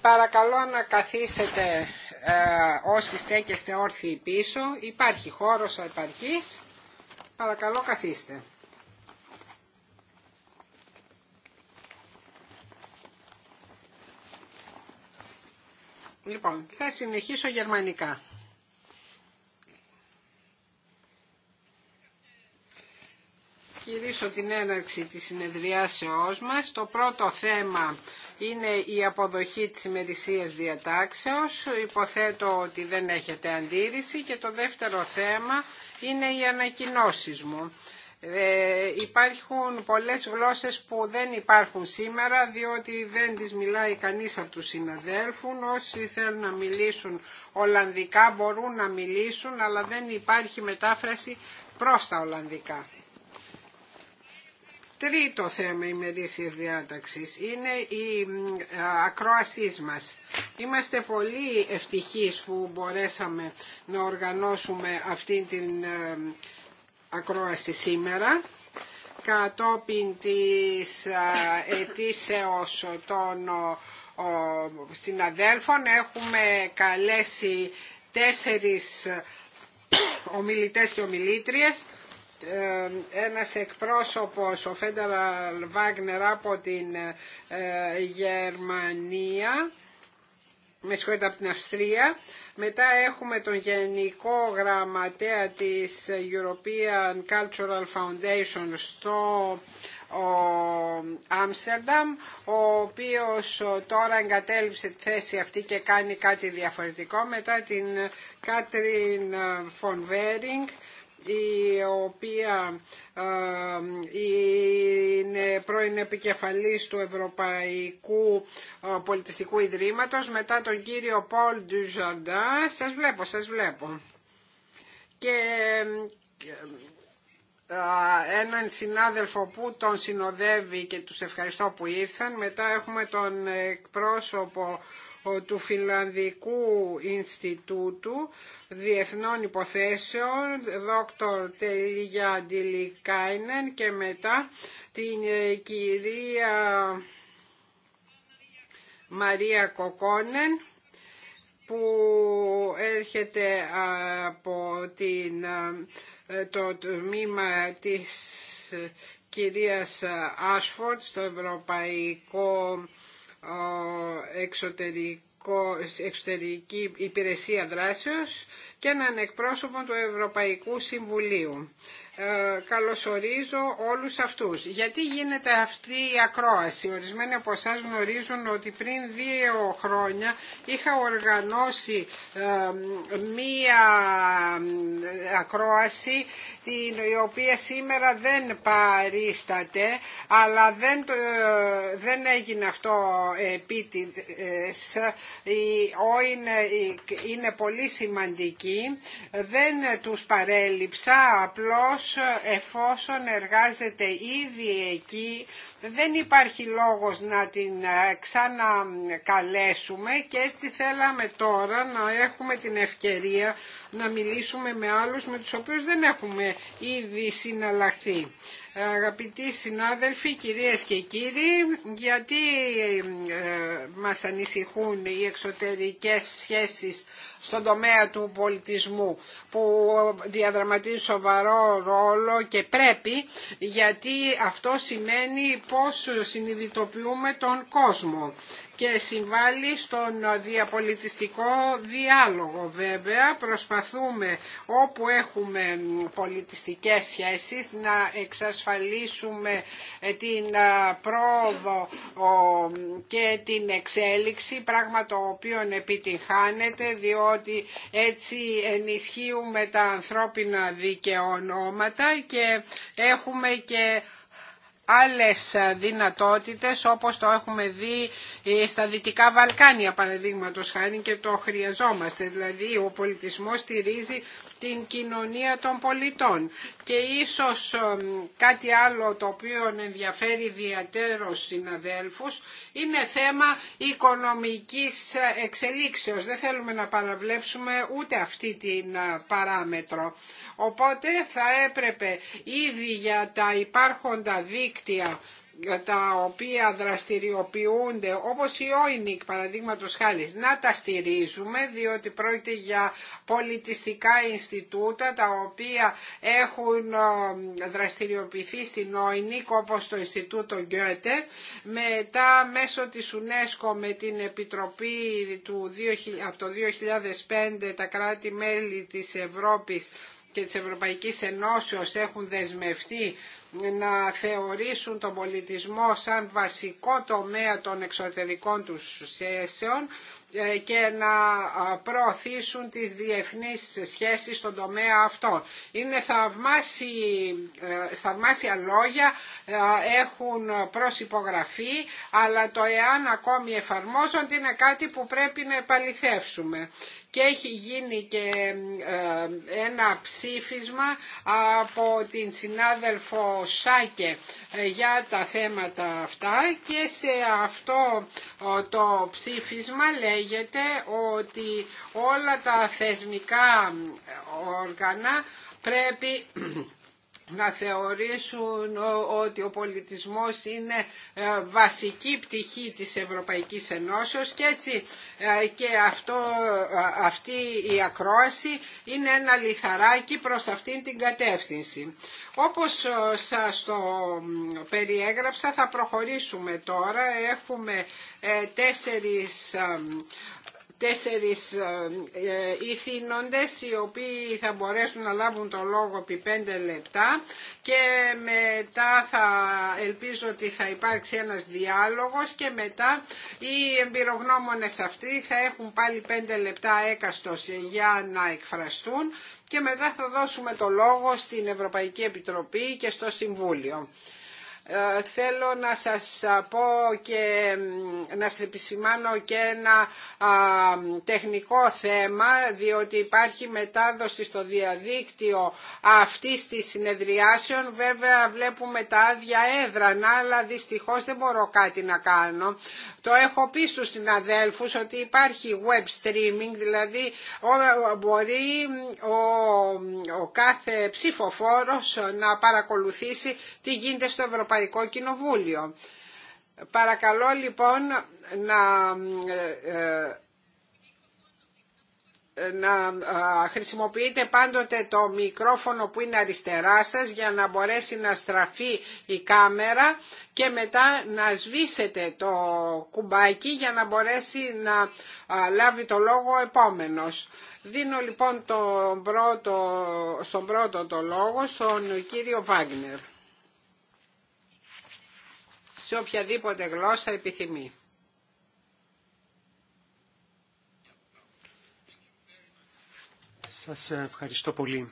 Παρακαλώ να καθίσετε ε, όσοι στέκεστε όρθιοι πίσω. Υπάρχει χώρος επαρκής. Παρακαλώ καθίστε. Λοιπόν, θα συνεχίσω γερμανικά. Κυρίσω την έναρξη της συνεδριάσεώς μας. Το πρώτο θέμα είναι η αποδοχή της ημερησίας διατάξεως. Υποθέτω ότι δεν έχετε αντίρρηση. Και το δεύτερο θέμα είναι οι ανακοινώσει μου. Ε, υπάρχουν πολλές γλώσσες που δεν υπάρχουν σήμερα διότι δεν τις μιλάει κανείς από τους συναδέλφους όσοι θέλουν να μιλήσουν Ολλανδικά μπορούν να μιλήσουν αλλά δεν υπάρχει μετάφραση προς τα Ολλανδικά Τρίτο θέμα ημερήσιας διάταξης είναι η ακρόασή μας. Είμαστε πολύ ευτυχείς που μπορέσαμε να οργανώσουμε αυτή την ε, ακρόαση σήμερα κατόπιν της ετήσεως των συναδέλφων έχουμε καλέσει τέσσερις ε, ομιλητές και ομιλήτριες ένας εκπρόσωπος, ο Φέντεραλ Βάγνερ από την ε, Γερμανία, με συγχωρείτε από την Αυστρία, μετά έχουμε τον Γενικό Γραμματέα της European Cultural Foundation στο Άμστερνταμ, ο, ο οποίος ε, τώρα εγκατέλειψε τη θέση αυτή και κάνει κάτι διαφορετικό. Μετά την Κάτριν ε, Φον Βέρινγκ, η οποία ε, είναι πρώην επικεφαλής του Ευρωπαϊκού ε, Πολιτιστικού Ιδρύματος μετά τον κύριο Πολ Ντουζαντά σας βλέπω, σας βλέπω και ε, έναν συνάδελφο που τον συνοδεύει και τους ευχαριστώ που ήρθαν μετά έχουμε τον εκπρόσωπο του Φιλανδικού Ινστιτούτου Διεθνών Υποθέσεων, δόκτωρ Τελίγια Ντιλικάινεν και μετά την ε, κυρία Μαρία Κοκόνεν που έρχεται από την, ε, το τμήμα της ε, κυρίας Άσφορτ στο Ευρωπαϊκό εξωτερικό, εξωτερική υπηρεσία δράσεως και έναν εκπρόσωπο του Ευρωπαϊκού Συμβουλίου. Ε, καλωσορίζω όλους αυτούς. Γιατί γίνεται αυτή η ακρόαση. Ορισμένοι από εσά γνωρίζουν ότι πριν δύο χρόνια είχα οργανώσει μία ακρόαση την οποία σήμερα δεν παρίσταται αλλά δεν, δεν έγινε αυτό επίτηδες. Η είναι, είναι πολύ σημαντική. Δεν τους παρέλειψα απλώς εφόσον εργάζεται ήδη εκεί δεν υπάρχει λόγος να την ε, ξανακαλέσουμε και έτσι θέλαμε τώρα να έχουμε την ευκαιρία να μιλήσουμε με άλλους με τους οποίους δεν έχουμε ήδη συναλλαχθεί. Αγαπητοί συνάδελφοι, κυρίες και κύριοι, γιατί ε, μας ανησυχούν οι εξωτερικές σχέσεις στον τομέα του πολιτισμού που διαδραματίζει σοβαρό ρόλο και πρέπει γιατί αυτό σημαίνει πώς συνειδητοποιούμε τον κόσμο και συμβάλλει στον διαπολιτιστικό διάλογο βέβαια. Προσπαθούμε όπου έχουμε πολιτιστικές σχέσεις να εξασφαλίσουμε ε, την πρόοδο και την εξέλιξη, πράγμα το οποίο επιτυχάνεται διότι έτσι ενισχύουμε τα ανθρώπινα ονόματα και έχουμε και άλλες ε, δυνατότητες όπως το έχουμε δει ε, στα Δυτικά Βαλκάνια παραδείγματο χάρη και το χρειαζόμαστε. Δηλαδή ο πολιτισμός στηρίζει την κοινωνία των πολιτών και ίσως ε, κάτι άλλο το οποίο ενδιαφέρει ιδιαίτερος συναδέλφους είναι θέμα οικονομικής εξελίξεως. Δεν θέλουμε να παραβλέψουμε ούτε αυτή την παράμετρο. Οπότε θα έπρεπε ήδη για τα υπάρχοντα δίκτυα τα οποία δραστηριοποιούνται όπως η ΟΗΝΙΚ παραδείγματος χάρη να τα στηρίζουμε διότι πρόκειται για πολιτιστικά Ινστιτούτα τα οποία έχουν ε, δραστηριοποιηθεί στην ΟΗΝΙΚ όπως το Ινστιτούτο Γκέτε, μετά μέσω της UNESCO με την Επιτροπή του, από το 2005 τα κράτη-μέλη της Ευρώπης και της Ευρωπαϊκής Ενώσεως έχουν δεσμευτεί να θεωρήσουν τον πολιτισμό σαν βασικό τομέα των εξωτερικών τους σχέσεων ε, και να προωθήσουν τις διεθνείς σχέσεις στον τομέα αυτό. Είναι ε, θαυμάσια λόγια, ε, έχουν προσυπογραφεί, αλλά το εάν ακόμη εφαρμόζονται είναι κάτι που πρέπει να επαληθεύσουμε και έχει γίνει και ε, ένα ψήφισμα από την συνάδελφο Σάκε ε, για τα θέματα αυτά και σε αυτό ε, το ψήφισμα λέγεται ότι όλα τα θεσμικά όργανα πρέπει να θεωρήσουν ότι ο πολιτισμός είναι ε, βασική πτυχή της Ευρωπαϊκής Ενώσεως και έτσι ε, και αυτό, ε, αυτή η ακρόαση είναι ένα λιθαράκι προς αυτήν την κατεύθυνση. Όπως σας το περιέγραψα θα προχωρήσουμε τώρα. Έχουμε τέσσερις τέσσερις ε, ηθήνοντες οι οποίοι θα μπορέσουν να λάβουν το λόγο επί πέντε λεπτά και μετά θα ελπίζω ότι θα υπάρξει ένας διάλογος και μετά οι εμπειρογνώμονες αυτοί θα έχουν πάλι πέντε λεπτά έκαστος για να εκφραστούν και μετά θα δώσουμε το λόγο στην Ευρωπαϊκή Επιτροπή και στο Συμβούλιο. Ε, θέλω να σας πω και να σας επισημάνω και ένα τεχνικό θέμα διότι υπάρχει μετάδοση στο διαδίκτυο αυτής της συνεδριάσεων. Βέβαια βλέπουμε τα άδεια έδρανα αλλά δυστυχώς δεν μπορώ κάτι να κάνω. Το έχω πει στους συναδέλφους ότι υπάρχει web streaming, δηλαδή μπορεί ο, κάθε ψηφοφόρος να παρακολουθήσει τι γίνεται στο Ευρωπαϊκό Ευρωπαϊκό Κοινοβούλιο. Παρακαλώ λοιπόν να ε, ε, να ε, χρησιμοποιείτε πάντοτε το μικρόφωνο που είναι αριστερά σας για να μπορέσει να στραφεί η κάμερα και μετά να σβήσετε το κουμπάκι για να μπορέσει να λάβει το λόγο επόμενος. Δίνω λοιπόν τον πρώτο, στον πρώτο το λόγο στον κύριο Βάγνερ σε οποιαδήποτε γλώσσα επιθυμεί. Σας ευχαριστώ πολύ.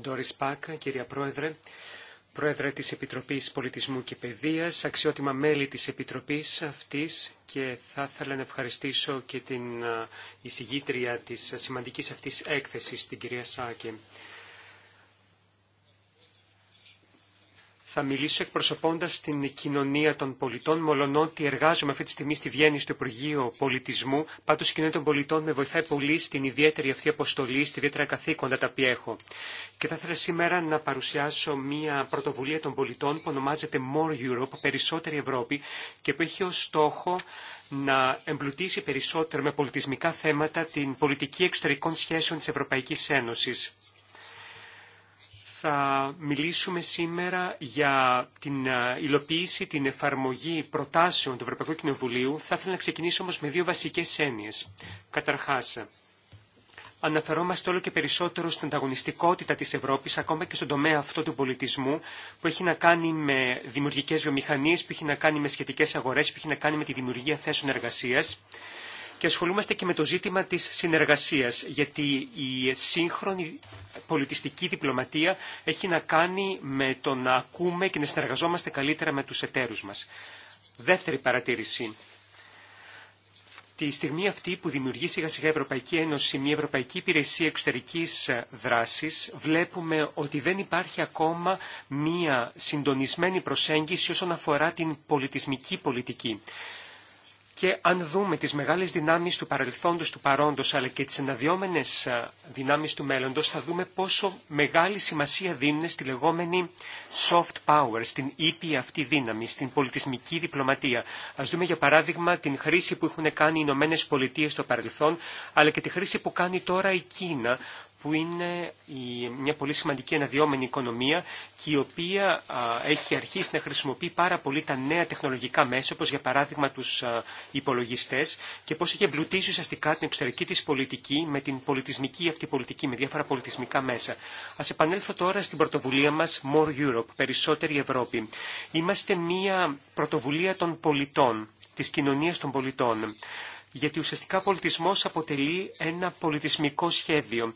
Ντόρις Πάκα, κυρία Πρόεδρε, Πρόεδρε της Επιτροπής Πολιτισμού και Παιδείας, αξιότιμα μέλη της Επιτροπής αυτής και θα ήθελα να ευχαριστήσω και την ε, εισηγήτρια της σημαντικής αυτής έκθεσης, την κυρία Σάκη. θα μιλήσω εκπροσωπώντα την κοινωνία των πολιτών, ότι εργάζομαι αυτή τη στιγμή στη Βιέννη στο Υπουργείο Πολιτισμού. Πάντω η κοινωνία των πολιτών με βοηθάει πολύ στην ιδιαίτερη αυτή αποστολή, στη ιδιαίτερα καθήκοντα τα οποία έχω. Και θα ήθελα σήμερα να παρουσιάσω μία πρωτοβουλία των πολιτών που ονομάζεται More Europe, Περισσότερη Ευρώπη, και που έχει ω στόχο να εμπλουτίσει περισσότερο με πολιτισμικά θέματα την πολιτική εξωτερικών σχέσεων τη Ευρωπαϊκή Ένωση θα μιλήσουμε σήμερα για την υλοποίηση, την εφαρμογή προτάσεων του Ευρωπαϊκού Κοινοβουλίου. Θα ήθελα να ξεκινήσω όμως με δύο βασικές έννοιες. Καταρχάς, αναφερόμαστε όλο και περισσότερο στην ανταγωνιστικότητα της Ευρώπης, ακόμα και στον τομέα αυτό του πολιτισμού, που έχει να κάνει με δημιουργικές βιομηχανίες, που έχει να κάνει με σχετικές αγορές, που έχει να κάνει με τη δημιουργία θέσεων εργασίας και ασχολούμαστε και με το ζήτημα της συνεργασίας, γιατί η σύγχρονη πολιτιστική διπλωματία έχει να κάνει με το να ακούμε και να συνεργαζόμαστε καλύτερα με τους εταίρους μας. Δεύτερη παρατήρηση. Τη στιγμή αυτή που δημιουργεί σιγά σιγά η Ευρωπαϊκή Ένωση μια Ευρωπαϊκή Υπηρεσία Εξωτερικής Δράσης, βλέπουμε ότι δεν υπάρχει ακόμα μια συντονισμένη προσέγγιση όσον αφορά την πολιτισμική πολιτική. Και αν δούμε τις μεγάλες δυνάμεις του παρελθόντος, του παρόντος, αλλά και τις αναδυόμενες ε, δυνάμεις του μέλλοντος, θα δούμε πόσο μεγάλη σημασία δίνουν στη λεγόμενη soft power, στην ήπια αυτή δύναμη, στην πολιτισμική διπλωματία. Ας δούμε για παράδειγμα την χρήση που έχουν κάνει οι Ηνωμένε Πολιτείε στο παρελθόν, αλλά και τη χρήση που κάνει τώρα η Κίνα που είναι μια πολύ σημαντική αναδυόμενη οικονομία και η οποία έχει αρχίσει να χρησιμοποιεί πάρα πολύ τα νέα τεχνολογικά μέσα, όπως για παράδειγμα τους υπολογιστές και πώς έχει εμπλουτίσει ουσιαστικά την εξωτερική της πολιτική με την πολιτισμική αυτή πολιτική, με διάφορα πολιτισμικά μέσα. Ας επανέλθω τώρα στην πρωτοβουλία μας More Europe, περισσότερη Ευρώπη. Είμαστε μια πρωτοβουλία των πολιτών, της κοινωνίας των πολιτών γιατί ουσιαστικά πολιτισμός αποτελεί ένα πολιτισμικό σχέδιο.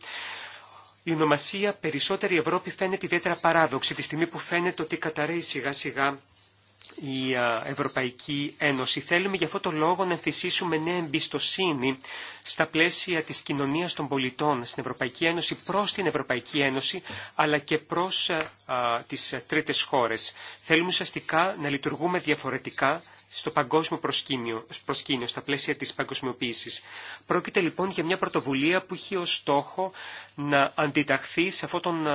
Η ονομασία «Περισσότερη Ευρώπη» φαίνεται ιδιαίτερα παράδοξη, τη στιγμή που φαίνεται ότι καταραίει σιγά-σιγά η Ευρωπαϊκή Ένωση. Θέλουμε για αυτό το λόγο να εμφυσίσουμε νέα εμπιστοσύνη στα πλαίσια της κοινωνίας των πολιτών στην Ευρωπαϊκή Ένωση, προς την Ευρωπαϊκή Ένωση, αλλά και προς α, τις τρίτες χώρες. Θέλουμε ουσιαστικά να λειτουργούμε διαφορετικά στο παγκόσμιο προσκήνιο, στα πλαίσια της παγκοσμιοποίησης. Πρόκειται λοιπόν για μια πρωτοβουλία που έχει ως στόχο να αντιταχθεί σε αυτό, τον,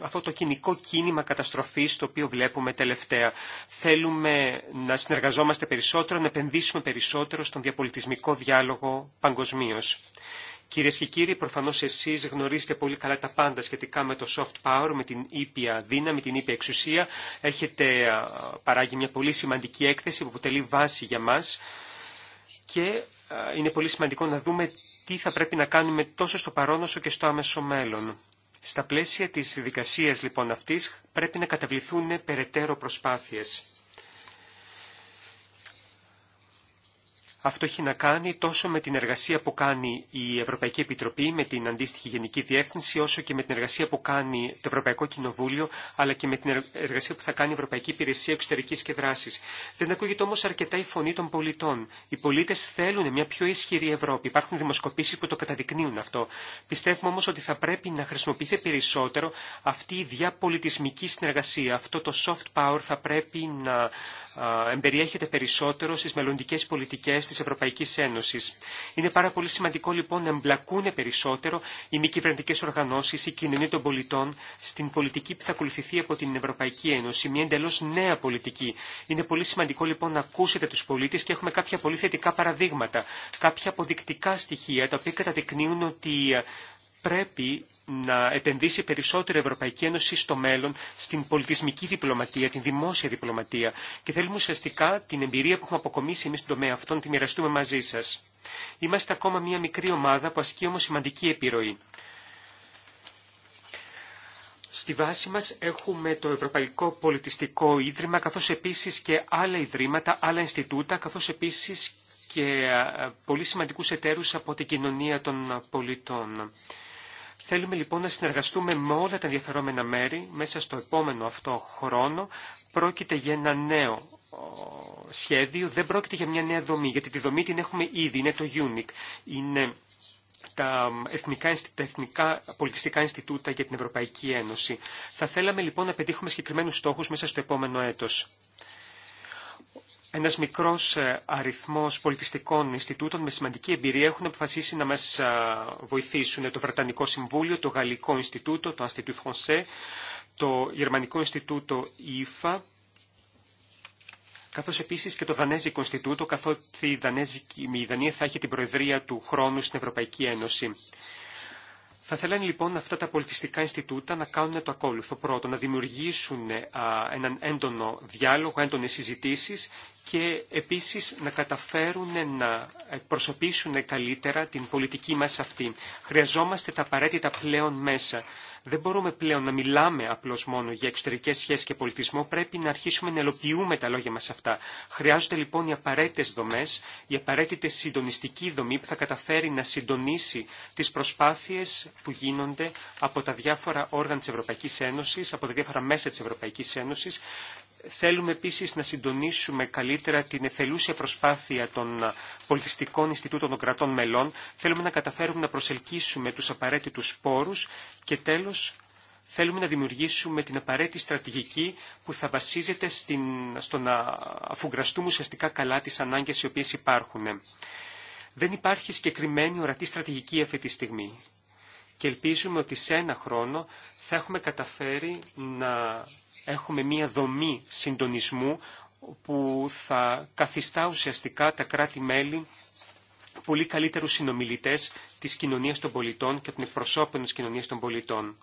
αυτό το κοινικό κίνημα καταστροφής το οποίο βλέπουμε τελευταία. Θέλουμε να συνεργαζόμαστε περισσότερο, να επενδύσουμε περισσότερο στον διαπολιτισμικό διάλογο παγκοσμίω. Κυρίε και κύριοι, προφανώ εσεί γνωρίζετε πολύ καλά τα πάντα σχετικά με το soft power, με την ήπια δύναμη, την ήπια εξουσία. Έχετε παράγει μια πολύ σημαντική έκθεση που αποτελεί βάση για μα και είναι πολύ σημαντικό να δούμε τι θα πρέπει να κάνουμε τόσο στο παρόν όσο και στο άμεσο μέλλον. Στα πλαίσια της διαδικασία λοιπόν αυτής πρέπει να καταβληθούν περαιτέρω προσπάθειες. Αυτό έχει να κάνει τόσο με την εργασία που κάνει η Ευρωπαϊκή Επιτροπή, με την αντίστοιχη Γενική Διεύθυνση, όσο και με την εργασία που κάνει το Ευρωπαϊκό Κοινοβούλιο, αλλά και με την εργασία που θα κάνει η Ευρωπαϊκή Υπηρεσία Εξωτερική και Δράση. Δεν ακούγεται όμω αρκετά η φωνή των πολιτών. Οι πολίτε θέλουν μια πιο ισχυρή Ευρώπη. Υπάρχουν δημοσκοπήσει που το καταδεικνύουν αυτό. Πιστεύουμε όμω ότι θα πρέπει να χρησιμοποιηθεί περισσότερο αυτή η διαπολιτισμική συνεργασία. Αυτό το soft power θα πρέπει να εμπεριέχεται περισσότερο στις μελλοντικέ πολιτικές της Ευρωπαϊκής Ένωσης. Είναι πάρα πολύ σημαντικό λοιπόν να εμπλακούν περισσότερο οι μη κυβερνητικέ οργανώσεις, η κοινωνία των πολιτών στην πολιτική που θα ακολουθηθεί από την Ευρωπαϊκή Ένωση, μια εντελώς νέα πολιτική. Είναι πολύ σημαντικό λοιπόν να ακούσετε τους πολίτες και έχουμε κάποια πολύ θετικά παραδείγματα, κάποια αποδεικτικά στοιχεία τα οποία καταδεικνύουν ότι πρέπει να επενδύσει περισσότερο η Ευρωπαϊκή Ένωση στο μέλλον στην πολιτισμική διπλωματία, την δημόσια διπλωματία και θέλουμε ουσιαστικά την εμπειρία που έχουμε αποκομίσει εμεί στον τομέα αυτών να τη μοιραστούμε μαζί σα. Είμαστε ακόμα μια μικρή ομάδα που ασκεί όμω σημαντική επιρροή. Στη βάση μας έχουμε το Ευρωπαϊκό Πολιτιστικό Ίδρυμα, καθώς επίσης και άλλα ιδρύματα, άλλα Ινστιτούτα, καθώς επίσης και ε, ε, πολύ σημαντικούς εταίρους από την κοινωνία των πολιτών. Θέλουμε λοιπόν να συνεργαστούμε με όλα τα ενδιαφερόμενα μέρη μέσα στο επόμενο αυτό χρόνο. Πρόκειται για ένα νέο σχέδιο, δεν πρόκειται για μια νέα δομή, γιατί τη δομή την έχουμε ήδη, είναι το UNIC. Είναι τα εθνικά, πολιτιστικά Ινστιτούτα για την Ευρωπαϊκή Ένωση. Θα θέλαμε λοιπόν να πετύχουμε συγκεκριμένους στόχους μέσα στο επόμενο έτος ένας μικρός ε, αριθμός πολιτιστικών Ινστιτούτων με σημαντική εμπειρία έχουν αποφασίσει να μας ε, βοηθήσουν το Βρετανικό Συμβούλιο, το Γαλλικό Ινστιτούτο, το Institut Français, το Γερμανικό Ινστιτούτο ΙΦΑ, καθώς επίσης και το Δανέζικο Ινστιτούτο, καθότι η, Δανέζικη, η Δανία θα έχει την Προεδρία του χρόνου στην Ευρωπαϊκή Ένωση. Θα θέλανε λοιπόν αυτά τα πολιτιστικά Ινστιτούτα να κάνουν το ακόλουθο. πρώτο, να δημιουργήσουν ε, έναν έντονο διάλογο, έντονε συζητήσει και επίσης να καταφέρουν να προσωπήσουν καλύτερα την πολιτική μας αυτή. Χρειαζόμαστε τα απαραίτητα πλέον μέσα. Δεν μπορούμε πλέον να μιλάμε απλώς μόνο για εξωτερικές σχέσεις και πολιτισμό, πρέπει να αρχίσουμε να ελοποιούμε τα λόγια μας αυτά. Χρειάζονται λοιπόν οι απαραίτητες δομές, η απαραίτητη συντονιστική δομή που θα καταφέρει να συντονίσει τις προσπάθειες που γίνονται από τα διάφορα όργανα της Ευρωπαϊκής Ένωσης, από τα διάφορα μέσα της Ευρωπαϊκής Ένωσης Θέλουμε επίσης να συντονίσουμε καλύτερα την εθελούσια προσπάθεια των πολιτιστικών Ινστιτούτων των κρατών μελών. Θέλουμε να καταφέρουμε να προσελκύσουμε τους απαραίτητους πόρους και τέλος θέλουμε να δημιουργήσουμε την απαραίτητη στρατηγική που θα βασίζεται στην, στο να αφουγκραστούμε ουσιαστικά καλά τις ανάγκες οι οποίες υπάρχουν. Δεν υπάρχει συγκεκριμένη ορατή στρατηγική αυτή τη στιγμή και ελπίζουμε ότι σε ένα χρόνο θα έχουμε καταφέρει να έχουμε μία δομή συντονισμού που θα καθιστά ουσιαστικά τα κράτη-μέλη πολύ καλύτερους συνομιλητές της κοινωνίας των πολιτών και των εκπροσώπων της κοινωνίας των πολιτών.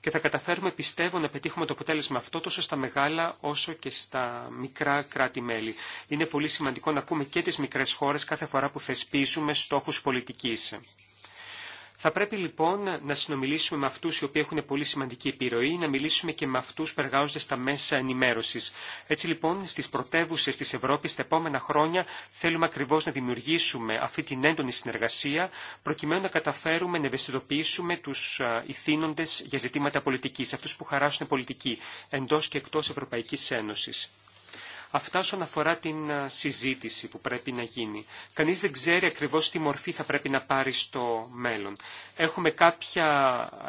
Και θα καταφέρουμε, πιστεύω, να πετύχουμε το αποτέλεσμα αυτό τόσο στα μεγάλα όσο και στα μικρά κράτη-μέλη. Είναι πολύ σημαντικό να ακούμε και τις μικρές χώρες κάθε φορά που θεσπίζουμε στόχους πολιτικής. Θα πρέπει λοιπόν να συνομιλήσουμε με αυτού οι οποίοι έχουν πολύ σημαντική επιρροή, να μιλήσουμε και με αυτού που εργάζονται στα μέσα ενημέρωση. Έτσι λοιπόν στι πρωτεύουσε τη Ευρώπη τα επόμενα χρόνια θέλουμε ακριβώ να δημιουργήσουμε αυτή την έντονη συνεργασία προκειμένου να καταφέρουμε να ευαισθητοποιήσουμε του ηθήνοντε για ζητήματα πολιτική, αυτού που χαράσουν πολιτική εντό και εκτό Ευρωπαϊκή Ένωση. Αυτά όσον αφορά την ε, συζήτηση που πρέπει να γίνει. Κανείς δεν ξέρει ακριβώς τι μορφή θα πρέπει να πάρει στο μέλλον. Έχουμε κάποια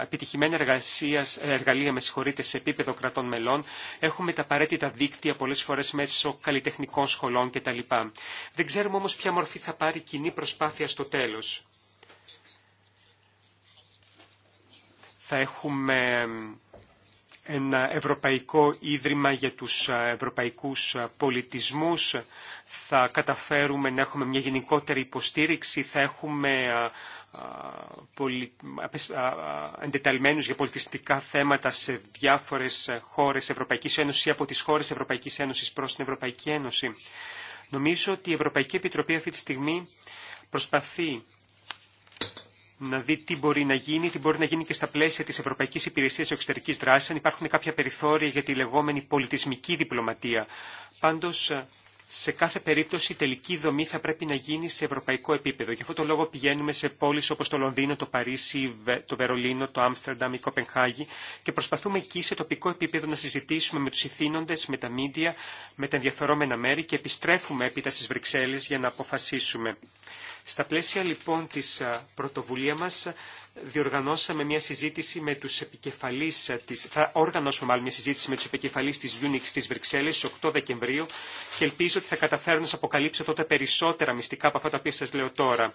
επιτυχημένα εργασία, εργαλεία με σε επίπεδο κρατών μελών. Έχουμε τα απαραίτητα δίκτυα πολλές φορές μέσω καλλιτεχνικών σχολών κτλ. Δεν ξέρουμε όμως ποια μορφή θα πάρει κοινή προσπάθεια στο τέλος. Θα έχουμε ένα Ευρωπαϊκό Ίδρυμα για τους ε, Ευρωπαϊκούς ε, Πολιτισμούς, θα καταφέρουμε να έχουμε μια γενικότερη υποστήριξη, θα έχουμε ε, εντεταλμένους για πολιτιστικά θέματα σε διάφορες χώρες Ευρωπαϊκής Ένωσης ή από τις χώρες Ευρωπαϊκής Ένωσης προς την Ευρωπαϊκή Ένωση. Νομίζω ότι η Ευρωπαϊκή Επιτροπή αυτή τη στιγμή προσπαθεί να δει τι μπορεί να γίνει, τι μπορεί να γίνει και στα πλαίσια της Ευρωπαϊκής Υπηρεσίας Εξωτερικής Δράσης, αν υπάρχουν κάποια περιθώρια για τη λεγόμενη πολιτισμική διπλωματία. Πάντως, σε κάθε περίπτωση η τελική δομή θα πρέπει να γίνει σε ευρωπαϊκό επίπεδο. Γι' αυτό το λόγο πηγαίνουμε σε πόλεις όπως το Λονδίνο, το Παρίσι, το Βερολίνο, το Άμστερνταμ, η Κοπενχάγη και προσπαθούμε εκεί σε τοπικό επίπεδο να συζητήσουμε με τους ηθήνοντες, με τα μίντια, με τα ενδιαφερόμενα μέρη και επιστρέφουμε έπειτα στις Βρυξέλλες για να αποφασίσουμε. Στα πλαίσια λοιπόν της πρωτοβουλία μας διοργανώσαμε μια συζήτηση με τους επικεφαλής ε, της, θα όργανώσουμε μάλλον μια συζήτηση με τους επικεφαλείς της Unix της Βρυξέλλης στις 8 Δεκεμβρίου και ελπίζω ότι θα καταφέρω να σας αποκαλύψω τότε περισσότερα μυστικά από αυτά τα οποία σας λέω τώρα.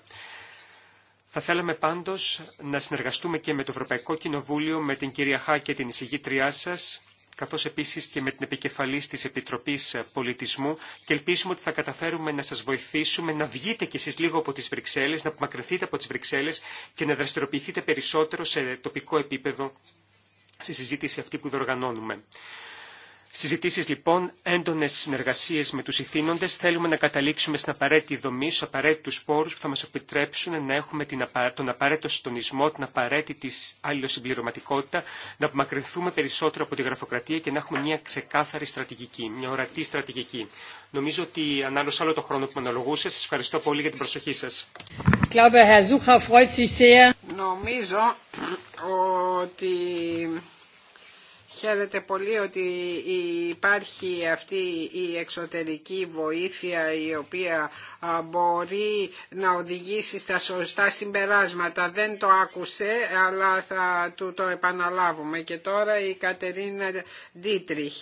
Θα θέλαμε πάντως να συνεργαστούμε και με το Ευρωπαϊκό Κοινοβούλιο, με την κυρία Χά και την εισηγήτριά σας καθώς επίσης και με την επικεφαλής της Επιτροπής Πολιτισμού και ελπίζουμε ότι θα καταφέρουμε να σας βοηθήσουμε να βγείτε κι εσείς λίγο από τις Βρυξέλλες, να απομακρυνθείτε από τις Βρυξέλλες και να δραστηριοποιηθείτε περισσότερο σε τοπικό επίπεδο στη συζήτηση αυτή που διοργανώνουμε. Συζητήσεις λοιπόν, έντονες συνεργασίες με τους ηθήνοντες, θέλουμε να καταλήξουμε στην απαραίτητη δομή, στους απαραίτητους πόρου που θα μας επιτρέψουν να έχουμε τον απαραίτητο συντονισμό, την απαραίτητη αλληλοσυμπληρωματικότητα, να απομακρυνθούμε περισσότερο από τη γραφοκρατία και να έχουμε μια ξεκάθαρη στρατηγική, μια ορατή στρατηγική. Νομίζω ότι ανάλωσα άλλο το χρόνο που με αναλογούσε. σα ευχαριστώ πολύ για την προσοχή σα. Νομίζω ότι χαίρεται πολύ ότι υπάρχει αυτή η εξωτερική βοήθεια η οποία μπορεί να οδηγήσει στα σωστά συμπεράσματα. Δεν το άκουσε αλλά θα το επαναλάβουμε. Και τώρα η Κατερίνα Ντίτριχ.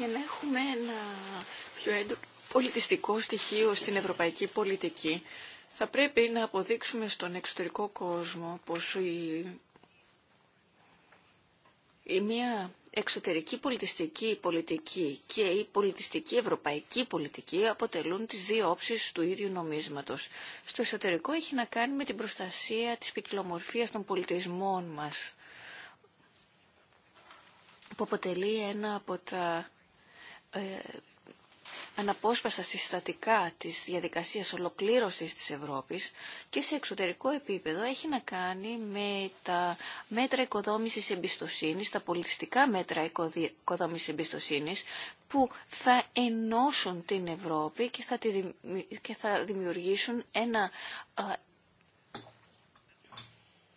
για να έχουμε ένα πιο έντονο πολιτιστικό στοιχείο στην ευρωπαϊκή πολιτική. Θα πρέπει να αποδείξουμε στον εξωτερικό κόσμο πως η, η μία εξωτερική πολιτιστική πολιτική και η πολιτιστική ευρωπαϊκή πολιτική αποτελούν τις δύο όψεις του ίδιου νομίσματος. Στο εσωτερικό έχει να κάνει με την προστασία της ποικιλομορφίας των πολιτισμών μας, που αποτελεί ένα από τα ε, αναπόσπαστα συστατικά της διαδικασίας ολοκλήρωσης της Ευρώπης και σε εξωτερικό επίπεδο έχει να κάνει με τα μέτρα οικοδόμησης εμπιστοσύνης, τα πολιτιστικά μέτρα οικοδόμησης εμπιστοσύνης που θα ενώσουν την Ευρώπη και θα, και θα δημιουργήσουν ένα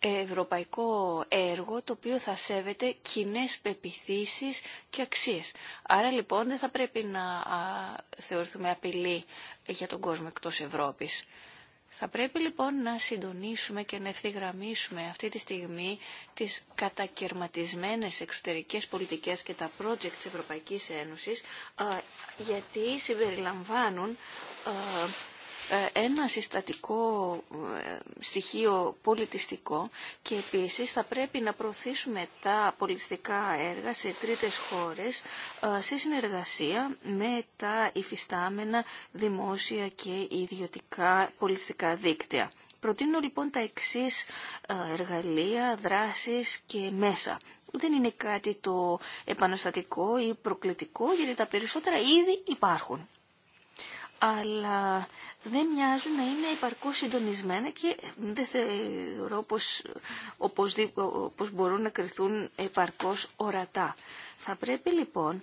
ευρωπαϊκό έργο το οποίο θα σέβεται κοινέ πεπιθήσεις και αξίες. Άρα λοιπόν δεν θα πρέπει να θεωρηθούμε απειλή για τον κόσμο εκτός Ευρώπης. Θα πρέπει λοιπόν να συντονίσουμε και να ευθυγραμμίσουμε αυτή τη στιγμή τις κατακαιρματισμένες εξωτερικές πολιτικές και τα project της Ευρωπαϊκής Ένωσης γιατί συμπεριλαμβάνουν ε, ένα συστατικό ε, στοιχείο πολιτιστικό και επίσης θα πρέπει να προωθήσουμε τα πολιτιστικά έργα σε τρίτες χώρες ε, σε συνεργασία με τα υφιστάμενα δημόσια και ιδιωτικά πολιτιστικά δίκτυα. Προτείνω λοιπόν τα εξής εργαλεία, δράσεις και μέσα. Δεν είναι κάτι το επαναστατικό ή προκλητικό γιατί τα περισσότερα ήδη υπάρχουν αλλά δεν μοιάζουν να είναι υπαρκώς συντονισμένα και δεν θεωρώ πως, όπως μπορούν να κρυθούν υπαρκώς ορατά. Θα πρέπει λοιπόν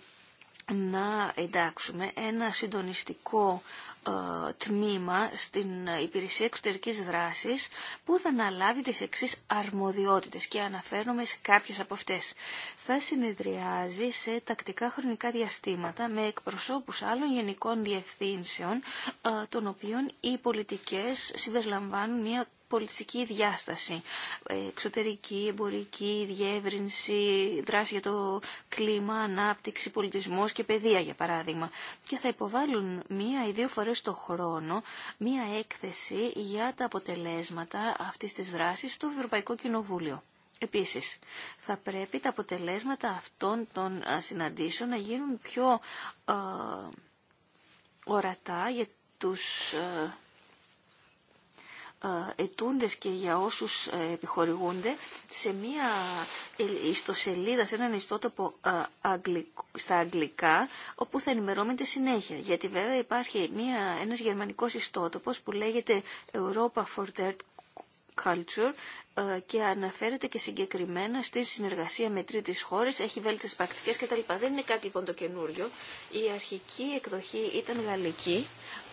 να εντάξουμε ένα συντονιστικό ε, τμήμα στην Υπηρεσία Εξωτερικής Δράσης που θα αναλάβει τις εξής αρμοδιότητες και αναφέρομαι σε κάποιες από αυτές. Θα συνεδριάζει σε τακτικά χρονικά διαστήματα με εκπροσώπους άλλων γενικών διευθύνσεων ε, των οποίων οι πολιτικές συμπεριλαμβάνουν μια πολιτιστική διάσταση. Εξωτερική, εμπορική, διεύρυνση, δράση για το κλίμα, ανάπτυξη, πολιτισμό και παιδεία για παράδειγμα. Και θα υποβάλουν μία ή δύο φορές το χρόνο μία έκθεση για τα αποτελέσματα αυτής της δράσης στο Ευρωπαϊκό Κοινοβούλιο. Επίσης, θα πρέπει τα αποτελέσματα αυτών των συναντήσεων να γίνουν πιο ορατά για τους ε, ετούντες και για όσους ε, επιχορηγούνται σε μία ιστοσελίδα, σε έναν ιστότοπο ε, στα αγγλικά, όπου θα ενημερώνεται συνέχεια. Γιατί βέβαια υπάρχει μία, ένας γερμανικός ιστότοπος που λέγεται Europa for Third Culture ε, και αναφέρεται και συγκεκριμένα στη συνεργασία με τρίτες χώρες, έχει βέλτιστες πρακτικές κτλ. Δεν είναι κάτι λοιπόν το καινούριο. Η αρχική εκδοχή ήταν γαλλική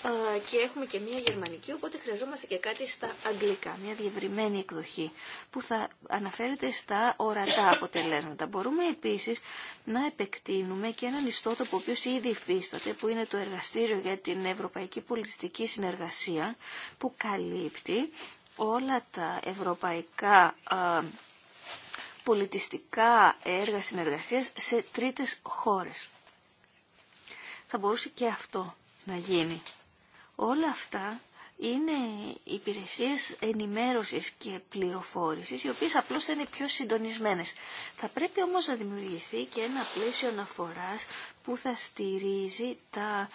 ε, και έχουμε και μία γερμανική, οπότε χρειαζόμαστε και κάτι στα αγγλικά, μία διευρυμένη εκδοχή που θα αναφέρεται στα ορατά αποτελέσματα. Μπορούμε επίσης να επεκτείνουμε και έναν ιστότοπο ο οποίος ήδη υφίσταται, που είναι το Εργαστήριο για την Ευρωπαϊκή Πολιτιστική Συνεργασία, που καλύπτει όλα τα ευρωπαϊκά ε, πολιτιστικά έργα συνεργασίας σε τρίτες χώρες. Θα μπορούσε και αυτό να γίνει. Όλα αυτά είναι υπηρεσίες ενημέρωσης και πληροφόρησης, οι οποίες απλώς θα είναι πιο συντονισμένες. Θα πρέπει όμως να δημιουργηθεί και ένα πλαίσιο αναφοράς που θα στηρίζει τα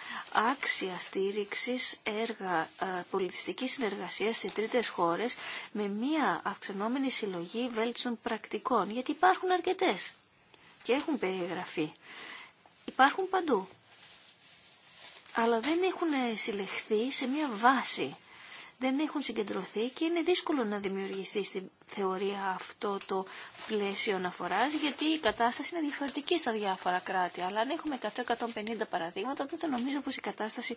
άξια στήριξης έργα ε, πολιτιστικής συνεργασίας σε τρίτες χώρες με μία αυξανόμενη συλλογή βέλτιστων πρακτικών, γιατί υπάρχουν αρκετές και έχουν περιγραφεί. Υπάρχουν παντού αλλά δεν έχουν συλλεχθεί σε μια βάση. Δεν έχουν συγκεντρωθεί και είναι δύσκολο να δημιουργηθεί στη θεωρία αυτό το πλαίσιο αναφορά, γιατί η κατάσταση είναι διαφορετική στα διάφορα κράτη. Αλλά αν έχουμε 100-150 παραδείγματα, τότε νομίζω πω η κατάσταση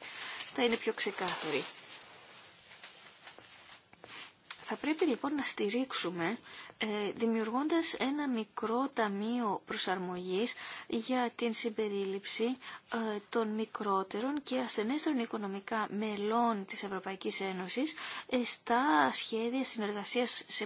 θα είναι πιο ξεκάθαρη. Θα πρέπει λοιπόν να στηρίξουμε ε, δημιουργώντας ένα μικρό ταμείο προσαρμογής για την συμπερίληψη ε, των μικρότερων και ασθενέστερων οικονομικά μελών της Ευρωπαϊκής Ένωσης ε, στα σχέδια συνεργασίας σε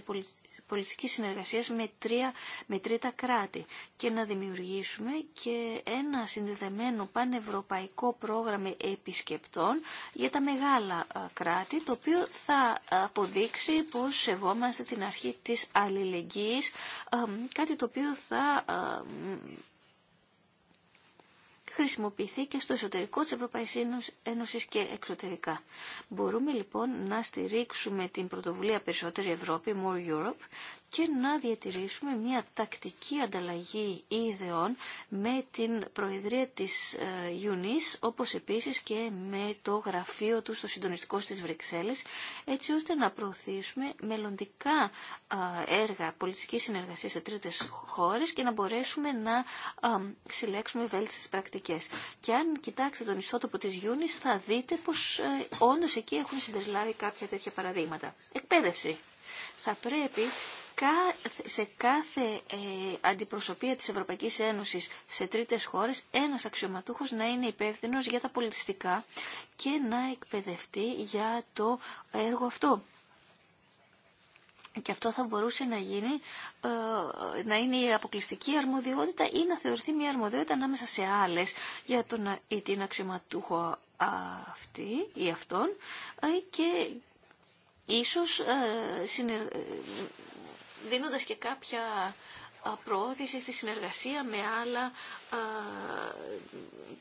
Πολιτική συνεργασία με, τρία, με τρίτα κράτη και να δημιουργήσουμε και ένα συνδεδεμένο πανευρωπαϊκό πρόγραμμα επισκεπτών για τα μεγάλα κράτη, το οποίο θα αποδείξει πως σεβόμαστε την αρχή της αλληλεγγύης, κάτι το οποίο θα χρησιμοποιηθεί και στο εσωτερικό της Ευρωπαϊκής Ένωσης και εξωτερικά. Μπορούμε λοιπόν να στηρίξουμε την πρωτοβουλία Περισσότερη Ευρώπη, More Europe, και να διατηρήσουμε μια τακτική ανταλλαγή ιδεών με την Προεδρία της ε, Ιουνής, όπως επίσης και με το γραφείο του στο συντονιστικό στις Βρυξέλλες, έτσι ώστε να προωθήσουμε μελλοντικά ε, έργα πολιτικής συνεργασίας σε τρίτες χώρες και να μπορέσουμε να ε, συλλέξουμε βέλτιστες πρακτικές. Και αν κοιτάξετε τον ιστότοπο της Ιούνης θα δείτε πως όντως εκεί έχουν συμπεριλάβει κάποια τέτοια παραδείγματα. Εκπαίδευση θα πρέπει σε κάθε ε, αντιπροσωπεία της Ευρωπαϊκής Ένωσης σε τρίτες χώρες ένας αξιωματούχος να είναι υπεύθυνο για τα πολιτιστικά και να εκπαιδευτεί για το έργο αυτό. Και αυτό θα μπορούσε να γίνει, ε, να είναι η αποκλειστική αρμοδιότητα ή να θεωρηθεί μια αρμοδιότητα ανάμεσα σε άλλες για τον ή την αξιωματούχο αυτή ή αυτόν ε, και ίσως δίνοντας και κάποια προώθηση στη συνεργασία με άλλα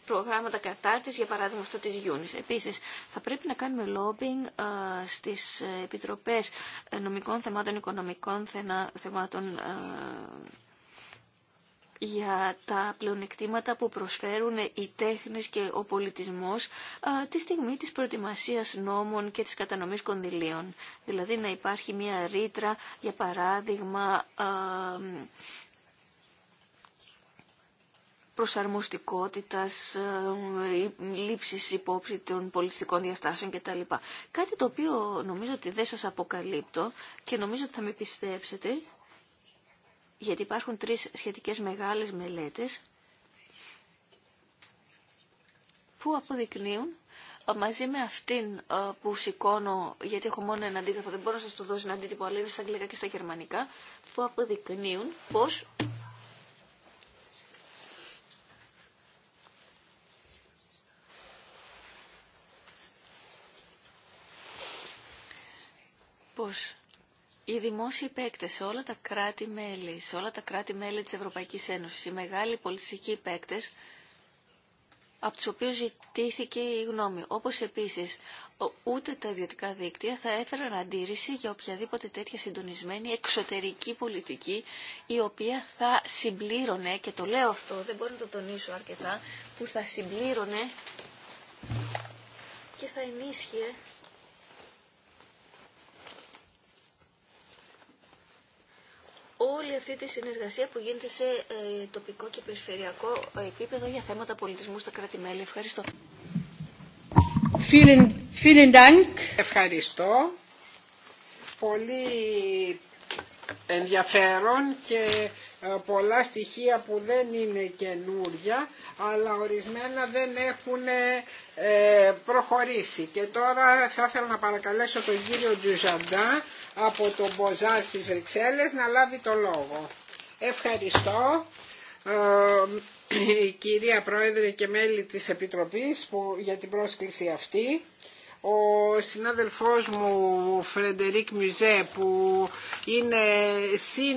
προγράμματα κατάρτισης, για παράδειγμα αυτό της Γιούνης. Επίσης, θα πρέπει να κάνουμε λόμπινγκ στις επιτροπές νομικών θεμάτων, οικονομικών θεμάτων για τα πλεονεκτήματα που προσφέρουν οι τέχνες και ο πολιτισμός τη στιγμή της προετοιμασίας νόμων και της κατανομής κονδυλίων. Δηλαδή να υπάρχει μια ρήτρα, για παράδειγμα, προσαρμοστικότητας, λήψης υπόψη των πολιτιστικών διαστάσεων κτλ. Κάτι το οποίο νομίζω ότι δεν σας αποκαλύπτω και νομίζω ότι θα με πιστέψετε γιατί υπάρχουν τρεις σχετικές μεγάλες μελέτες που αποδεικνύουν ε, μαζί με αυτήν ε, που σηκώνω, γιατί έχω μόνο ένα αντίγραφο, δεν μπορώ να σας το δώσω ένα αντίτυπο, αλλά είναι στα αγγλικά και στα γερμανικά, που αποδεικνύουν πως πως οι δημόσιοι παίκτε σε όλα τα κράτη-μέλη, σε όλα τα κράτη-μέλη της Ευρωπαϊκής Ένωσης, οι μεγάλοι πολιτιστικοί παίκτε, από του οποίου ζητήθηκε η γνώμη. Όπως επίσης, ούτε τα ιδιωτικά δίκτυα θα έφεραν αντίρρηση για οποιαδήποτε τέτοια συντονισμένη εξωτερική πολιτική, η οποία θα συμπλήρωνε, και το λέω αυτό, δεν μπορώ να το τονίσω αρκετά, που θα συμπλήρωνε και θα ενίσχυε όλη αυτή τη συνεργασία που γίνεται σε ε, τοπικό και περιφερειακό ε, επίπεδο για θέματα πολιτισμού στα κράτη-μέλη. Ευχαριστώ. Ευχαριστώ. Πολύ ενδιαφέρον και ε, πολλά στοιχεία που δεν είναι καινούρια αλλά ορισμένα δεν έχουν προχωρήσει. Και τώρα θα ήθελα να παρακαλέσω τον κύριο Τζουζαντά από τον Μποζά στις Βρυξέλλες να λάβει το λόγο. Ευχαριστώ ε, κυρία Πρόεδρε και μέλη της Επιτροπής που, για την πρόσκληση αυτή. Ο συνάδελφός μου Φρεντερίκ Μιουζέ που είναι συν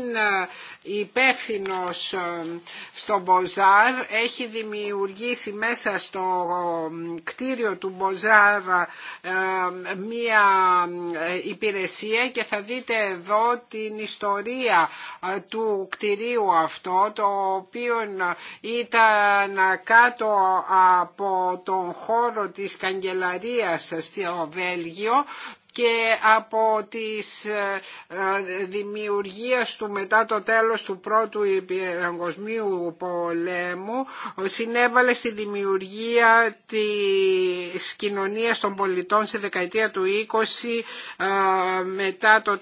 υπεύθυνο ε, στο Μποζάρ έχει δημιουργήσει μέσα στο ε, κτίριο του Μποζάρ ε, μία υπηρεσία και θα δείτε εδώ την ιστορία του κτηρίου αυτό το οποίο ήταν κάτω από τον χώρο της καγκελαρίας στο Βέλγιο και από τις ε, ε, δημιουργίες του μετά το τέλος του πρώτου παγκοσμίου πολέμου ε, συνέβαλε στη δημιουργία της κοινωνίας των πολιτών στη δεκαετία του 20 μετά το,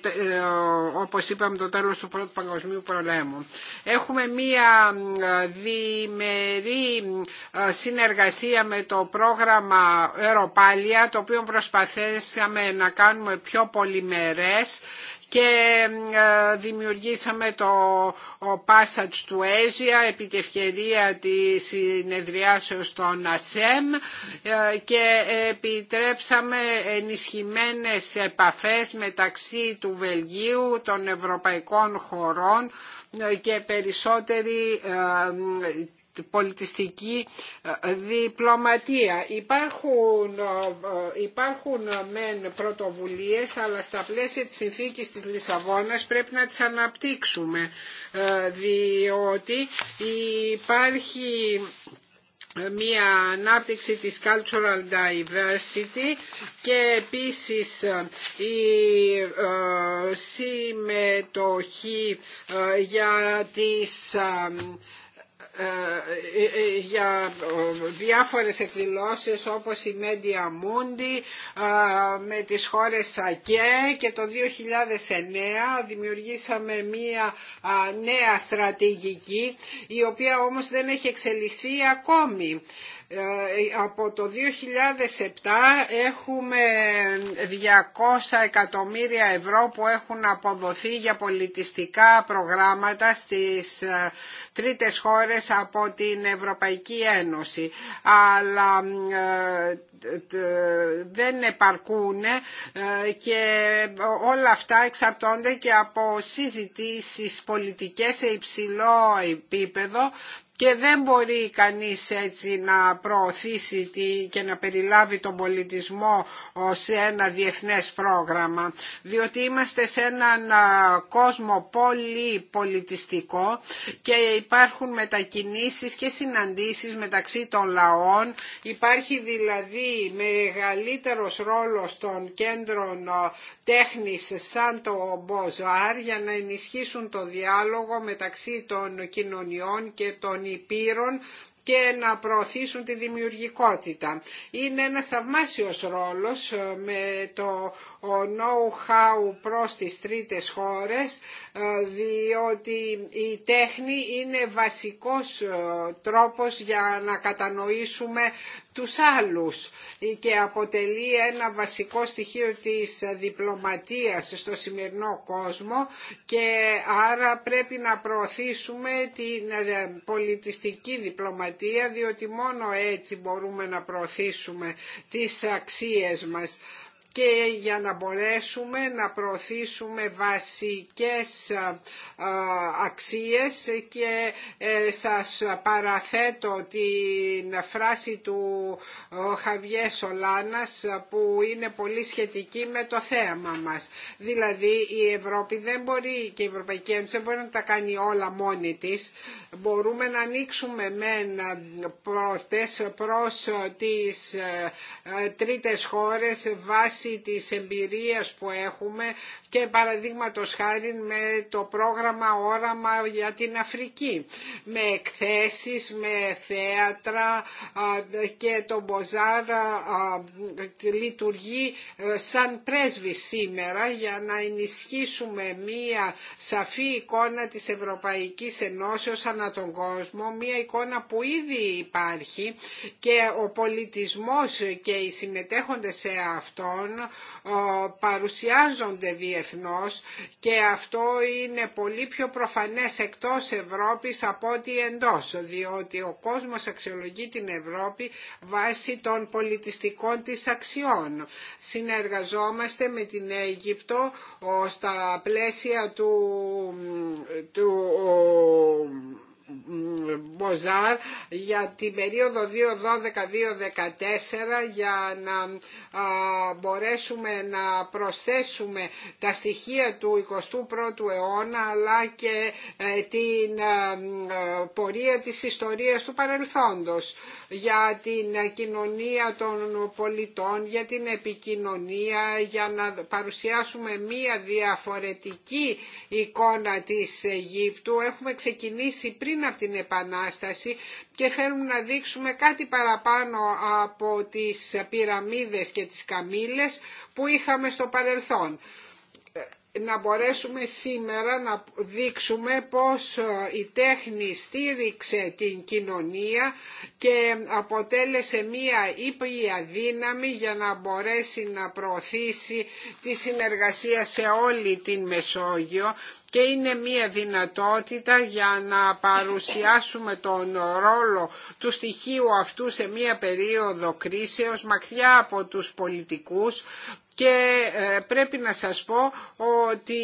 όπως είπαμε το τέλος του πρώτου παγκοσμίου πολέμου. Έχουμε μία διμερή συνεργασία με το πρόγραμμα Ευρωπαλία το οποίο προσπαθήσαμε να κάνουμε πιο πολυμερές και ε, δημιουργήσαμε το Passage to Asia επί τη ευκαιρία της συνεδριάσεως των ΑΣΕΜ ε, και επιτρέψαμε ενισχυμένες επαφές μεταξύ του Βελγίου, των ευρωπαϊκών χωρών ε, και περισσότερη πολιτιστική ε, διπλωματία. Υπάρχουν, ε, ε, υπάρχουν μεν πρωτοβουλίες αλλά στα πλαίσια της συνθήκης της Λισαβόνας πρέπει να τις αναπτύξουμε διότι υπάρχει μία ανάπτυξη της cultural diversity και επίσης η συμμετοχή για τις ε, ε, για ε, διάφορες εκδηλώσεις όπως η Media Mundi με τις χώρες ΣΑΚΕ και το 2009 δημιουργήσαμε μία νέα στρατηγική η οποία όμως δεν έχει εξελιχθεί ακόμη. Ε, από το 2007 έχουμε 200 εκατομμύρια ευρώ που έχουν αποδοθεί για πολιτιστικά προγράμματα στις ε, τρίτες χώρες από την Ευρωπαϊκή Ένωση. Αλλά ε, δεν επαρκούν και όλα αυτά εξαρτώνται και από συζητήσεις πολιτικές σε υψηλό επίπεδο και δεν μπορεί κανείς έτσι να προωθήσει και να περιλάβει τον πολιτισμό σε ένα διεθνές πρόγραμμα διότι είμαστε σε έναν κόσμο πολύ πολιτιστικό και υπάρχουν μετακινήσεις και συναντήσεις μεταξύ των λαών υπάρχει δηλαδή μεγαλύτερος ρόλος των κέντρων τέχνης σαν το Μποζουάρ για να ενισχύσουν το διάλογο μεταξύ των κοινωνιών και των υπήρων και να προωθήσουν τη δημιουργικότητα. Είναι ένας θαυμάσιος ρόλος ε, με το know-how προς τις τρίτες χώρες ε, διότι η τέχνη είναι βασικός ε, τρόπος για να κατανοήσουμε τους άλλους και αποτελεί ένα βασικό στοιχείο της διπλωματίας στο σημερινό κόσμο και άρα πρέπει να προωθήσουμε την ε, πολιτιστική διπλωματία διότι μόνο έτσι μπορούμε να προωθήσουμε τις αξίες μας και για να μπορέσουμε να προωθήσουμε βασικές αξίες και ε, σας παραθέτω την φράση του Χαβιέ Σολάνας που είναι πολύ σχετική με το θέμα μας. Δηλαδή η Ευρώπη δεν μπορεί και η Ευρωπαϊκή Ένωση δεν μπορεί να τα κάνει όλα μόνη της. Μπορούμε να ανοίξουμε μεν πρωτές προς ε, τις ε, τρίτες χώρες βάσει βάση της εμπειρίας που έχουμε και παραδείγματο χάρη με το πρόγραμμα όραμα για την Αφρική με εκθέσεις, με θέατρα και το Μποζάρ λειτουργεί ε, σαν πρέσβη σήμερα για να ενισχύσουμε μία σαφή εικόνα της Ευρωπαϊκής Ενώσεως ανά τον κόσμο, μία εικόνα που ήδη υπάρχει και ο πολιτισμός και οι συμμετέχοντες σε αυτόν παρουσιάζονται διεθνώς και αυτό είναι πολύ πιο προφανές εκτός Ευρώπης από ό,τι εντός διότι ο κόσμος αξιολογεί την Ευρώπη βάσει των πολιτιστικών της αξιών. Συνεργαζόμαστε με την Αίγυπτο στα πλαίσια του, του Μποζάρ για την περίοδο 2012-2014 για να μπορέσουμε να προσθέσουμε τα στοιχεία του 21ου αιώνα αλλά και ε, την ε, ε, πορεία της ιστορίας του παρελθόντος για την κοινωνία των πολιτών, για την επικοινωνία, για να παρουσιάσουμε μία διαφορετική εικόνα της Αιγύπτου. Έχουμε ξεκινήσει πριν από την Επανάσταση και θέλουμε να δείξουμε κάτι παραπάνω από τις πυραμίδες και τις καμήλες που είχαμε στο παρελθόν να μπορέσουμε σήμερα να δείξουμε πως ε, η τέχνη στήριξε την κοινωνία και αποτέλεσε μία ήπια δύναμη για να μπορέσει να προωθήσει τη συνεργασία σε όλη την Μεσόγειο και είναι μια δυνατότητα για να παρουσιάσουμε τον ρόλο του στοιχείου αυτού σε μια περίοδο κρίσεως μακριά από τους πολιτικούς και ε, πρέπει να σας πω ότι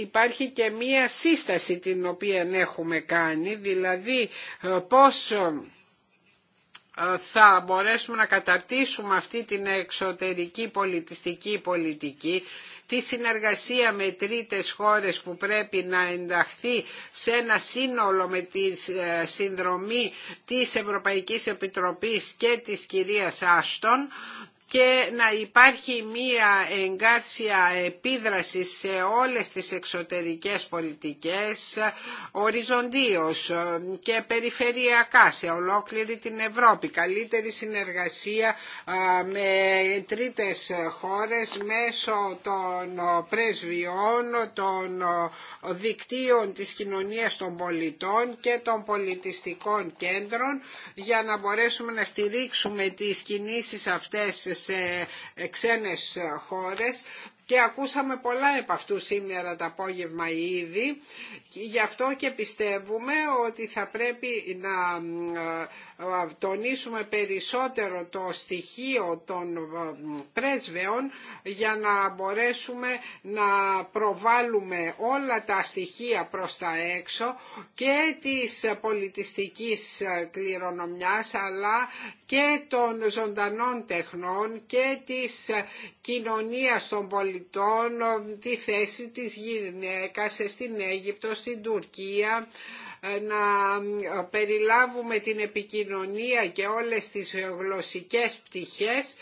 υπάρχει και μία σύσταση την οποία έχουμε κάνει, δηλαδή ε, πώς ε, θα μπορέσουμε να καταρτήσουμε αυτή την εξωτερική πολιτιστική πολιτική τη συνεργασία με τρίτες χώρες που πρέπει να ενταχθεί σε ένα σύνολο με τη ε, συνδρομή της Ευρωπαϊκής Επιτροπής και της κυρίας Άστον και να υπάρχει μία εγκάρσια επίδραση σε όλες τις εξωτερικές πολιτικές οριζοντίως και περιφερειακά σε ολόκληρη την Ευρώπη. Καλύτερη συνεργασία με τρίτες χώρες μέσω των πρεσβειών, των δικτύων της κοινωνίας των πολιτών και των πολιτιστικών κέντρων για να μπορέσουμε να στηρίξουμε τις κινήσεις αυτές σε ε, ξένες ε, χώρες και ακούσαμε πολλά από αυτού σήμερα το απόγευμα ήδη. Γι' αυτό και πιστεύουμε ότι θα πρέπει να ε, ε, τονίσουμε περισσότερο το στοιχείο των ε, πρέσβεων για να μπορέσουμε να προβάλλουμε όλα τα στοιχεία προς τα έξω και της πολιτιστικής κληρονομιάς αλλά και των ζωντανών τεχνών και της κοινωνία των πολιτών, τη θέση της γυναίκας στην Αίγυπτο, στην Τουρκία, ε, να ε, περιλάβουμε την επικοινωνία και όλες τις γλωσσικές πτυχές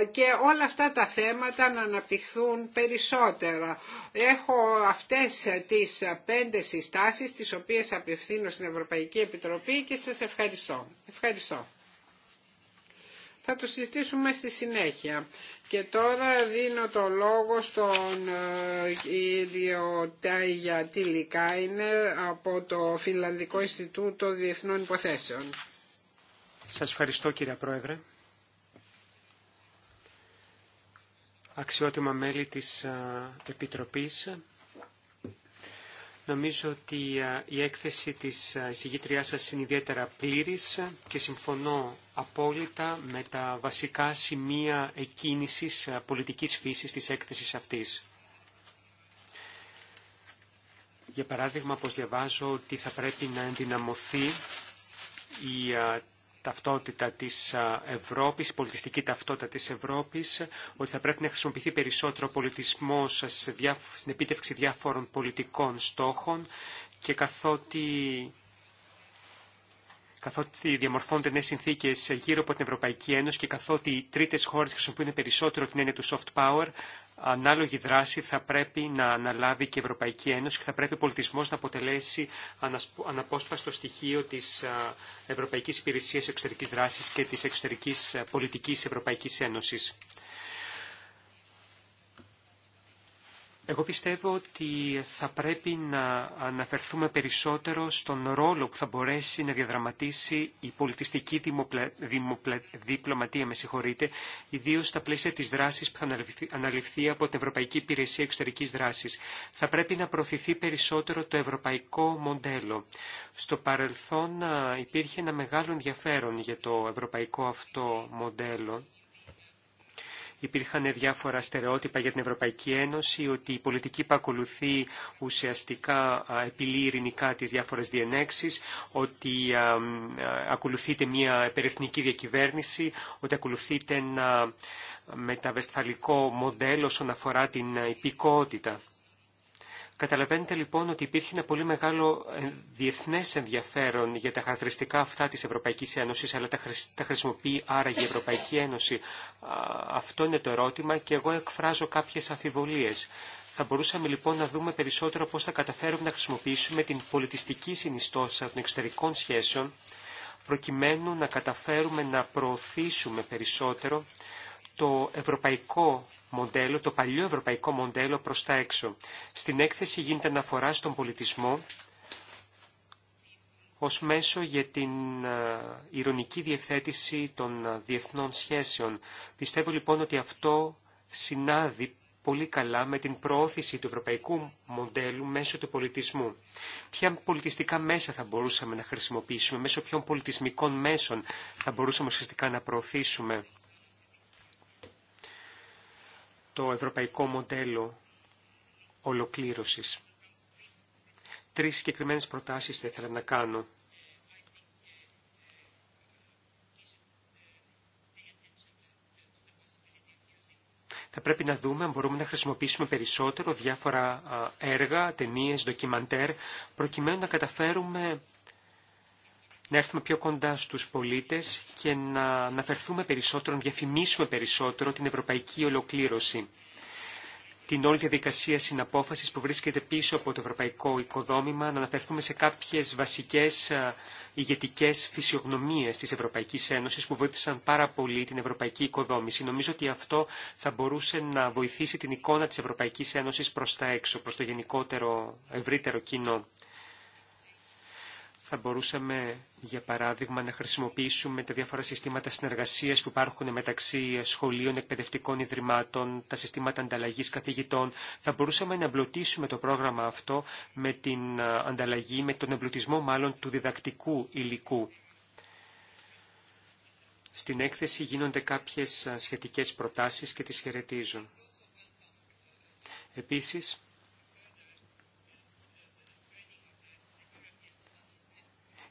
ε, και όλα αυτά τα θέματα να αναπτυχθούν περισσότερα. Έχω αυτές τις πέντε συστάσεις τις οποίες απευθύνω στην Ευρωπαϊκή Επιτροπή και σας ευχαριστώ. Ευχαριστώ. Θα το συζητήσουμε στη συνέχεια. Και τώρα δίνω το λόγο στον κύριο ε, Τάγια Τιλικάινερ από το Φιλανδικό Ινστιτούτο Διεθνών Υποθέσεων. Σας ευχαριστώ κύριε Πρόεδρε. Αξιότιμα μέλη της ε, Επιτροπής, Νομίζω ότι ε, η έκθεση της εισηγήτριάς σας είναι ιδιαίτερα πλήρης και συμφωνώ απόλυτα με τα βασικά σημεία εκκίνησης ε, πολιτικής φύσης της έκθεσης αυτής. Για παράδειγμα, πως διαβάζω ότι θα πρέπει να ενδυναμωθεί η ε, ταυτότητα της ε, Ευρώπης, η πολιτιστική ταυτότητα της Ευρώπης, ότι θα πρέπει να χρησιμοποιηθεί περισσότερο ο πολιτισμός στην επίτευξη διάφορων πολιτικών στόχων και καθότι καθότι διαμορφώνονται νέε συνθήκε γύρω από την Ευρωπαϊκή Ένωση και καθότι τρίτε χώρε χρησιμοποιούν περισσότερο την έννοια του soft power, ανάλογη δράση θα πρέπει να αναλάβει και η Ευρωπαϊκή Ένωση και θα πρέπει ο πολιτισμό να αποτελέσει αναπόσπαστο στοιχείο τη Ευρωπαϊκή Υπηρεσία Εξωτερική Δράση και τη εξωτερική πολιτική Ευρωπαϊκή Ένωση. Εγώ πιστεύω ότι θα πρέπει να αναφερθούμε περισσότερο στον ρόλο που θα μπορέσει να διαδραματίσει η πολιτιστική διπλωματία, με συγχωρείτε, ιδίω στα πλαίσια τη δράση που θα αναλυφθεί από την Ευρωπαϊκή Υπηρεσία Εξωτερική Δράση. Θα πρέπει να προωθηθεί περισσότερο το ευρωπαϊκό μοντέλο. Στο παρελθόν υπήρχε ένα μεγάλο ενδιαφέρον για το ευρωπαϊκό αυτό μοντέλο Υπήρχαν διάφορα στερεότυπα για την Ευρωπαϊκή Ένωση, ότι η πολιτική που ακολουθεί ουσιαστικά επιλύει ειρηνικά τις διάφορες διενέξεις, ότι ακολουθείται μια περιεθνική διακυβέρνηση, ότι ακολουθείται ένα μεταβεσθαλικό μοντέλο όσον αφορά την υπηκότητα. Καταλαβαίνετε λοιπόν ότι υπήρχε ένα πολύ μεγάλο ε, διεθνέ ενδιαφέρον για τα χαρακτηριστικά αυτά τη Ευρωπαϊκή Ένωση, αλλά τα χρησιμοποιεί άραγε η Ευρωπαϊκή Ένωση. Αυτό είναι το ερώτημα και εγώ εκφράζω κάποιε αμφιβολίες. Θα μπορούσαμε λοιπόν να δούμε περισσότερο πώς θα καταφέρουμε να χρησιμοποιήσουμε την πολιτιστική συνιστόσα των εξωτερικών σχέσεων, προκειμένου να καταφέρουμε να προωθήσουμε περισσότερο το ευρωπαϊκό μοντέλο, το παλιό ευρωπαϊκό μοντέλο προς τα έξω. Στην έκθεση γίνεται αναφορά στον πολιτισμό ως μέσο για την ε, ηρωνική διευθέτηση των ε, διεθνών σχέσεων. Πιστεύω λοιπόν ότι αυτό συνάδει πολύ καλά με την προώθηση του ευρωπαϊκού μοντέλου μέσω του πολιτισμού. Ποια πολιτιστικά μέσα θα μπορούσαμε να χρησιμοποιήσουμε, μέσω ποιων πολιτισμικών μέσων θα μπορούσαμε ουσιαστικά να προωθήσουμε το ευρωπαϊκό μοντέλο ολοκλήρωσης. Τρεις συγκεκριμένε προτάσεις θα ήθελα να κάνω. Θα πρέπει να δούμε αν μπορούμε να χρησιμοποιήσουμε περισσότερο διάφορα έργα, ταινίες, ντοκιμαντέρ, προκειμένου να καταφέρουμε να έρθουμε πιο κοντά στους πολίτες και να αναφερθούμε περισσότερο, να διαφημίσουμε περισσότερο την ευρωπαϊκή ολοκλήρωση. Την όλη διαδικασία συναπόφασης που βρίσκεται πίσω από το ευρωπαϊκό οικοδόμημα, να αναφερθούμε σε κάποιες βασικές ηγετικές φυσιογνωμίες της Ευρωπαϊκής Ένωσης που βοήθησαν πάρα πολύ την ευρωπαϊκή οικοδόμηση. Νομίζω ότι αυτό θα μπορούσε να βοηθήσει την εικόνα της Ευρωπαϊκής Ένωσης προς τα έξω, προς το γενικότερο ευρύτερο κοινό θα μπορούσαμε, για παράδειγμα, να χρησιμοποιήσουμε τα διάφορα συστήματα συνεργασίας που υπάρχουν μεταξύ σχολείων, εκπαιδευτικών ιδρυμάτων, τα συστήματα ανταλλαγής καθηγητών. Θα μπορούσαμε να εμπλουτίσουμε το πρόγραμμα αυτό με την ανταλλαγή, με τον εμπλουτισμό μάλλον του διδακτικού υλικού. Στην έκθεση γίνονται κάποιες σχετικές προτάσεις και τις χαιρετίζουν. Επίσης,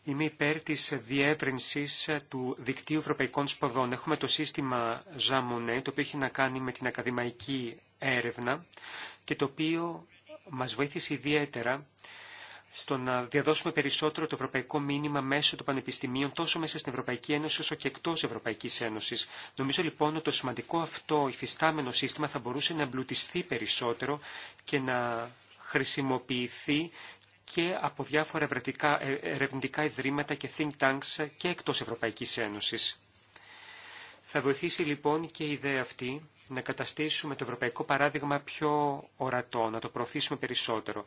Είμαι υπέρ τη διεύρυνση του δικτύου ευρωπαϊκών σποδών. Έχουμε το σύστημα Ζαμονέ, το οποίο έχει να κάνει με την ακαδημαϊκή έρευνα και το οποίο μας βοήθησε ιδιαίτερα στο να διαδώσουμε περισσότερο το ευρωπαϊκό μήνυμα μέσω των πανεπιστημίων, τόσο μέσα στην Ευρωπαϊκή Ένωση όσο και εκτό Ευρωπαϊκή Ένωση. Νομίζω λοιπόν ότι το σημαντικό αυτό υφιστάμενο σύστημα θα μπορούσε να εμπλουτιστεί περισσότερο και να χρησιμοποιηθεί και από διάφορα ε, ερευνητικά ιδρύματα και think tanks και εκτός Ευρωπαϊκής Ένωσης. Θα βοηθήσει λοιπόν και η ιδέα αυτή να καταστήσουμε το ευρωπαϊκό παράδειγμα πιο ορατό, να το προωθήσουμε περισσότερο.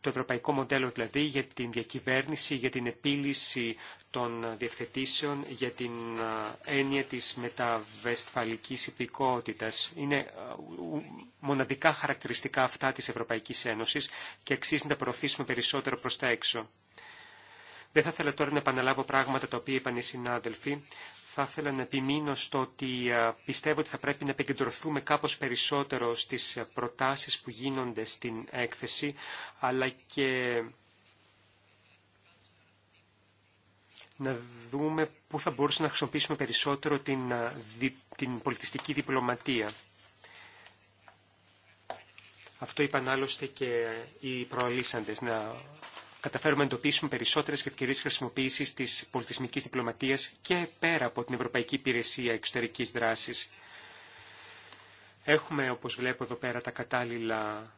Το ευρωπαϊκό μοντέλο δηλαδή για την διακυβέρνηση, για την επίλυση των διευθετήσεων, για την ε, έννοια της μεταβεσφαλικής υπηκότητας. Είναι ε, μοναδικά χαρακτηριστικά αυτά της Ευρωπαϊκής Ένωσης και αξίζει να προωθήσουμε περισσότερο προς τα έξω. Δεν θα ήθελα τώρα να επαναλάβω πράγματα τα οποία είπαν οι συνάδελφοι. Θα ήθελα να επιμείνω στο ότι πιστεύω ότι θα πρέπει να επικεντρωθούμε κάπως περισσότερο στις προτάσεις που γίνονται στην έκθεση, αλλά και να δούμε πού θα μπορούσαμε να χρησιμοποιήσουμε περισσότερο την, την πολιτιστική διπλωματία. Αυτό είπαν άλλωστε και οι προαλήσαντες, να καταφέρουμε να εντοπίσουμε περισσότερες ευκαιρίες χρησιμοποίησης της πολιτισμικής διπλωματίας και πέρα από την Ευρωπαϊκή Υπηρεσία Εξωτερικής Δράσης. Έχουμε, όπως βλέπω εδώ πέρα, τα κατάλληλα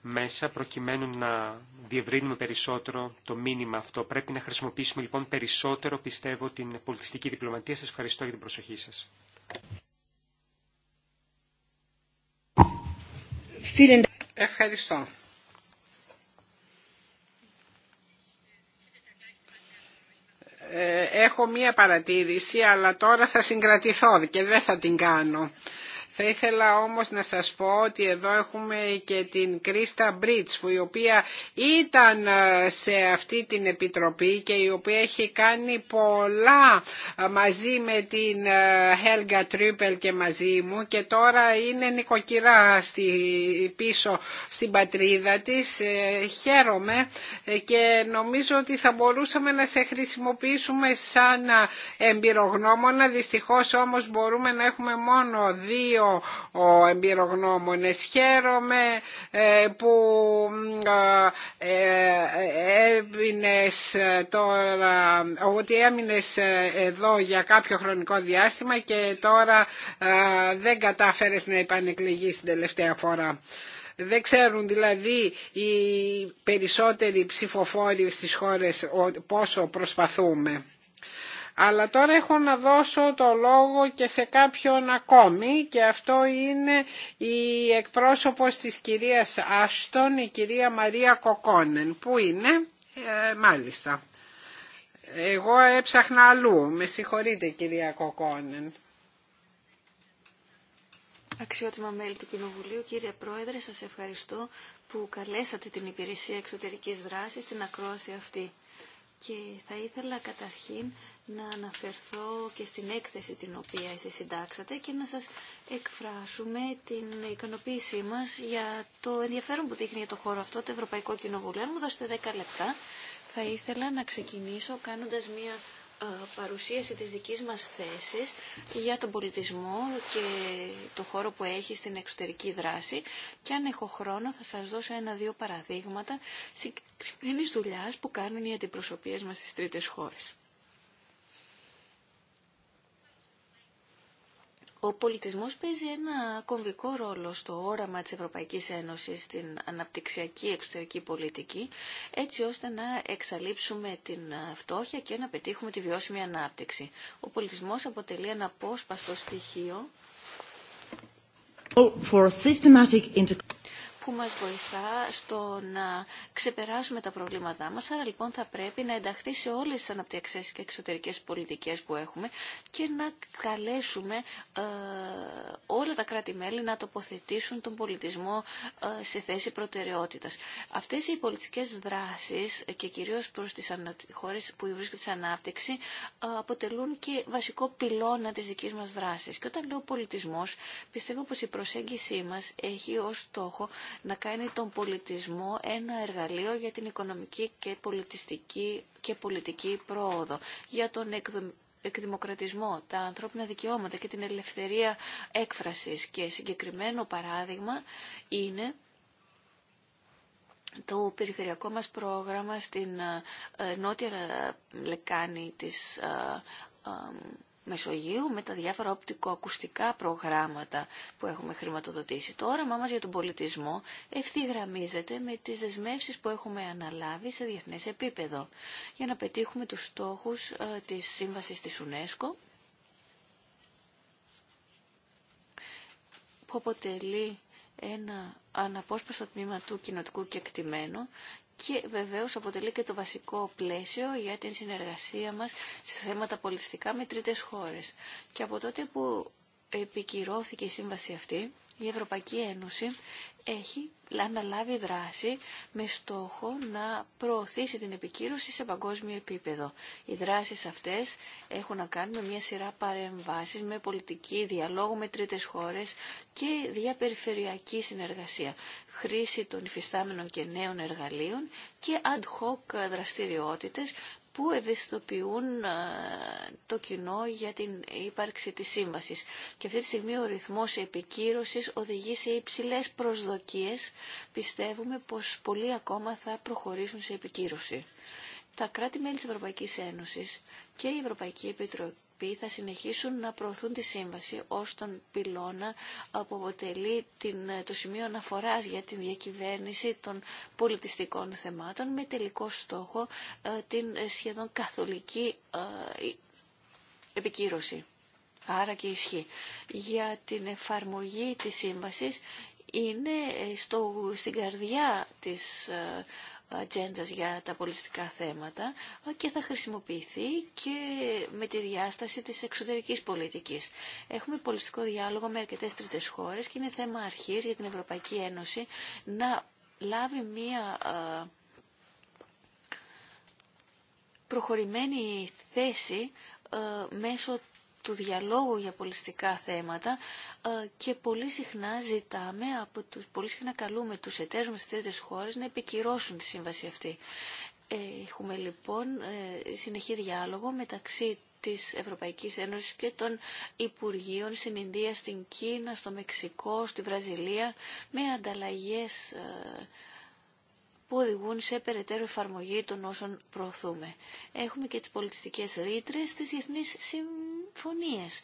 μέσα προκειμένου να διευρύνουμε περισσότερο το μήνυμα αυτό. Πρέπει να χρησιμοποιήσουμε λοιπόν περισσότερο, πιστεύω, την πολιτιστική διπλωματία. Σας ευχαριστώ για την προσοχή σας. Ευχαριστώ. Ε, έχω μία παρατήρηση αλλά τώρα θα συγκρατηθώ και δεν θα την κάνω. Θα ήθελα όμως να σας πω ότι εδώ έχουμε και την Κρίστα Μπρίτς που η οποία ήταν ε, σε αυτή την επιτροπή και η οποία έχει κάνει πολλά ε, μαζί με την ε, Helga Τρίπελ και μαζί μου και τώρα είναι νοικοκυρά στη, πίσω στην πατρίδα της. Χαίρομαι και νομίζω ότι θα μπορούσαμε να σε χρησιμοποιήσουμε σαν εμπειρογνώμονα. Δυστυχώς όμως μπορούμε να έχουμε μόνο δύο ο εμπειρογνώμων ε, Χαίρομαι ε, που ε, έμεινε τώρα, ότι έμεινες εδώ για κάποιο χρονικό διάστημα και τώρα δεν κατάφερες να επανεκλεγείς την τελευταία φορά. Δεν ξέρουν δηλαδή οι περισσότεροι ψηφοφόροι στις χώρες πόσο προσπαθούμε. Αλλά τώρα έχω να δώσω το λόγο και σε κάποιον ακόμη και αυτό είναι η εκπρόσωπος της κυρίας Άστον, η κυρία Μαρία Κοκόνεν. Πού είναι? Ε, μάλιστα. Εγώ έψαχνα αλλού. Με συγχωρείτε κυρία Κοκόνεν. Αξιότιμα μέλη του Κοινοβουλίου, κύριε Πρόεδρε, σας ευχαριστώ που ειναι μαλιστα εγω εψαχνα αλλου με συγχωρειτε κυρια κοκονεν αξιοτιμα μελη του κοινοβουλιου κυριε προεδρε σας ευχαριστω που καλεσατε την Υπηρεσία Εξωτερικής Δράσης στην ακρόαση αυτή. Και θα ήθελα καταρχήν να αναφερθώ και στην έκθεση την οποία εσείς συντάξατε και να σας εκφράσουμε την ικανοποίησή μας για το ενδιαφέρον που δείχνει για το χώρο αυτό το Ευρωπαϊκό Κοινοβούλιο. Αν μου δώσετε 10 λεπτά θα ήθελα να ξεκινήσω κάνοντας μία ε, παρουσίαση της δικής μας θέσης για τον πολιτισμό και το χώρο που έχει στην εξωτερική δράση και αν έχω χρόνο θα σας δώσω ένα-δύο παραδείγματα συγκεκριμένης δουλειάς που κάνουν οι αντιπροσωπείες μας στις τρίτες χώρες. Ο πολιτισμός παίζει ένα κομβικό ρόλο στο όραμα της Ευρωπαϊκής Ένωσης στην αναπτυξιακή εξωτερική πολιτική, έτσι ώστε να εξαλείψουμε την ε, φτώχεια και να πετύχουμε τη βιώσιμη ανάπτυξη. Ο πολιτισμός αποτελεί ένα απόσπαστο στοιχείο που μας βοηθά στο να ξεπεράσουμε τα προβλήματά μας. Άρα λοιπόν θα πρέπει να ενταχθεί σε όλες τις αναπτυξές και εξωτερικές πολιτικές που έχουμε και να καλέσουμε ε, όλα τα κράτη-μέλη να τοποθετήσουν τον πολιτισμό ε, σε θέση προτεραιότητας. Αυτές οι πολιτικές δράσεις ε, και κυρίως προς τις χώρες που βρίσκονται σε ανάπτυξη αποτελούν και βασικό πυλώνα της δικής μας δράσης. Και όταν λέω πολιτισμός, πιστεύω πως η προσέγγιση μας έχει ως στόχο να κάνει τον πολιτισμό ένα εργαλείο για την οικονομική και πολιτιστική και πολιτική πρόοδο, για τον εκδημοκρατισμό, τα ανθρώπινα δικαιώματα και την ελευθερία έκφρασης. Και συγκεκριμένο παράδειγμα είναι το περιφερειακό μας πρόγραμμα στην ε, ε, νότια λεκάνη της ε, Μεσογείου με τα διάφορα οπτικοακουστικά προγράμματα που έχουμε χρηματοδοτήσει. Το όραμά μας για τον πολιτισμό ευθυγραμμίζεται με τις δεσμεύσεις που έχουμε αναλάβει σε διεθνές επίπεδο για να πετύχουμε τους στόχους ε, της σύμβασης της UNESCO που αποτελεί ένα αναπόσπαστο τμήμα του κοινοτικού κεκτημένου και βεβαίως αποτελεί και το βασικό πλαίσιο για την συνεργασία μας σε θέματα πολιτιστικά με τρίτες χώρες. Και από τότε που επικυρώθηκε η σύμβαση αυτή, η Ευρωπαϊκή Ένωση έχει αναλάβει δράση με στόχο να προωθήσει την επικύρωση σε παγκόσμιο επίπεδο. Οι δράσεις αυτές έχουν να κάνουν με μια σειρά παρεμβάσεις, με πολιτική διαλόγου με τρίτες χώρες και διαπεριφερειακή συνεργασία, χρήση των υφιστάμενων και νέων εργαλείων και ad hoc δραστηριότητες που ευαισθητοποιούν ε, το κοινό για την ύπαρξη της σύμβασης. Και αυτή τη στιγμή ο ρυθμός επικύρωσης οδηγεί σε υψηλές προσδοκίες. Πιστεύουμε πως πολλοί ακόμα θα προχωρήσουν σε επικύρωση. Τα κράτη-μέλη της Ευρωπαϊκής Ένωσης και η Ευρωπαϊκή Επιτροπή οποίοι θα συνεχίσουν να προωθούν τη σύμβαση ως τον πυλώνα που αποτελεί την, το σημείο αναφοράς για την διακυβέρνηση των πολιτιστικών θεμάτων με τελικό στόχο ε, την σχεδόν καθολική ε, επικύρωση. Άρα και ισχύει. Για την εφαρμογή της σύμβασης είναι ε, στο, στην καρδιά της ατζέντα για τα πολιτιστικά θέματα και θα χρησιμοποιηθεί και με τη διάσταση της εξωτερικής πολιτικής. Έχουμε πολιτιστικό διάλογο με αρκετές τρίτες χώρες και είναι θέμα αρχής για την Ευρωπαϊκή Ένωση να λάβει μία προχωρημένη θέση μέσω του διαλόγου για πολιστικά θέματα ε, και πολύ συχνά ζητάμε, από τους, πολύ συχνά καλούμε τους εταίρους μας στις τρίτες χώρες να επικυρώσουν τη σύμβαση αυτή. Ε, έχουμε λοιπόν ε, συνεχή διάλογο μεταξύ της Ευρωπαϊκής Ένωσης και των Υπουργείων στην Ινδία, στην Κίνα, στο Μεξικό, στη Βραζιλία με ανταλλαγές που οδηγούν σε περαιτέρω εφαρμογή των όσων προωθούμε. Έχουμε και τις πολιτιστικές ρήτρες της Διεθνής συμφωνίες,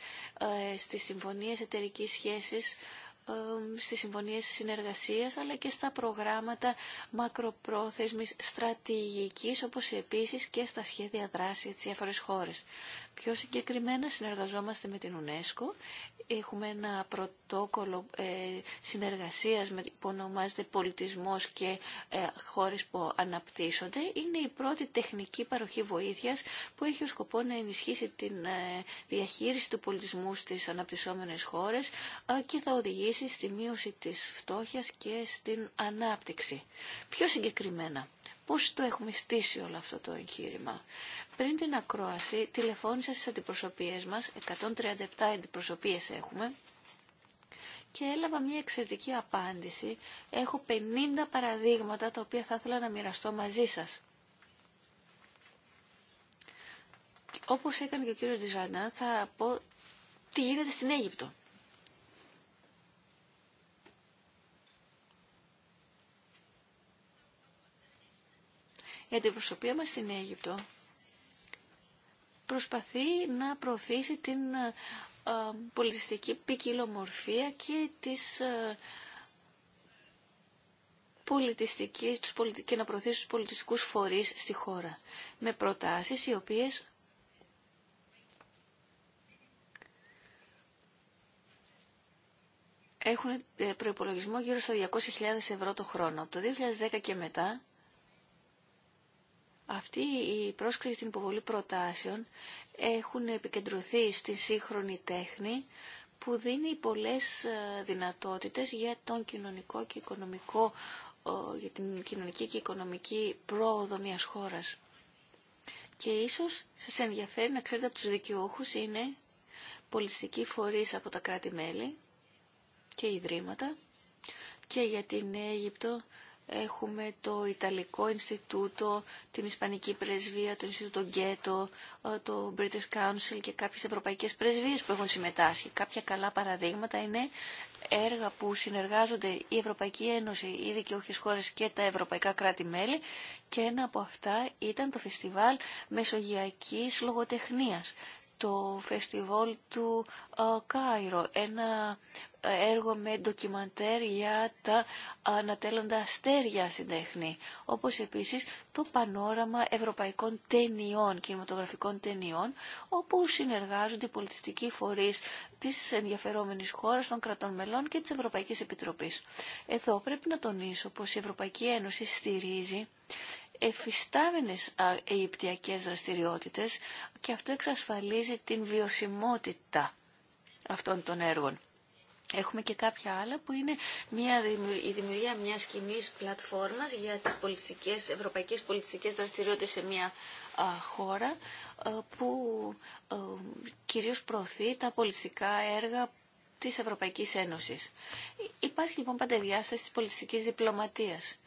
ε, στις συμφωνίες εταιρικής σχέσης, ε, στις συμφωνίες συνεργασίας αλλά και στα προγράμματα μακροπρόθεσμης στρατηγικής όπως επίσης και στα σχέδια δράση της διάφορες χώρες. Πιο συγκεκριμένα συνεργαζόμαστε με την UNESCO Έχουμε ένα πρωτόκολλο ε, συνεργασίας που ονομάζεται πολιτισμός και ε, χώρες που αναπτύσσονται. Είναι η πρώτη τεχνική παροχή βοήθειας που έχει ως σκοπό να ενισχύσει την ε, διαχείριση του πολιτισμού στις αναπτυσσόμενες χώρες και θα οδηγήσει στη μείωση της φτώχειας και στην ανάπτυξη. Πιο συγκεκριμένα, πώς το έχουμε στήσει όλο αυτό το εγχείρημα. Πριν την ακρόαση τηλεφώνησα στις αντιπροσωπείες μας, 137 αντιπροσωπείες έχουμε, και έλαβα μια εξαιρετική απάντηση. Έχω 50 παραδείγματα τα οποία θα ήθελα να μοιραστώ μαζί σας. Όπως έκανε και ο κύριος Διζανά, θα πω τι γίνεται στην Αίγυπτο. Η αντιπροσωπεία μας στην Αίγυπτο προσπαθεί να προωθήσει την ε, ε, πολιτιστική ποικιλομορφία και τις ε, και να προωθήσει τους πολιτιστικούς φορείς στη χώρα. Με προτάσεις οι οποίες έχουν προϋπολογισμό γύρω στα 200.000 ευρώ το χρόνο. Από το 2010 και μετά αυτή η πρόσκληση στην υποβολή προτάσεων έχουν επικεντρωθεί στη σύγχρονη τέχνη που δίνει πολλές ε, δυνατότητες για τον κοινωνικό και οικονομικό για την κοινωνική και οικονομική πρόοδο μιας χώρας. Και ίσως σας ενδιαφέρει να ξέρετε από τους δικαιούχους είναι πολιστικοί φορείς από τα κράτη-μέλη και ιδρύματα και για την Αίγυπτο Έχουμε το Ιταλικό Ινστιτούτο, την Ισπανική Πρεσβεία, το Ινστιτούτο Γκέτο, ε, το British Council και κάποιες ευρωπαϊκές πρεσβείες που έχουν συμμετάσχει. Κάποια καλά παραδείγματα είναι έργα που συνεργάζονται η Ευρωπαϊκή Ένωση, οι δικαιούχες χώρες και τα ευρωπαϊκά κράτη-μέλη και ένα από αυτά ήταν το Φεστιβάλ Μεσογειακής Λογοτεχνίας το φεστιβάλ του ε, Κάιρο, ένα έργο με ντοκιμαντέρ για τα ανατέλλοντα αστέρια στην τέχνη. Όπως επίσης το πανόραμα ευρωπαϊκών ταινιών, κινηματογραφικών ταινιών, όπου συνεργάζονται οι πολιτιστικοί φορείς της ενδιαφερόμενης χώρας, των κρατών μελών και της Ευρωπαϊκής Επιτροπής. Εδώ πρέπει να τονίσω πως η Ευρωπαϊκή Ένωση στηρίζει εφιστάμενες αιγυπτιακές δραστηριότητες και αυτό εξασφαλίζει την βιωσιμότητα αυτών των έργων. Έχουμε και κάποια άλλα που είναι μια, η δημιουργία μιας κοινή πλατφόρμας για τις πολιτικές, ευρωπαϊκές πολιτιστικές δραστηριότητες σε μια χώρα ε, που α, ε, κυρίως προωθεί τα πολιτιστικά έργα της Ευρωπαϊκής Ένωσης. Υπάρχει λοιπόν πάντα διάσταση της πολιτιστικής διπλωματίας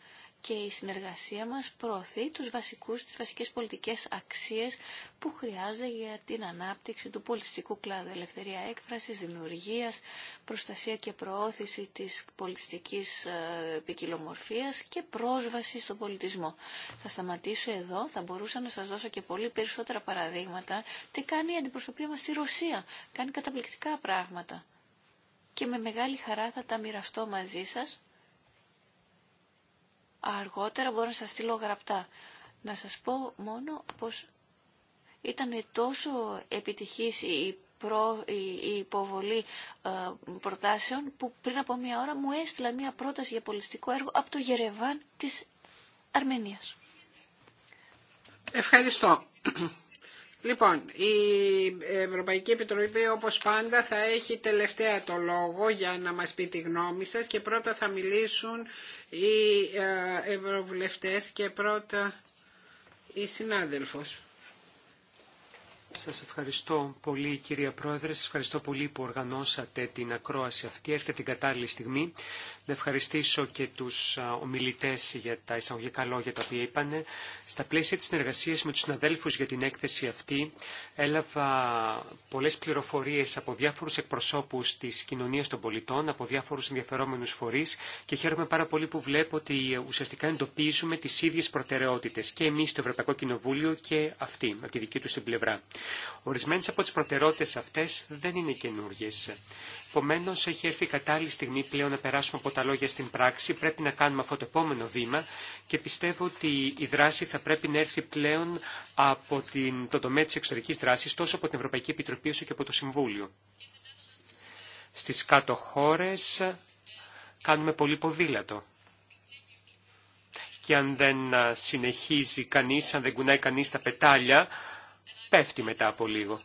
και η συνεργασία μας προωθεί τους βασικούς, τις βασικές πολιτικές αξίες που χρειάζεται για την ανάπτυξη του πολιτιστικού κλάδου. Ελευθερία έκφρασης, δημιουργίας, προστασία και προώθηση της πολιτιστικής ε, ποικιλομορφίας και πρόσβαση στον πολιτισμό. Θα σταματήσω εδώ, θα μπορούσα να σας δώσω και πολύ περισσότερα παραδείγματα. Τι κάνει η αντιπροσωπεία μας στη Ρωσία. Κάνει καταπληκτικά πράγματα. Και με μεγάλη χαρά θα τα μοιραστώ μαζί σας αργότερα μπορώ να σας στείλω γραπτά. Να σας πω μόνο πως ήταν τόσο επιτυχής η, προ, η υποβολή ε, προτάσεων που πριν από μία ώρα μου έστειλαν μία πρόταση για πολιστικό έργο από το Γερεβάν της Αρμενίας. Ευχαριστώ. Λοιπόν, η Ευρωπαϊκή Επιτροπή όπως πάντα θα έχει τελευταία το λόγο για να μας πει τη γνώμη σας και πρώτα θα μιλήσουν οι ε, ευρωβουλευτές και πρώτα η συνάδελφος. Σας ευχαριστώ πολύ κυρία Πρόεδρε, σας ευχαριστώ πολύ που οργανώσατε την ακρόαση αυτή. Έρχεται την κατάλληλη στιγμή. Να ευχαριστήσω και τους ομιλητές για τα εισαγωγικά λόγια τα οποία είπαν. Στα πλαίσια της συνεργασίας με τους συναδέλφους για την έκθεση αυτή έλαβα πολλές πληροφορίες από διάφορους εκπροσώπους της κοινωνίας των πολιτών, από διάφορους ενδιαφερόμενους φορείς και χαίρομαι πάρα πολύ που βλέπω ότι ουσιαστικά εντοπίζουμε τις ίδιε προτεραιότητες και εμείς στο Ευρωπαϊκό Κοινοβούλιο και αυτή, από τη δική τους την πλευρά. Ορισμένε από τι προτεραιότητε αυτέ δεν είναι καινούριε. Επομένω, έχει έρθει η κατάλληλη στιγμή πλέον να περάσουμε από τα λόγια στην πράξη. Πρέπει να κάνουμε αυτό το επόμενο βήμα και πιστεύω ότι η δράση θα πρέπει να έρθει πλέον από την, το τομέα τη εξωτερική δράση, τόσο από την Ευρωπαϊκή Επιτροπή όσο και από το Συμβούλιο. Στι κάτω χώρε κάνουμε πολύ ποδήλατο. Και αν δεν συνεχίζει κανείς, αν δεν κουνάει κανείς τα πετάλια, πέφτει μετά από λίγο.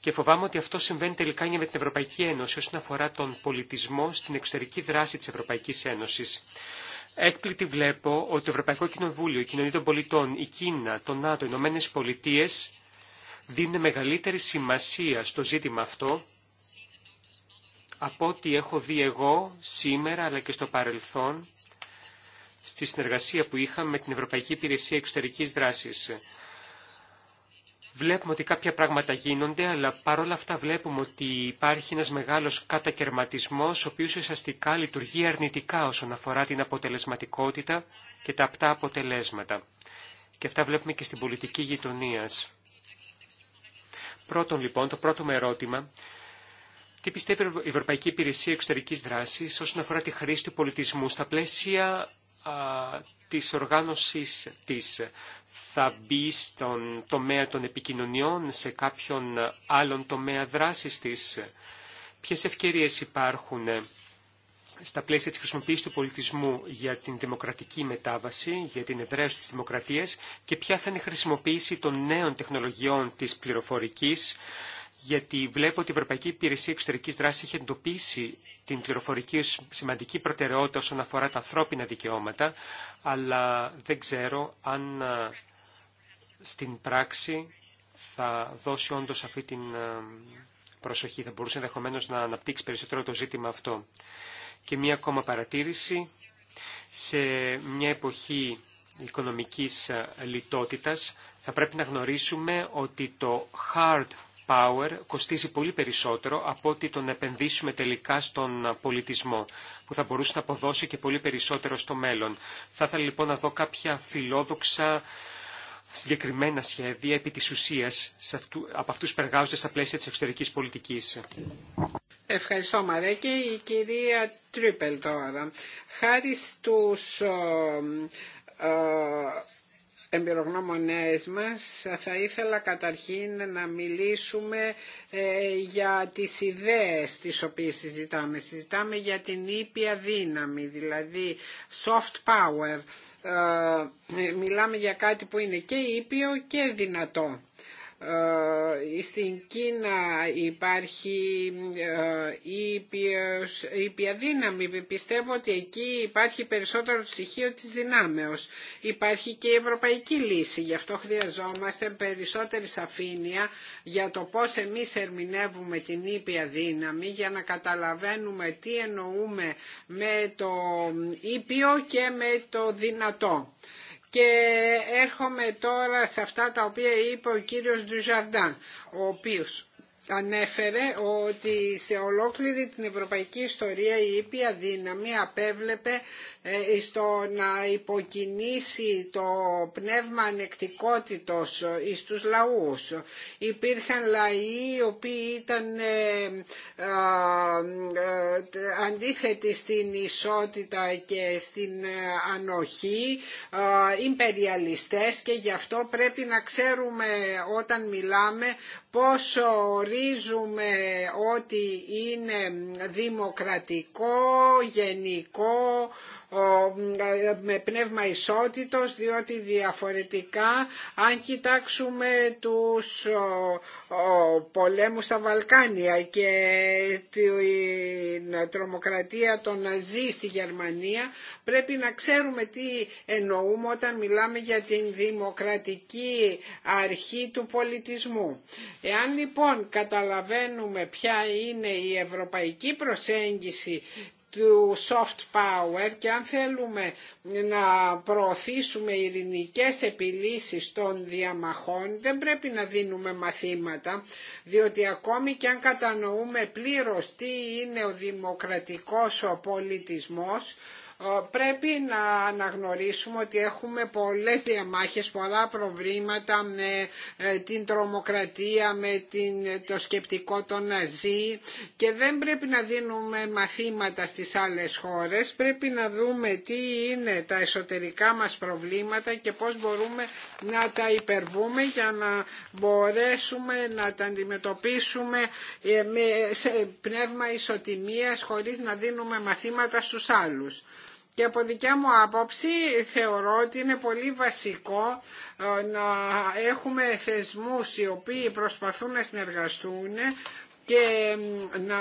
Και φοβάμαι ότι αυτό συμβαίνει τελικά για με την Ευρωπαϊκή Ένωση όσον αφορά τον πολιτισμό στην εξωτερική δράση της Ευρωπαϊκής Ένωσης. Έκπληκτη βλέπω ότι το Ευρωπαϊκό Κοινοβούλιο, η Κοινωνία των Πολιτών, η Κίνα, το ΝΑΤΟ, οι Ηνωμένε Πολιτείε δίνουν μεγαλύτερη σημασία στο ζήτημα αυτό από ό,τι έχω δει εγώ σήμερα αλλά και στο παρελθόν στη συνεργασία που είχαμε με την Ευρωπαϊκή Υπηρεσία Εξωτερική δράση. Βλέπουμε ότι κάποια πράγματα γίνονται, αλλά παρόλα αυτά βλέπουμε ότι υπάρχει ένας μεγάλος κατακαιρματισμός, ο οποίος ουσιαστικά λειτουργεί αρνητικά όσον αφορά την αποτελεσματικότητα και τα απτά αποτελέσματα. Και αυτά βλέπουμε και στην πολιτική γειτονία. Πρώτον λοιπόν, το πρώτο με ερώτημα, τι πιστεύει η Ευρωπαϊκή Υπηρεσία Εξωτερικής Δράσης όσον αφορά τη χρήση του πολιτισμού στα πλαίσια α, της οργάνωσης της θα μπει στον τομέα των επικοινωνιών, σε κάποιον άλλον τομέα δράσης της. Ποιες ευκαιρίες υπάρχουν ε, στα πλαίσια της χρησιμοποίησης του πολιτισμού για την δημοκρατική μετάβαση, για την εδραίωση της δημοκρατίας και ποια θα είναι η χρησιμοποίηση των νέων τεχνολογιών της πληροφορικής γιατί βλέπω ότι η Ευρωπαϊκή Υπηρεσία Εξωτερική Δράση έχει εντοπίσει την πληροφορική ως σημαντική προτεραιότητα όσον αφορά τα ανθρώπινα δικαιώματα, αλλά δεν ξέρω αν ε, στην πράξη θα δώσει όντως αυτή την ε, προσοχή. Θα μπορούσε ενδεχομένω να αναπτύξει περισσότερο το ζήτημα αυτό. Και μία ακόμα παρατήρηση. Σε μια εποχή οικονομικής ε, λιτότητας θα πρέπει να γνωρίσουμε ότι το hard power κοστίζει πολύ περισσότερο από ότι το να επενδύσουμε τελικά στον πολιτισμό, που θα μπορούσε να αποδώσει και πολύ περισσότερο στο μέλλον. Θα ήθελα λοιπόν να δω κάποια φιλόδοξα συγκεκριμένα σχέδια επί της ουσίας από αυτούς που εργάζονται στα πλαίσια της εξωτερικής πολιτικής. Ευχαριστώ Μαρέκη. Η κυρία Τρίπελ τώρα. Χάρη στους ε, ε, εμπειρογνώμονές μας θα ήθελα καταρχήν να μιλήσουμε ε, για τις ιδέες τις οποίες συζητάμε. Συζητάμε για την ήπια δύναμη, δηλαδή soft power. Ε, μιλάμε για κάτι που είναι και ήπιο και δυνατό. Ε, στην Κίνα υπάρχει η ε, ήπια δύναμη. Πιστεύω ότι εκεί υπάρχει περισσότερο στοιχείο της δυνάμεως. Υπάρχει και η ευρωπαϊκή λύση. Γι' αυτό χρειαζόμαστε περισσότερη σαφήνεια για το πώς εμείς ερμηνεύουμε την ήπια δύναμη για να καταλαβαίνουμε τι εννοούμε με το ήπιο και με το δυνατό. Και έρχομαι τώρα σε αυτά τα οποία είπε ο κύριος Ντουζαρντάν, ο οποίος ανέφερε ότι σε ολόκληρη την ευρωπαϊκή ιστορία η ήπια δύναμη απέβλεπε ε, στο να υποκινήσει το πνεύμα ανεκτικότητος στους ε, λαούς. Υπήρχαν λαοί οι οποίοι ήταν ε, αντίθετοι στην ισότητα και στην ανοχή, ε, και γι' αυτό πρέπει να ξέρουμε όταν μιλάμε πόσο ορίζουμε ότι είναι δημοκρατικό, γενικό, με πνεύμα ισότητος, διότι διαφορετικά αν κοιτάξουμε τους πολέμους στα Βαλκάνια και την τρομοκρατία των Ναζί στη Γερμανία, πρέπει να ξέρουμε τι εννοούμε όταν μιλάμε για την δημοκρατική αρχή του πολιτισμού. Εάν λοιπόν καταλαβαίνουμε ποια είναι η ευρωπαϊκή προσέγγιση του soft power και αν θέλουμε να προωθήσουμε ειρηνικές επιλύσεις των διαμαχών δεν πρέπει να δίνουμε μαθήματα διότι ακόμη και αν κατανοούμε πλήρως τι είναι ο δημοκρατικός ο πολιτισμός ε, πρέπει να αναγνωρίσουμε ότι έχουμε πολλές διαμάχες, πολλά προβλήματα με ε, την τρομοκρατία, με την, το σκεπτικό των Ναζί και δεν πρέπει να δίνουμε μαθήματα στις άλλες χώρες, πρέπει να δούμε τι είναι τα εσωτερικά μας προβλήματα και πώς μπορούμε να τα υπερβούμε για να μπορέσουμε να τα αντιμετωπίσουμε ε, σε πνεύμα ισοτιμίας χωρίς να δίνουμε μαθήματα στους άλλους. Και από δικιά μου άποψη θεωρώ ότι είναι πολύ βασικό ε, να έχουμε θεσμούς οι οποίοι προσπαθούν να συνεργαστούν και να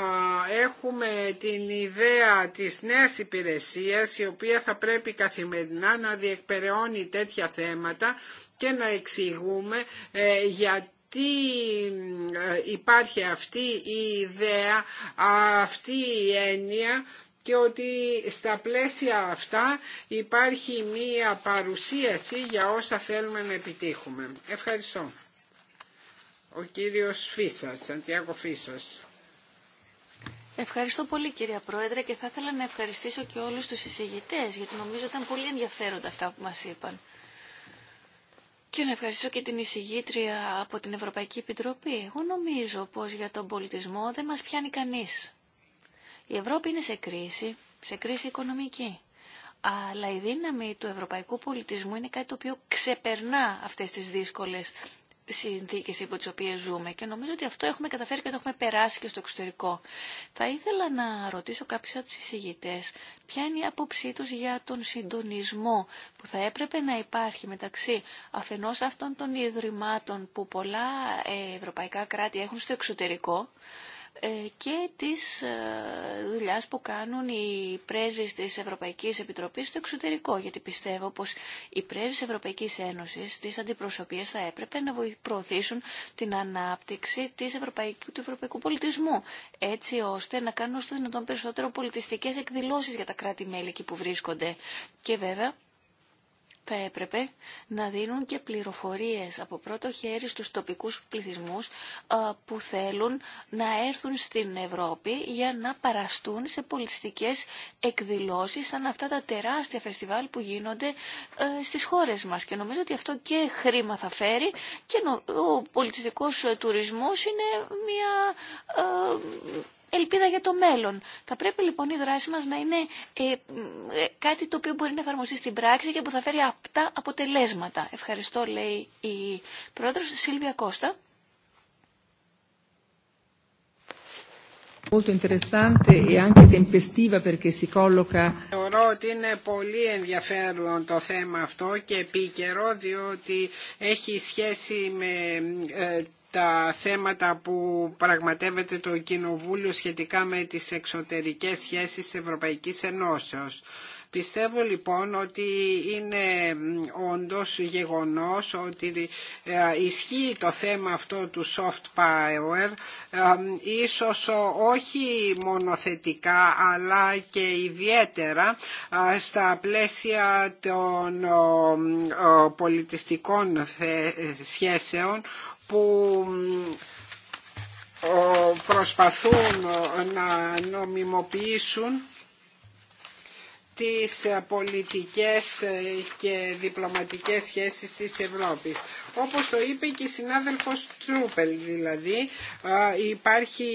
έχουμε την ιδέα της νέας υπηρεσίας η οποία θα πρέπει καθημερινά να διεκπεραιώνει τέτοια θέματα και να εξηγούμε ε, γιατί ε, υπάρχει αυτή η ιδέα, αυτή η έννοια και ότι στα πλαίσια αυτά υπάρχει μία παρουσίαση για όσα θέλουμε να επιτύχουμε. Ευχαριστώ. Ο κύριος Φίσας, Σαντιάκο Φίσας. Ευχαριστώ πολύ κυρία Πρόεδρε και θα ήθελα να ευχαριστήσω και όλους τους εισηγητές γιατί νομίζω ήταν πολύ ενδιαφέροντα αυτά που μας είπαν. Και να ευχαριστήσω και την εισηγήτρια από την Ευρωπαϊκή Επιτροπή. Εγώ νομίζω πως για τον πολιτισμό δεν μας πιάνει κανείς. Η Ευρώπη είναι σε κρίση, σε κρίση οικονομική. Αλλά η δύναμη του ευρωπαϊκού πολιτισμού είναι κάτι το οποίο ξεπερνά αυτές τις δύσκολες συνθήκες υπό τις οποίες ζούμε και νομίζω ότι αυτό έχουμε καταφέρει και το έχουμε περάσει και στο εξωτερικό. Θα ήθελα να ρωτήσω κάποιους από τους εισηγητές ποια είναι η άποψή τους για τον συντονισμό που θα έπρεπε να υπάρχει μεταξύ αφενός αυτών των ιδρυμάτων που πολλά ε, ευρωπαϊκά κράτη έχουν στο εξωτερικό ε, και της ε, δουλειάς που κάνουν οι πρέσβεις της Ευρωπαϊκής Επιτροπής στο εξωτερικό, γιατί πιστεύω πως οι πρέσβεις Ευρωπαϊκής Ένωσης, τις αντιπροσωπείες θα έπρεπε να προωθήσουν την ανάπτυξη της Ευρωπαϊκού, του ευρωπαϊκού πολιτισμού, έτσι ώστε να κάνουν στο δυνατόν περισσότερο πολιτιστικές εκδηλώσεις για τα κράτη-μέλη εκεί που βρίσκονται. Και βέβαια, θα έπρεπε να δίνουν και πληροφορίες από πρώτο χέρι στους τοπικούς πληθυσμούς ε, που θέλουν να έρθουν στην Ευρώπη για να παραστούν σε πολιτιστικές εκδηλώσεις σαν αυτά τα τεράστια φεστιβάλ που γίνονται ε, στις χώρες μας. Και νομίζω ότι αυτό και χρήμα θα φέρει και ο πολιτιστικός τουρισμός είναι μια ε, ελπίδα για το μέλλον. Θα πρέπει λοιπόν η δράση μας να είναι ε, ε, κάτι το οποίο μπορεί να εφαρμοστεί στην πράξη και που θα φέρει απτά αποτελέσματα. Ευχαριστώ λέει η πρόεδρος Σίλβια Κώστα. E Θεωρώ ότι είναι πολύ ενδιαφέρον το θέμα αυτό και επίκαιρο διότι έχει σχέση με ε, τα θέματα που πραγματεύεται το Κοινοβούλιο σχετικά με τις εξωτερικές σχέσεις της Ευρωπαϊκής Ενώσεως. Πιστεύω λοιπόν ότι είναι όντως γεγονός ότι ε, ισχύει το θέμα αυτό του soft power, ε, ίσως όχι μονοθετικά αλλά και ιδιαίτερα στα πλαίσια των πολιτιστικών σχέσεων που προσπαθούν να νομιμοποιήσουν τις ε, πολιτικές ε, και διπλωματικές σχέσεις της Ευρώπης όπως το είπε και η συνάδελφος Τρούπελ δηλαδή υπάρχει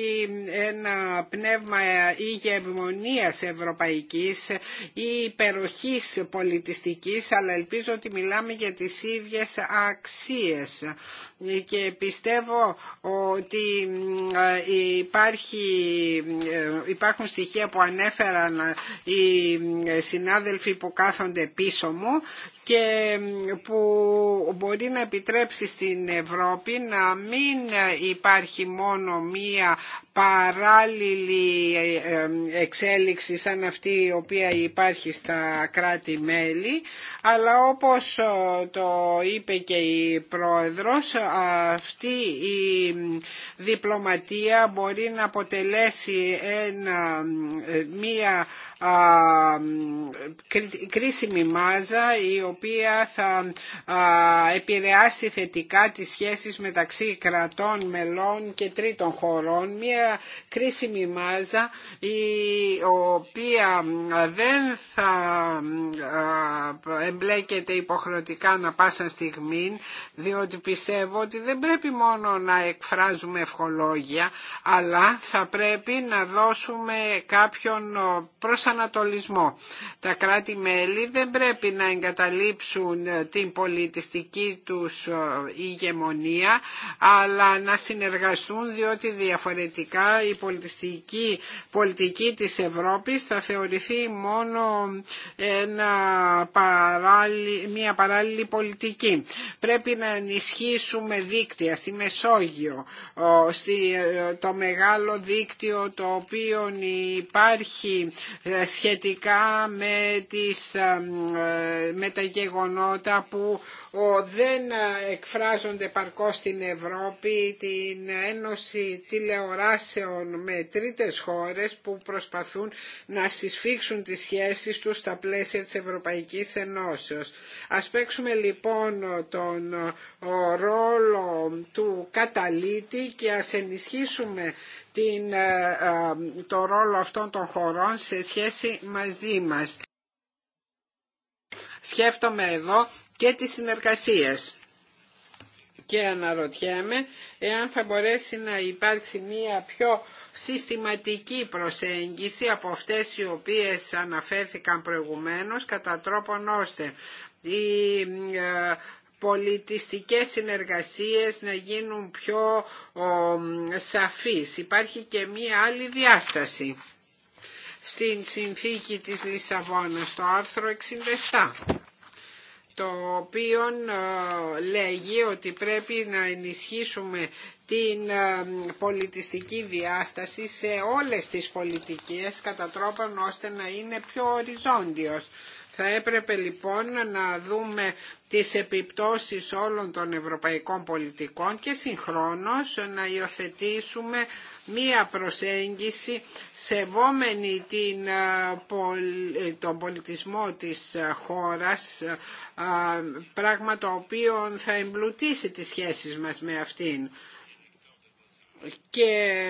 ένα πνεύμα ηγεμονίας ευρωπαϊκής ή υπεροχής πολιτιστικής αλλά ελπίζω ότι μιλάμε για τις ίδιες αξίες και πιστεύω ότι υπάρχει, ε, υπάρχουν στοιχεία που ανέφεραν οι συνάδελφοι που κάθονται πίσω μου και που μπορεί να επιτρέψουν επιτρέψει στην Ευρώπη να μην υπάρχει μόνο μία παράλληλη ε, ε, εξέλιξη σαν αυτή η οποία υπάρχει στα κράτη-μέλη αλλά όπως ε, το είπε και η Πρόεδρος αυτή η διπλωματία μπορεί να αποτελέσει μία κρίσιμη μάζα η οποία θα επηρεάσει θετικά τις σχέσεις μεταξύ κρατών μελών και τρίτων χωρών. Μια κρίσιμη μάζα η οποία δεν θα εμπλέκεται υποχρεωτικά να πάσα στιγμή διότι πιστεύω ότι δεν πρέπει μόνο να εκφράζουμε ευχολόγια αλλά θα πρέπει να δώσουμε κάποιον προσανατολισμό. Τα κράτη-μέλη δεν πρέπει να εγκαταλείψουν την πολιτιστική τους ηγεμονία αλλά να συνεργαστούν διότι διαφορετικά η πολιτιστική πολιτική της Ευρώπης θα θεωρηθεί μόνο ένα παράλλη, μια παράλληλη πολιτική. Πρέπει να ενισχύσουμε δίκτυα στη Μεσόγειο, στη, το μεγάλο δίκτυο το οποίο υπάρχει ε, σχετικά με, τις, ε, με τα γεγονότα που ο δεν εκφράζονται παρκώς στην Ευρώπη την Ένωση Τηλεοράσεων με τρίτες χώρες που προσπαθούν να συσφίξουν τις σχέσεις τους στα πλαίσια της Ευρωπαϊκής Ενώσεως. Ας παίξουμε λοιπόν τον ρόλο του καταλήτη και ας ενισχύσουμε την, ε, ε, το ρόλο αυτών των χωρών σε σχέση μαζί μας. Σκέφτομαι εδώ και της συνεργασίας. Και αναρωτιέμαι εάν θα μπορέσει να υπάρξει μία πιο συστηματική προσέγγιση από αυτές οι οποίες αναφέρθηκαν προηγουμένως κατά τρόπον ώστε οι ε, πολιτιστικές συνεργασίες να γίνουν πιο σαφείς. Υπάρχει και μία άλλη διάσταση στην συνθήκη της Λισαβόνας, το άρθρο 67 το οποίο ε, λέγει ότι πρέπει να ενισχύσουμε την ε, πολιτιστική διάσταση σε όλες τις πολιτικές κατά τρόπον ώστε να είναι πιο οριζόντιος. Θα έπρεπε λοιπόν να δούμε τις επιπτώσεις όλων των ευρωπαϊκών πολιτικών και συγχρόνως να υιοθετήσουμε μία προσέγγιση σεβόμενη την, ε, ε, τον πολιτισμό της ε, χώρας, πράγμα το οποίο θα εμπλουτίσει τις σχέσεις μας με αυτήν. Και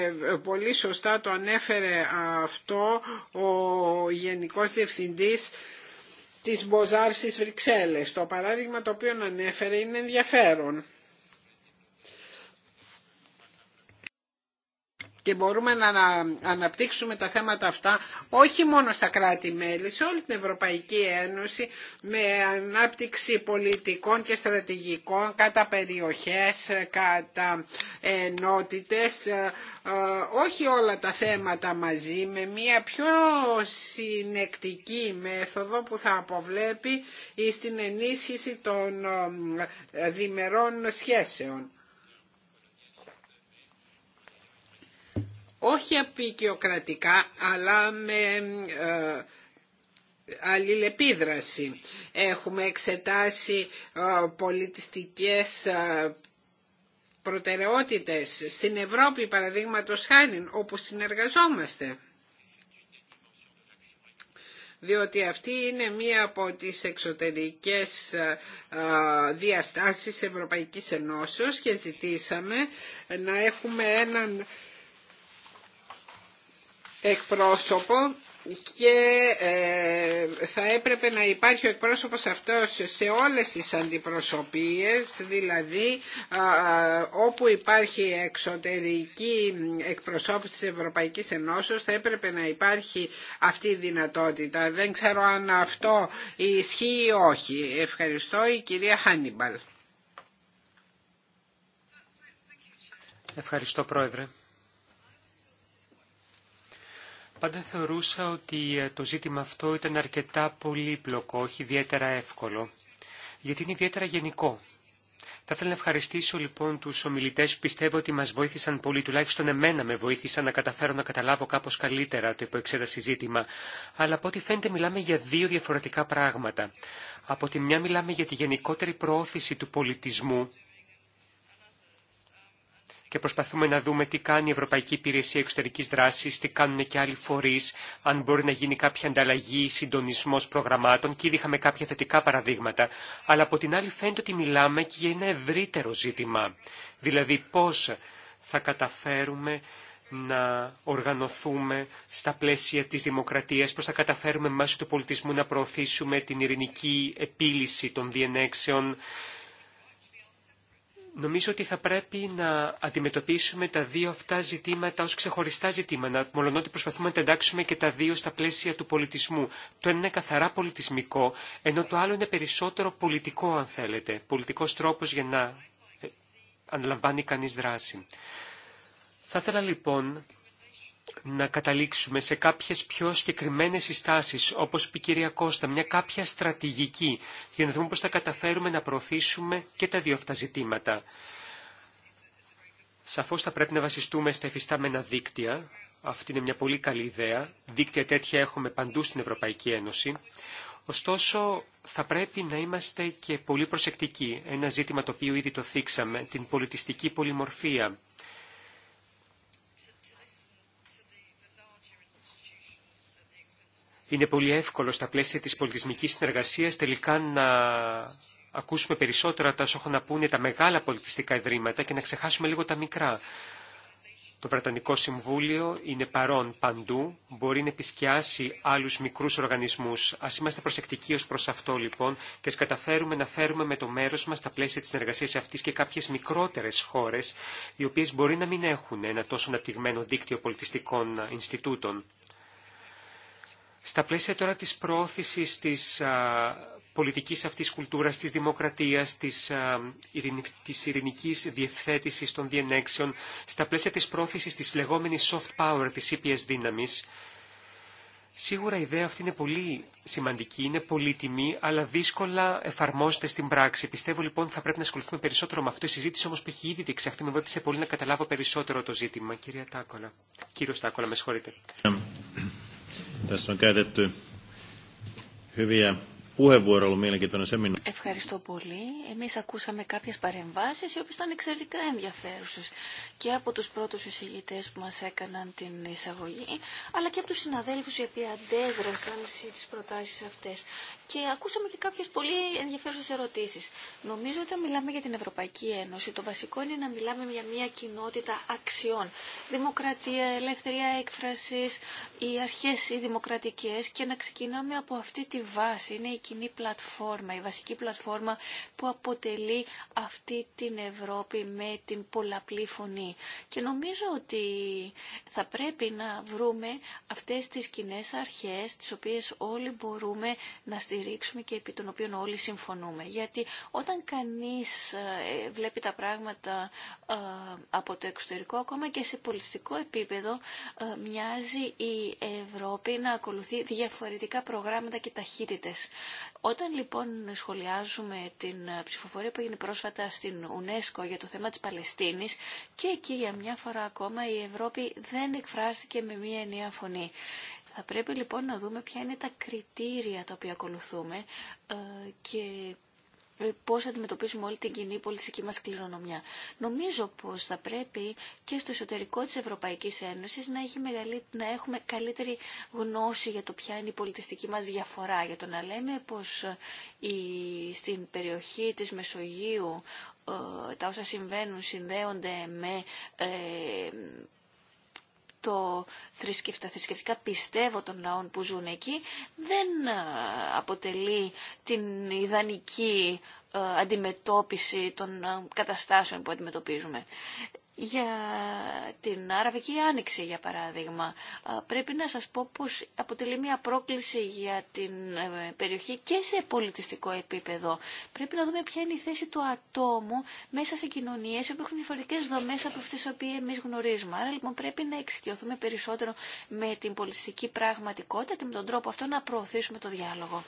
πολύ σωστά το ανέφερε αυτό ο Γενικός Διευθυντής της Μποζάρ στις Βρυξέλλες. Το παράδειγμα το οποίο ανέφερε είναι ενδιαφέρον. και μπορούμε να αναπτύξουμε τα θέματα αυτά όχι μόνο στα κράτη-μέλη, σε όλη την Ευρωπαϊκή Ένωση με ανάπτυξη πολιτικών και στρατηγικών κατά περιοχές, κατά ενότητες, ε, ε, όχι όλα τα θέματα μαζί, με μια πιο συνεκτική μέθοδο που θα αποβλέπει στην ενίσχυση των ε, διμερών σχέσεων. όχι απεικιοκρατικά αλλά με ε, αλληλεπίδραση. Έχουμε εξετάσει ε, πολιτιστικές ε, προτεραιότητες στην Ευρώπη παραδείγματος χάνην όπου συνεργαζόμαστε διότι αυτή είναι μία από τις εξωτερικές διαστάσεις Ευρωπαϊκής Ενώσεως και ζητήσαμε να έχουμε έναν εκπρόσωπο και ε, θα έπρεπε να υπάρχει ο εκπρόσωπος αυτός σε όλες τις αντιπροσωπείες, δηλαδή όπου υπάρχει εξωτερική εκπροσώπηση της Ευρωπαϊκής Ενώσεως θα έπρεπε να υπάρχει αυτή η δυνατότητα. Δεν ξέρω αν αυτό ισχύει ή όχι. Ευχαριστώ η κυρία Χάνιμπαλ. Ευχαριστώ Πρόεδρε. Πάντα θεωρούσα ότι ε, το ζήτημα αυτό ήταν αρκετά πολύπλοκο, όχι ιδιαίτερα εύκολο, γιατί είναι ιδιαίτερα γενικό. Θα ήθελα να ευχαριστήσω λοιπόν του ομιλητέ που πιστεύω ότι μα βοήθησαν πολύ, τουλάχιστον εμένα με βοήθησαν να καταφέρω να καταλάβω κάπω καλύτερα το υποεξέταση ζήτημα. Αλλά από ό,τι φαίνεται μιλάμε για δύο διαφορετικά πράγματα. Από τη μια μιλάμε για τη γενικότερη προώθηση του πολιτισμού και προσπαθούμε να δούμε τι κάνει η Ευρωπαϊκή Υπηρεσία Εξωτερική δράση, τι κάνουν και άλλοι φορεί αν μπορεί να γίνει κάποια ανταλλαγή, ή συντονισμό προγραμμάτων και ήδη είχαμε κάποια θετικά παραδείγματα. Αλλά από την άλλη φαίνεται ότι μιλάμε και για ένα ευρύτερο ζήτημα. Δηλαδή πώ θα καταφέρουμε να οργανωθούμε στα πλαίσια της δημοκρατίας, πώς θα καταφέρουμε μέσω του πολιτισμού να προωθήσουμε την ειρηνική επίλυση των διενέξεων, Νομίζω ότι θα πρέπει να αντιμετωπίσουμε τα δύο αυτά ζητήματα ως ξεχωριστά ζητήματα, μόλον ότι προσπαθούμε να τα εντάξουμε και τα δύο στα πλαίσια του πολιτισμού. Το ένα είναι καθαρά πολιτισμικό, ενώ το άλλο είναι περισσότερο πολιτικό, αν θέλετε, πολιτικός τρόπος για να ε, αναλαμβάνει κανείς δράση. Θα ήθελα λοιπόν να καταλήξουμε σε κάποιες πιο συγκεκριμένες συστάσεις, όπως είπε η κυρία Κώστα, μια κάποια στρατηγική, για να δούμε πώς θα καταφέρουμε να προωθήσουμε και τα δύο αυτά ζητήματα. Σαφώς θα πρέπει να βασιστούμε στα εφιστάμενα δίκτυα, αυτή είναι μια πολύ καλή ιδέα, δίκτυα τέτοια έχουμε παντού στην Ευρωπαϊκή Ένωση, Ωστόσο, θα πρέπει να είμαστε και πολύ προσεκτικοί. Ένα ζήτημα το οποίο ήδη το θίξαμε, την πολιτιστική πολυμορφία. είναι πολύ εύκολο στα πλαίσια της πολιτισμικής συνεργασίας τελικά να ακούσουμε περισσότερα τα όσο να πούνε τα μεγάλα πολιτιστικά ιδρύματα και να ξεχάσουμε λίγο τα μικρά. Το Βρετανικό Συμβούλιο είναι παρόν παντού, μπορεί να επισκιάσει άλλους μικρούς οργανισμούς. Ας είμαστε προσεκτικοί ως προς αυτό λοιπόν και ας καταφέρουμε να φέρουμε με το μέρος μας στα πλαίσια της συνεργασίας αυτής και κάποιες μικρότερες χώρες, οι οποίες μπορεί να μην έχουν ένα τόσο αναπτυγμένο δίκτυο πολιτιστικών Ινστιτούτων στα πλαίσια τώρα της προώθησης της πολιτικής αυτής κουλτούρας, της δημοκρατίας, της, α, της ειρηνικής διευθέτησης των διενέξεων, στα πλαίσια της πρόθεσης της λεγόμενης soft power της EPS δύναμης, Σίγουρα η ιδέα αυτή είναι πολύ σημαντική, είναι πολύτιμη, αλλά δύσκολα εφαρμόζεται στην πράξη. Πιστεύω λοιπόν ότι θα πρέπει να ασχοληθούμε περισσότερο με αυτό. Η συζήτηση όμω που έχει ήδη διεξαχθεί με βοήθησε πολύ να καταλάβω περισσότερο το ζήτημα. Κυρία Τάκολα. Κύριο Τάκολα, με συγχωρείτε. Yeah. Ε, tässä on käytetty hyviä Ευχαριστώ πολύ. Εμείς ακούσαμε κάποιες παρεμβάσεις οι οποίες ήταν εξαιρετικά ενδιαφέρουσες και από τους πρώτους εισηγητές που μας έκαναν την εισαγωγή αλλά και από τους συναδέλφους οι οποίοι αντέδρασαν στις προτάσεις αυτές. Και ακούσαμε και κάποιες πολύ ενδιαφέρουσες ερωτήσεις. Νομίζω ότι όταν μιλάμε για την Ευρωπαϊκή Ένωση το βασικό είναι να μιλάμε για μια κοινότητα αξιών. Δημοκρατία, ελευθερία έκφραση, οι αρχές οι δημοκρατικές και να ξεκινάμε από αυτή τη βάση. Είναι η κοινή πλατφόρμα, η βασική πλατφόρμα που αποτελεί αυτή την Ευρώπη με την πολλαπλή φωνή. Και νομίζω ότι θα πρέπει να βρούμε αυτές τις κοινέ αρχές τις οποίες όλοι μπορούμε να στηρίξουμε και επί των οποίων όλοι συμφωνούμε. Γιατί όταν κανείς ε, βλέπει τα πράγματα ε, από το εξωτερικό, ακόμα και σε πολιτιστικό επίπεδο, ε, μοιάζει η Ευρώπη να ακολουθεί διαφορετικά προγράμματα και ταχύτητες. Όταν λοιπόν σχολιάζουμε την ε, ψηφοφορία που έγινε πρόσφατα στην UNESCO για το θέμα της Παλαιστίνης και εκεί για μια φορά ακόμα η Ευρώπη δεν εκφράστηκε με μια ενιαία φωνή. Θα πρέπει λοιπόν να δούμε ποια είναι τα κριτήρια τα οποία ακολουθούμε ε, και Πώ αντιμετωπίζουμε όλη την κοινή πολιτική μα κληρονομιά. Νομίζω πω θα πρέπει και στο εσωτερικό τη Ευρωπαϊκή Ένωση να, να έχουμε καλύτερη γνώση για το ποια είναι η πολιτιστική μα διαφορά. Για το να λέμε πω ε, στην περιοχή τη Μεσογείου ε, τα όσα συμβαίνουν συνδέονται με ε, το θρησκευτα, θρησκευτικά πιστεύω των λαών που ζουν εκεί δεν ε, αποτελεί την ιδανική ε, αντιμετώπιση των ε, καταστάσεων που αντιμετωπίζουμε για την Αραβική Άνοιξη, για παράδειγμα. Πρέπει να σας πω πως αποτελεί μια πρόκληση για την ε, περιοχή και σε πολιτιστικό επίπεδο. Πρέπει να δούμε ποια είναι η θέση του ατόμου μέσα σε κοινωνίες που έχουν διαφορετικές δομές από αυτές τις οποίες εμείς γνωρίζουμε. Άρα λοιπόν πρέπει να εξοικειωθούμε περισσότερο με την πολιτιστική πραγματικότητα και με τον τρόπο αυτό να προωθήσουμε το διάλογο.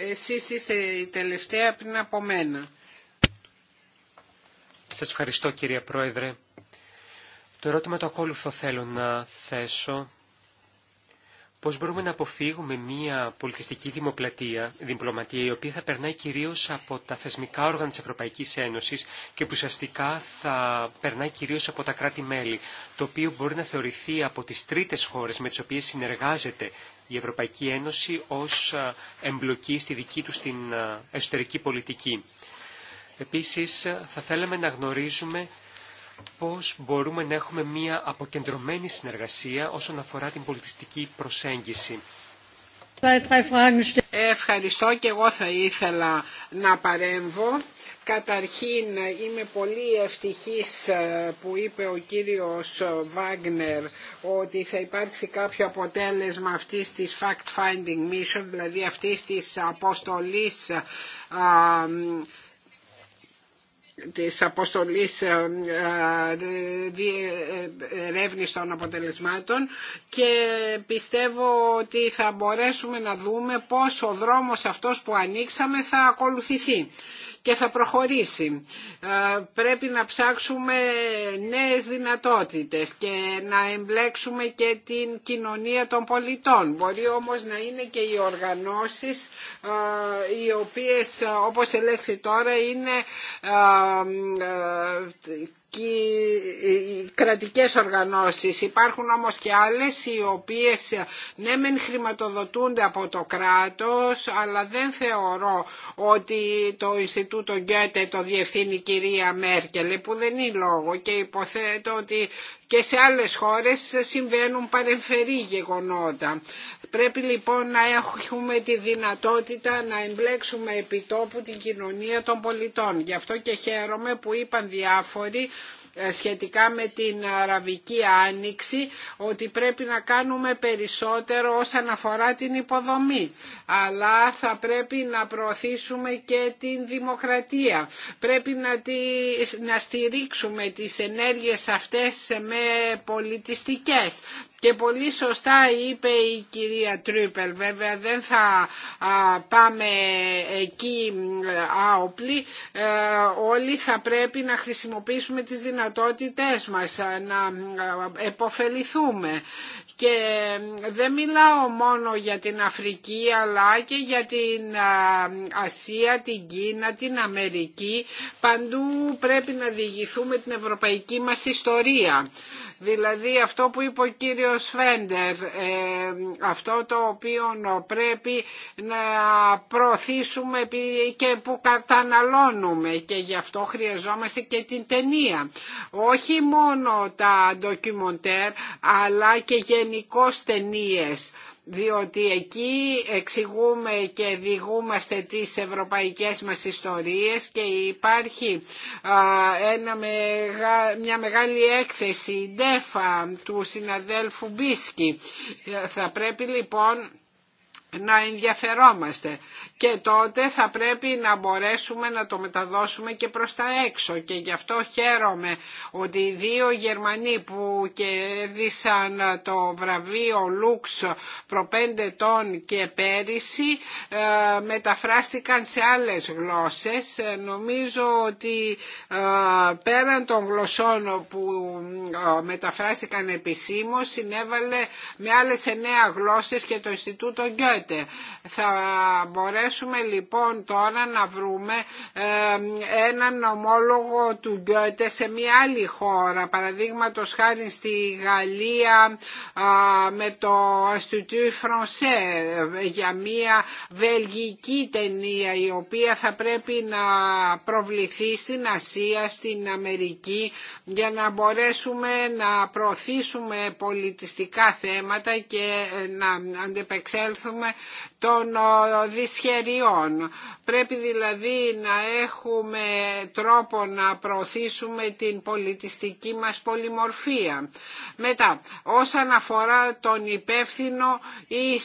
Εσείς είστε η τελευταία πριν από μένα. Σας ευχαριστώ κυρία Πρόεδρε. Το ερώτημα το ακόλουθο θέλω να θέσω. Πώς μπορούμε να αποφύγουμε μια πολιτιστική δημοπλατεία, διπλωματία η οποία θα περνάει κυρίως από τα θεσμικά όργανα της Ευρωπαϊκής Ένωσης και που ουσιαστικά θα περνάει κυρίως από τα κράτη-μέλη, το οποίο μπορεί να θεωρηθεί από τις τρίτες χώρες με τις οποίες συνεργάζεται η Ευρωπαϊκή Ένωση ως ε, εμπλοκή στη δική του την ε, εσωτερική πολιτική. Επίσης, ε, θα θέλαμε να γνωρίζουμε πώς μπορούμε να έχουμε μία αποκεντρωμένη συνεργασία όσον αφορά την πολιτιστική προσέγγιση. Ευχαριστώ και εγώ θα ήθελα να παρέμβω. Καταρχήν είμαι πολύ ευτυχής ε, που είπε ο κύριος Βάγνερ ότι θα υπάρξει κάποιο αποτέλεσμα αυτής της fact-finding mission, δηλαδή αυτής της αποστολής ε, ε, της αποστολής των αποτελεσμάτων και πιστεύω ότι θα μπορέσουμε να δούμε πώς ο δρόμος αυτός που ανοίξαμε θα ακολουθηθεί και θα προχωρήσει. Ε, πρέπει να ψάξουμε νέες δυνατότητες και να εμπλέξουμε και την κοινωνία των πολιτών. Μπορεί όμως να είναι και οι οργανώσεις ε, οι οποίες ε, όπως ελέγχθη τώρα είναι κρατικές οργανώσεις. Υπάρχουν όμως και άλλες οι οποίες ναι μεν χρηματοδοτούνται από το κράτος αλλά δεν θεωρώ ότι το Ινστιτούτο Γκέτε το διευθύνει η κυρία Μέρκελε που δεν είναι λόγο και υποθέτω ότι και σε άλλες χώρες συμβαίνουν παρεμφερή γεγονότα. Πρέπει λοιπόν να έχουμε τη δυνατότητα να εμπλέξουμε επιτόπου την κοινωνία των πολιτών. Γι' αυτό και χαίρομαι που είπαν διάφοροι ε, σχετικά με την Αραβική Άνοιξη ότι πρέπει να κάνουμε περισσότερο όσον αφορά την υποδομή αλλά θα πρέπει να προωθήσουμε και την δημοκρατία πρέπει να, τη, να στηρίξουμε τις ενέργειες αυτές με πολιτιστικές και πολύ σωστά είπε η κυρία Τρίπελ, βέβαια δεν θα πάμε εκεί άοπλοι, ε, όλοι θα πρέπει να χρησιμοποιήσουμε τις δυνατότητές μας, να επωφεληθούμε. Και δεν μιλάω μόνο για την Αφρική αλλά και για την Ασία, την Κίνα, την Αμερική. Παντού πρέπει να διηγηθούμε την ευρωπαϊκή μας ιστορία δηλαδή αυτό που είπε ο κύριος Φέντερ, ε, αυτό το οποίο πρέπει να προωθήσουμε και που καταναλώνουμε και γι' αυτό χρειαζόμαστε και την ταινία. Όχι μόνο τα ντοκιμοντέρ αλλά και γενικώ ταινίε διότι εκεί εξηγούμε και διηγούμαστε τις ευρωπαϊκές μας ιστορίες και υπάρχει ένα μια μεγάλη έκθεση, η ντέφα του συναδέλφου Μπίσκι. Ε, θα πρέπει λοιπόν να ενδιαφερόμαστε και τότε θα πρέπει να μπορέσουμε να το μεταδώσουμε και προς τα έξω και γι' αυτό χαίρομαι ότι οι δύο Γερμανοί που κέρδισαν το βραβείο Λούξ προπέντε τόν και πέρυσι ε, μεταφράστηκαν σε άλλες γλώσσες ε, νομίζω ότι ε, πέραν των γλωσσών που μεταφράστηκαν επισήμως συνέβαλε με άλλες εννέα γλώσσες και το Ινστιτούτο Γκέτε θα μπορέσουμε μπορέσουμε λοιπόν τώρα να βρούμε ε, έναν ομόλογο του Γκέτε σε μια άλλη χώρα. Παραδείγματο χάρη στη Γαλλία με το Institut Français ε, για μια βελγική ταινία η οποία θα πρέπει να προβληθεί στην Ασία, στην Αμερική για να μπορέσουμε να προωθήσουμε πολιτιστικά θέματα και ε, να αντεπεξέλθουμε των ε, δυσχεριών Πρέπει δηλαδή να έχουμε τρόπο να προωθήσουμε την πολιτιστική μας πολυμορφία. Μετά, όσον αφορά τον υπεύθυνο η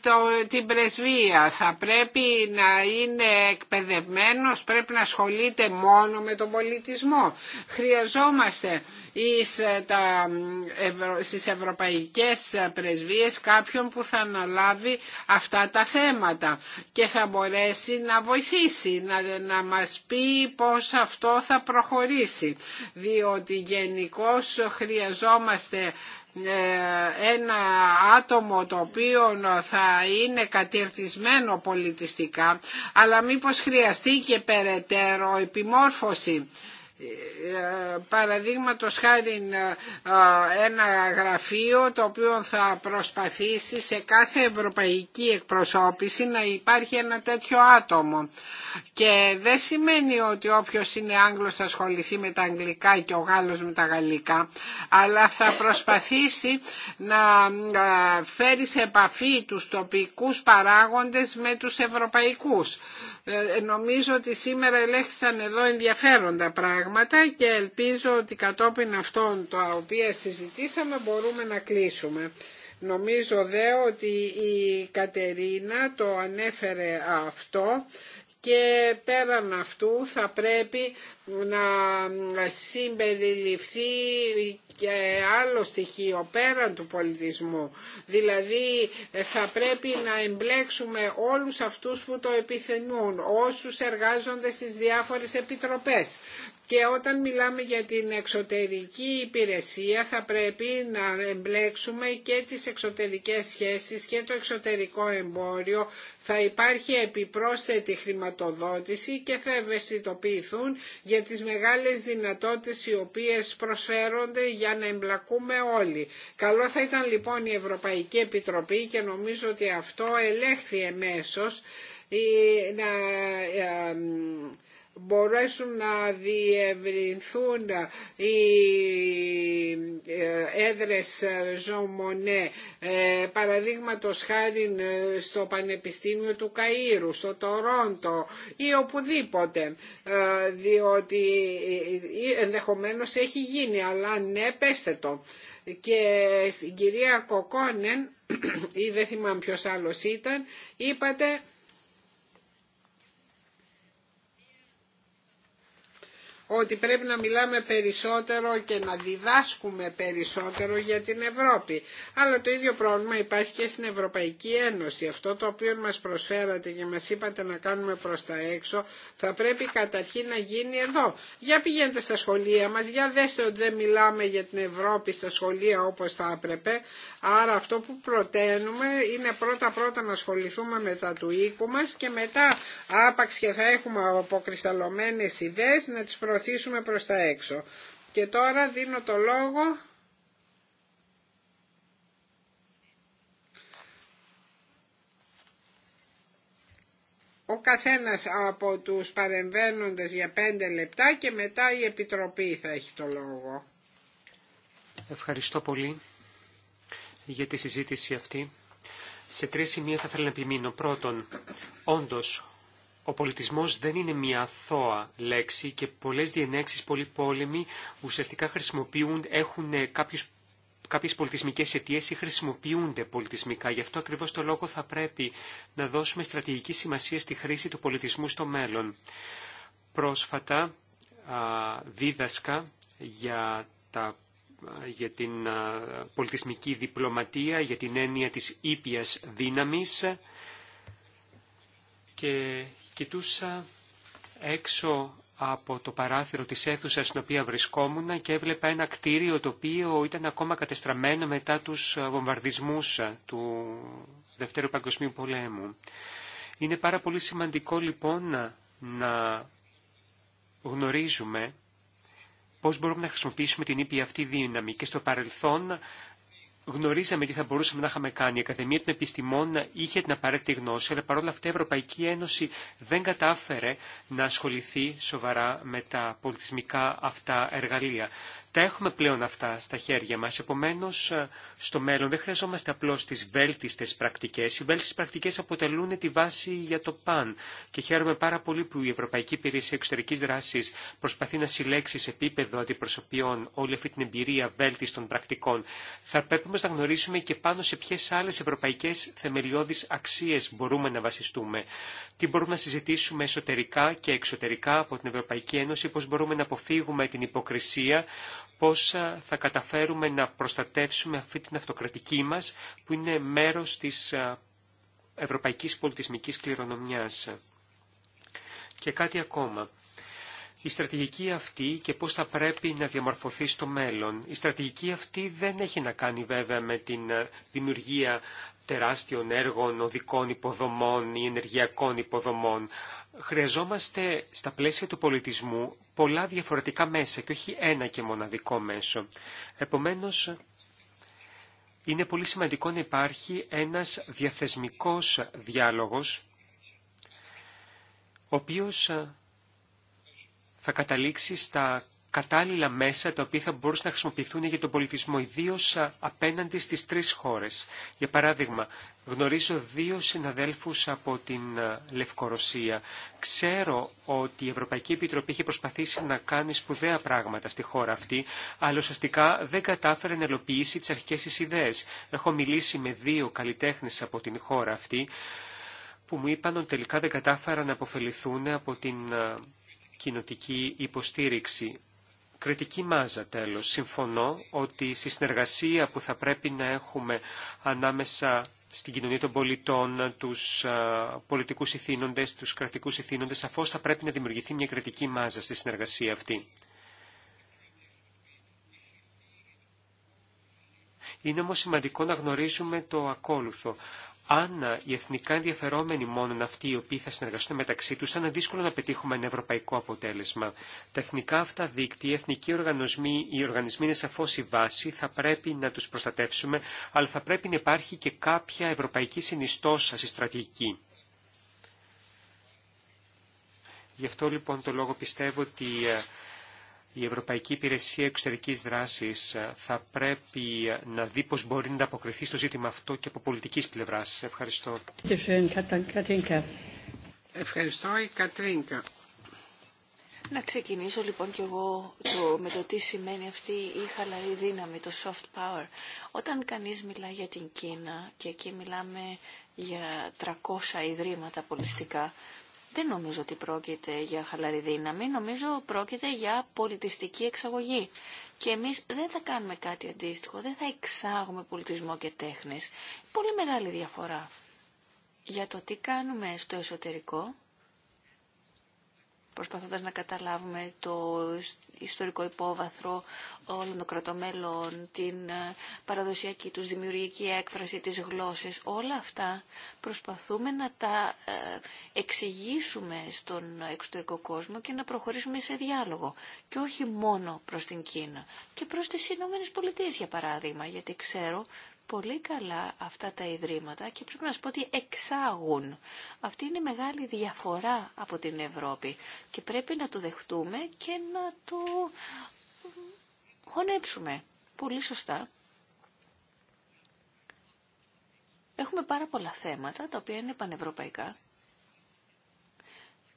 το, την πρεσβεία, θα πρέπει να είναι εκπαιδευμένος, πρέπει να ασχολείται μόνο με τον πολιτισμό. Χρειαζόμαστε εις τα, στις ευρωπαϊκές πρεσβείες κάποιον που θα αναλάβει αυτά τα θέματα και θα μπορέσει να να βοηθήσει, να, μας πει πώς αυτό θα προχωρήσει. Διότι γενικώ χρειαζόμαστε ε, ένα άτομο το οποίο θα είναι κατηρτισμένο πολιτιστικά αλλά μήπως χρειαστεί και περαιτέρω επιμόρφωση ε, ε, παραδείγματος χάρη ε, ένα γραφείο το οποίο θα προσπαθήσει σε κάθε ευρωπαϊκή εκπροσώπηση να υπάρχει ένα τέτοιο άτομο και δεν σημαίνει ότι όποιος είναι Άγγλος θα ασχοληθεί με τα Αγγλικά και ο Γάλλος με τα Γαλλικά αλλά θα προσπαθήσει να φέρει σε επαφή τους τοπικούς παράγοντες με τους ευρωπαϊκούς ε, νομίζω ότι σήμερα ελέγχθησαν εδώ ενδιαφέροντα πράγματα και ελπίζω ότι κατόπιν αυτών τα οποία συζητήσαμε μπορούμε να κλείσουμε. Νομίζω δε ότι η Κατερίνα το ανέφερε αυτό και πέραν αυτού θα πρέπει να συμπεριληφθεί και άλλο στοιχείο πέραν του πολιτισμού. Δηλαδή θα πρέπει να εμπλέξουμε όλους αυτούς που το επιθυμούν, όσους εργάζονται στις διάφορες επιτροπές. Και όταν μιλάμε για την εξωτερική υπηρεσία θα πρέπει να εμπλέξουμε και τις εξωτερικές σχέσεις και το εξωτερικό εμπόριο. Θα υπάρχει επιπρόσθετη χρηματοδότηση και θα ευαισθητοποιηθούν για τις μεγάλες δυνατότητες οι οποίες προσφέρονται για να εμπλακούμε όλοι. Καλό θα ήταν λοιπόν η Ευρωπαϊκή Επιτροπή και νομίζω ότι αυτό ελέγχθη εμέσως ε, ε, μπορέσουν να διευρυνθούν οι ε, έδρες ζωμονέ ε, παραδείγματος χάρη ε, στο Πανεπιστήμιο του Καΐρου, στο Τορόντο ή οπουδήποτε διότι ενδεχομένως έχει γίνει αλλά ναι πέστε το και στην κυρία Κοκόνεν ή δεν θυμάμαι ποιος άλλος ήταν είπατε ότι πρέπει να μιλάμε περισσότερο και να διδάσκουμε περισσότερο για την Ευρώπη. Αλλά το ίδιο πρόβλημα υπάρχει και στην Ευρωπαϊκή Ένωση. Αυτό το οποίο μας προσφέρατε και μας είπατε να κάνουμε προς τα έξω θα πρέπει καταρχήν να γίνει εδώ. Για πηγαίνετε στα σχολεία μας, για δέστε ότι δεν μιλάμε για την Ευρώπη στα σχολεία όπως θα έπρεπε. Άρα αυτό που προτείνουμε είναι πρώτα πρώτα να ασχοληθούμε με τα του οίκου μας και μετά άπαξ και θα έχουμε αποκρισταλωμένες ιδέες να τις προωθήσουμε προς τα έξω. Και τώρα δίνω το λόγο ο καθένας από τους παρεμβαίνοντες για πέντε λεπτά και μετά η Επιτροπή θα έχει το λόγο. Ευχαριστώ πολύ για τη συζήτηση αυτή. Σε τρεις σημεία θα ήθελα να επιμείνω. Πρώτον, όντως ο πολιτισμός δεν είναι μια αθώα λέξη και πολλές διενέξεις, πολλοί πόλεμοι ουσιαστικά χρησιμοποιούν, έχουν ε, κάποιους κάποιες πολιτισμικές αιτίες ή χρησιμοποιούνται πολιτισμικά. Γι' αυτό ακριβώς το λόγο θα πρέπει να δώσουμε στρατηγική σημασία στη χρήση του πολιτισμού στο μέλλον. Πρόσφατα δίδασκα για, τα, για την πολιτισμική διπλωματία, για την έννοια της ήπιας δύναμης και Κοιτούσα έξω από το παράθυρο της αίθουσας στην οποία βρισκόμουν και έβλεπα ένα κτίριο το οποίο ήταν ακόμα κατεστραμμένο μετά τους βομβαρδισμούς του Δευτέρου Παγκοσμίου Πολέμου. Είναι πάρα πολύ σημαντικό λοιπόν να γνωρίζουμε πώς μπορούμε να χρησιμοποιήσουμε την ήπια αυτή δύναμη. Και στο παρελθόν γνωρίζαμε τι θα μπορούσαμε να είχαμε κάνει. Η Ακαδημία των Επιστημών είχε την απαραίτητη γνώση, αλλά παρόλα αυτά η Ευρωπαϊκή Ένωση δεν κατάφερε να ασχοληθεί σοβαρά με τα πολιτισμικά αυτά εργαλεία. Τα έχουμε πλέον αυτά στα χέρια μας, επομένως ε, στο μέλλον δεν χρειαζόμαστε απλώς τις βέλτιστες πρακτικές. Οι βέλτιστες πρακτικές αποτελούν τη βάση για το παν και χαίρομαι πάρα πολύ που η Ευρωπαϊκή Υπηρεσία Εξωτερικής Δράσης προσπαθεί να συλλέξει σε επίπεδο αντιπροσωπιών όλη αυτή την εμπειρία βέλτιστων πρακτικών. Θα πρέπει όμως να γνωρίσουμε και πάνω σε ποιες άλλες ευρωπαϊκές θεμελιώδεις αξίες μπορούμε να βασιστούμε. Τι μπορούμε να συζητήσουμε εσωτερικά και εξωτερικά από την Ευρωπαϊκή Ένωση, πώς μπορούμε να αποφύγουμε την υποκρισία πώς θα καταφέρουμε να προστατεύσουμε αυτή την αυτοκρατική μας που είναι μέρος της ευρωπαϊκής πολιτισμικής κληρονομιάς. Και κάτι ακόμα. Η στρατηγική αυτή και πώς θα πρέπει να διαμορφωθεί στο μέλλον. Η στρατηγική αυτή δεν έχει να κάνει βέβαια με την δημιουργία τεράστιων έργων, οδικών υποδομών ή ενεργειακών υποδομών. Χρειαζόμαστε στα πλαίσια του πολιτισμού πολλά διαφορετικά μέσα και όχι ένα και μοναδικό μέσο. Επομένως, είναι πολύ σημαντικό να υπάρχει ένας διαθεσμικός διάλογος, ο οποίος θα καταλήξει στα κατάλληλα μέσα τα οποία θα μπορούσαν να χρησιμοποιηθούν για τον πολιτισμό, ιδίω απέναντι στις τρεις χώρες. Για παράδειγμα, Γνωρίζω δύο συναδέλφους από την ε, Λευκορωσία. Ξέρω ότι η Ευρωπαϊκή Επιτροπή είχε προσπαθήσει να κάνει σπουδαία πράγματα στη χώρα αυτή, αλλά ουσιαστικά δεν κατάφερε να ελοποιήσει τις αρχικές της ιδέες. Έχω μιλήσει με δύο καλλιτέχνες από την χώρα αυτή, που μου είπαν ότι τελικά δεν κατάφεραν να αποφεληθούν από την ε, κοινοτική υποστήριξη. Κριτική μάζα τέλος. Συμφωνώ ότι στη συνεργασία που θα πρέπει να έχουμε ανάμεσα στην κοινωνία των πολιτών, τους πολιτικούς ηθήνοντες, τους κρατικούς ηθήνοντες. Σαφώς θα πρέπει να δημιουργηθεί μια κριτική μάζα στη συνεργασία αυτή. Είναι όμως σημαντικό να γνωρίζουμε το ακόλουθο, αν οι εθνικά ενδιαφερόμενοι μόνο αυτοί οι οποίοι θα συνεργαστούν μεταξύ του, θα είναι δύσκολο να πετύχουμε ένα ευρωπαϊκό αποτέλεσμα. Τα εθνικά αυτά δίκτυα, οι εθνικοί οργανισμοί, οι οργανισμοί είναι σαφώ η βάση, θα πρέπει να του προστατεύσουμε, αλλά θα πρέπει να υπάρχει και κάποια ευρωπαϊκή συνιστόσα στη στρατηγική. Γι' αυτό λοιπόν το λόγο πιστεύω ότι ε, η Ευρωπαϊκή Υπηρεσία Εξωτερική δράση ε, θα πρέπει ε, να δει πω μπορεί να ανταποκριθεί στο ζήτημα αυτό και από πολιτική πλευρά Ευχαριστώ. Ευχαριστώ Κατρίνκα. Να ξεκινήσω λοιπόν και εγώ το, με το τι σημαίνει αυτή η χαλαρή δύναμη, το soft power. Όταν κανείς μιλά για την Κίνα και εκεί μιλάμε για 300 ιδρύματα πολιστικά, δεν νομίζω ότι πρόκειται για χαλαρή δύναμη, νομίζω πρόκειται για πολιτιστική εξαγωγή. Και εμείς δεν θα κάνουμε κάτι αντίστοιχο, δεν θα εξάγουμε πολιτισμό και τέχνης. Πολύ μεγάλη διαφορά για το τι κάνουμε στο εσωτερικό προσπαθώντας να καταλάβουμε το ιστορικό υπόβαθρο όλων των κρατομέλων, την ε, παραδοσιακή τους δημιουργική έκφραση, τις γλώσσες, όλα αυτά προσπαθούμε να τα ε, εξηγήσουμε στον εξωτερικό κόσμο και να προχωρήσουμε σε διάλογο. Και όχι μόνο προς την Κίνα και προς τις Ηνωμένε Πολιτείες, για παράδειγμα, γιατί ξέρω πολύ καλά αυτά τα ιδρύματα και πρέπει να σου πω ότι εξάγουν. Αυτή είναι η μεγάλη διαφορά από την Ευρώπη και πρέπει να το δεχτούμε και να το χωνέψουμε. Πολύ σωστά. Έχουμε πάρα πολλά θέματα τα οποία είναι πανευρωπαϊκά,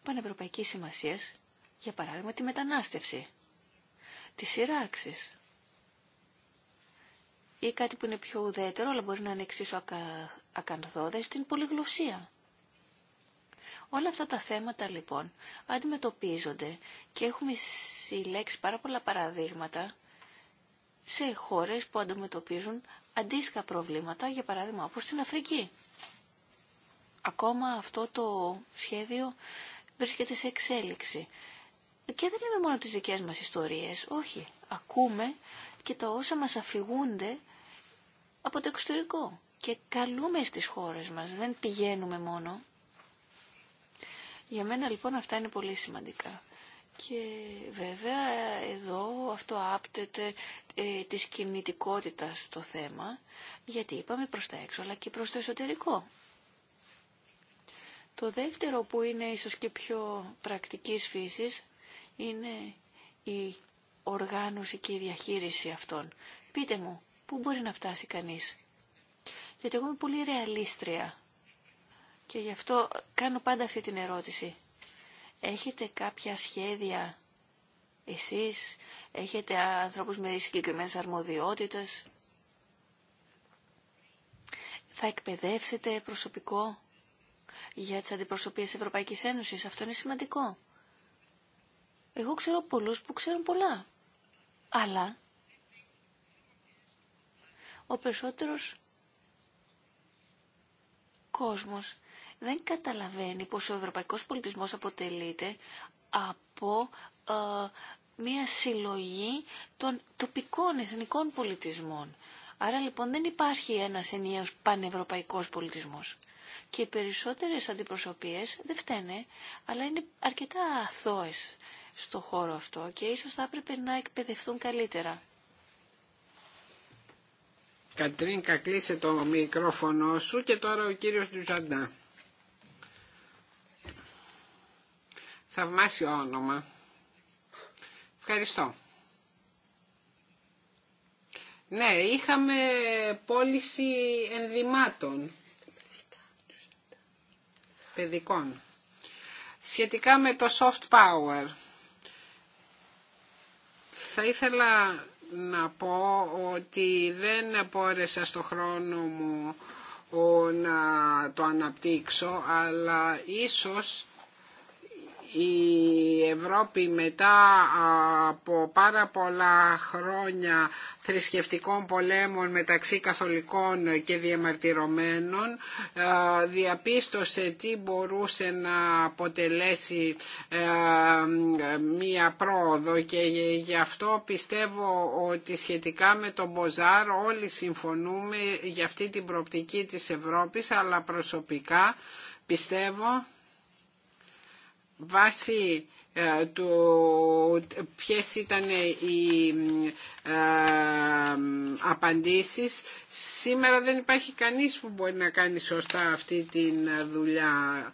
πανευρωπαϊκής σημασίας, για παράδειγμα τη μετανάστευση, τις σειράξεις, ή κάτι που είναι πιο ουδέτερο, αλλά μπορεί να είναι εξίσου ακα... την πολυγλωσία. Όλα αυτά τα θέματα λοιπόν αντιμετωπίζονται και έχουμε συλλέξει πάρα πολλά παραδείγματα σε χώρες που αντιμετωπίζουν αντίστοιχα προβλήματα, για παράδειγμα όπως στην Αφρική. Ακόμα αυτό το σχέδιο βρίσκεται σε εξέλιξη. Και δεν είναι μόνο τις δικές μας ιστορίες, όχι. Ακούμε και τα όσα μας αφηγούνται από το εξωτερικό. Και καλούμε στις χώρες μας, δεν πηγαίνουμε μόνο. Για μένα λοιπόν αυτά είναι πολύ σημαντικά. Και βέβαια εδώ αυτό άπτεται ε, της κινητικότητας το θέμα, γιατί είπαμε προς τα έξω αλλά και προς το εσωτερικό. Το δεύτερο που είναι ίσως και πιο πρακτικής φύσης είναι η οργάνωση και η διαχείριση αυτών. Πείτε μου, πού μπορεί να φτάσει κανείς. Γιατί εγώ είμαι πολύ ρεαλίστρια και γι' αυτό κάνω πάντα αυτή την ερώτηση. Έχετε κάποια σχέδια εσείς, έχετε ανθρώπους με συγκεκριμένε αρμοδιότητες, θα εκπαιδεύσετε προσωπικό για τις αντιπροσωπείες της Ευρωπαϊκής Ένωσης. Αυτό είναι σημαντικό. Εγώ ξέρω πολλούς που ξέρουν πολλά. Αλλά ο περισσότερος κόσμος δεν καταλαβαίνει πως ο ευρωπαϊκός πολιτισμός αποτελείται από ε, μία συλλογή των τοπικών εθνικών πολιτισμών. Άρα λοιπόν δεν υπάρχει ένας ενιαίος πανευρωπαϊκός πολιτισμός. Και οι περισσότερες αντιπροσωπείες δεν φταίνε, αλλά είναι αρκετά αθώες στο χώρο αυτό και ίσως θα έπρεπε να εκπαιδευτούν καλύτερα. Κατρίνκα κλείσε το μικρόφωνο σου και τώρα ο κύριος Ντουζαντά. Θαυμάσιο όνομα. Ευχαριστώ. Ναι, είχαμε πώληση ενδυμάτων παιδικών σχετικά με το soft power. Θα ήθελα να πω ότι δεν μπόρεσα στο χρόνο μου να το αναπτύξω, αλλά ίσως η Ευρώπη μετά από πάρα πολλά χρόνια θρησκευτικών πολέμων μεταξύ καθολικών και διαμαρτυρωμένων ε, διαπίστωσε τι μπορούσε να αποτελέσει ε, μία πρόοδο και γι' αυτό πιστεύω ότι σχετικά με τον Μποζάρ όλοι συμφωνούμε για αυτή την προοπτική της Ευρώπης αλλά προσωπικά πιστεύω βάσει του ποιες ήταν οι ε, απαντήσεις σήμερα δεν υπάρχει κανείς που μπορεί να κάνει σωστά αυτή τη δουλειά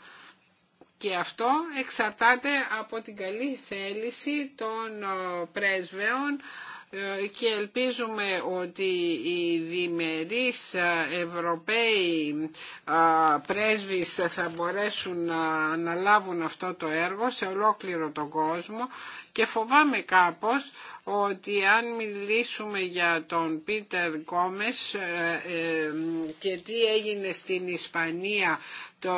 και αυτό εξαρτάται από την καλή θέληση των ε, πρέσβεων ε, και ελπίζουμε ότι οι διμερείς ε, Ευρωπαίοι ε, πρέσβεις θα μπορέσουν να αναλάβουν αυτό το έργο σε ολόκληρο τον κόσμο και φοβάμαι κάπως ότι αν μιλήσουμε για τον Πίτερ Κόμες και τι έγινε στην Ισπανία το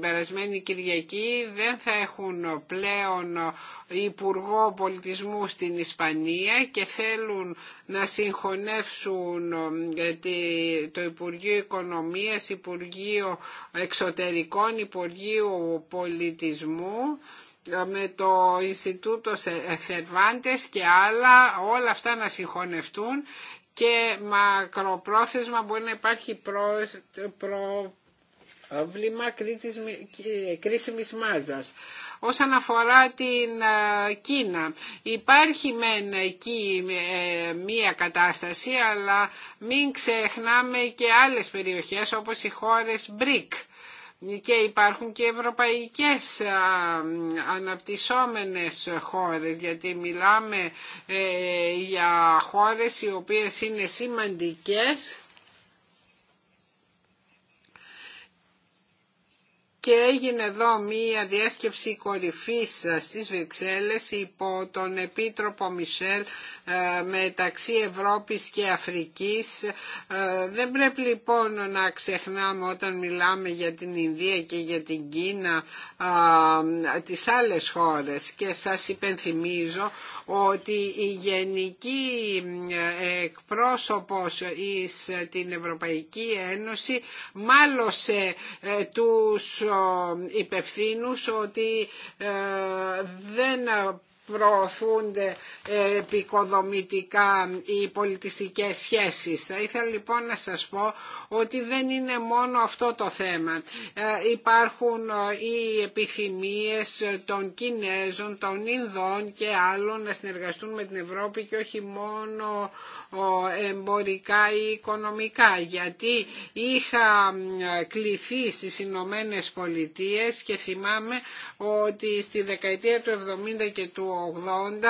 περασμένη Κυριακή δεν θα έχουν πλέον Υπουργό Πολιτισμού στην Ισπανία και θέλουν να συγχωνεύσουν ε, το Υπουργείο Οικονομίας, Υπουργείο Εξωτερικών, Υπουργείο Πολιτισμού ε, με το Ινστιτούτο ε, Θερβάντες και άλλα, όλα αυτά να συγχωνευτούν και μακροπρόθεσμα μπορεί να υπάρχει προ, προ, βλήμα κρίσιμης μάζας. Όσον αφορά την ε, Κίνα, υπάρχει μεν εκεί ε, μία κατάσταση, αλλά μην ξεχνάμε και άλλες περιοχές όπως οι χώρες BRIC και υπάρχουν και ευρωπαϊκές ε, αναπτυσσόμενες χώρες γιατί μιλάμε για χώρες οι οποίες είναι σημαντικές και έγινε εδώ μία διάσκεψη κορυφής ε, στις Βρυξέλλες υπό τον Επίτροπο Μισελ ε, μεταξύ Ευρώπης και Αφρικής. Ε, δεν πρέπει λοιπόν να ξεχνάμε όταν μιλάμε για την Ινδία και για την Κίνα τις άλλες χώρες και σας υπενθυμίζω ότι η γενική εκπρόσωπος εις την Ευρωπαϊκή Ένωση μάλωσε τους υπευθύνους ότι ε, δεν προωθούνται επικοδομητικά οι πολιτιστικές σχέσεις. Θα ήθελα λοιπόν να σας πω ότι δεν είναι μόνο αυτό το θέμα. Ε, υπάρχουν ε, οι επιθυμίες των Κινέζων, των Ινδών και άλλων να συνεργαστούν με την Ευρώπη και όχι μόνο εμπορικά ή οικονομικά γιατί είχα κληθεί στις Ηνωμένε Πολιτείε και θυμάμαι ότι στη δεκαετία του 70 και του 80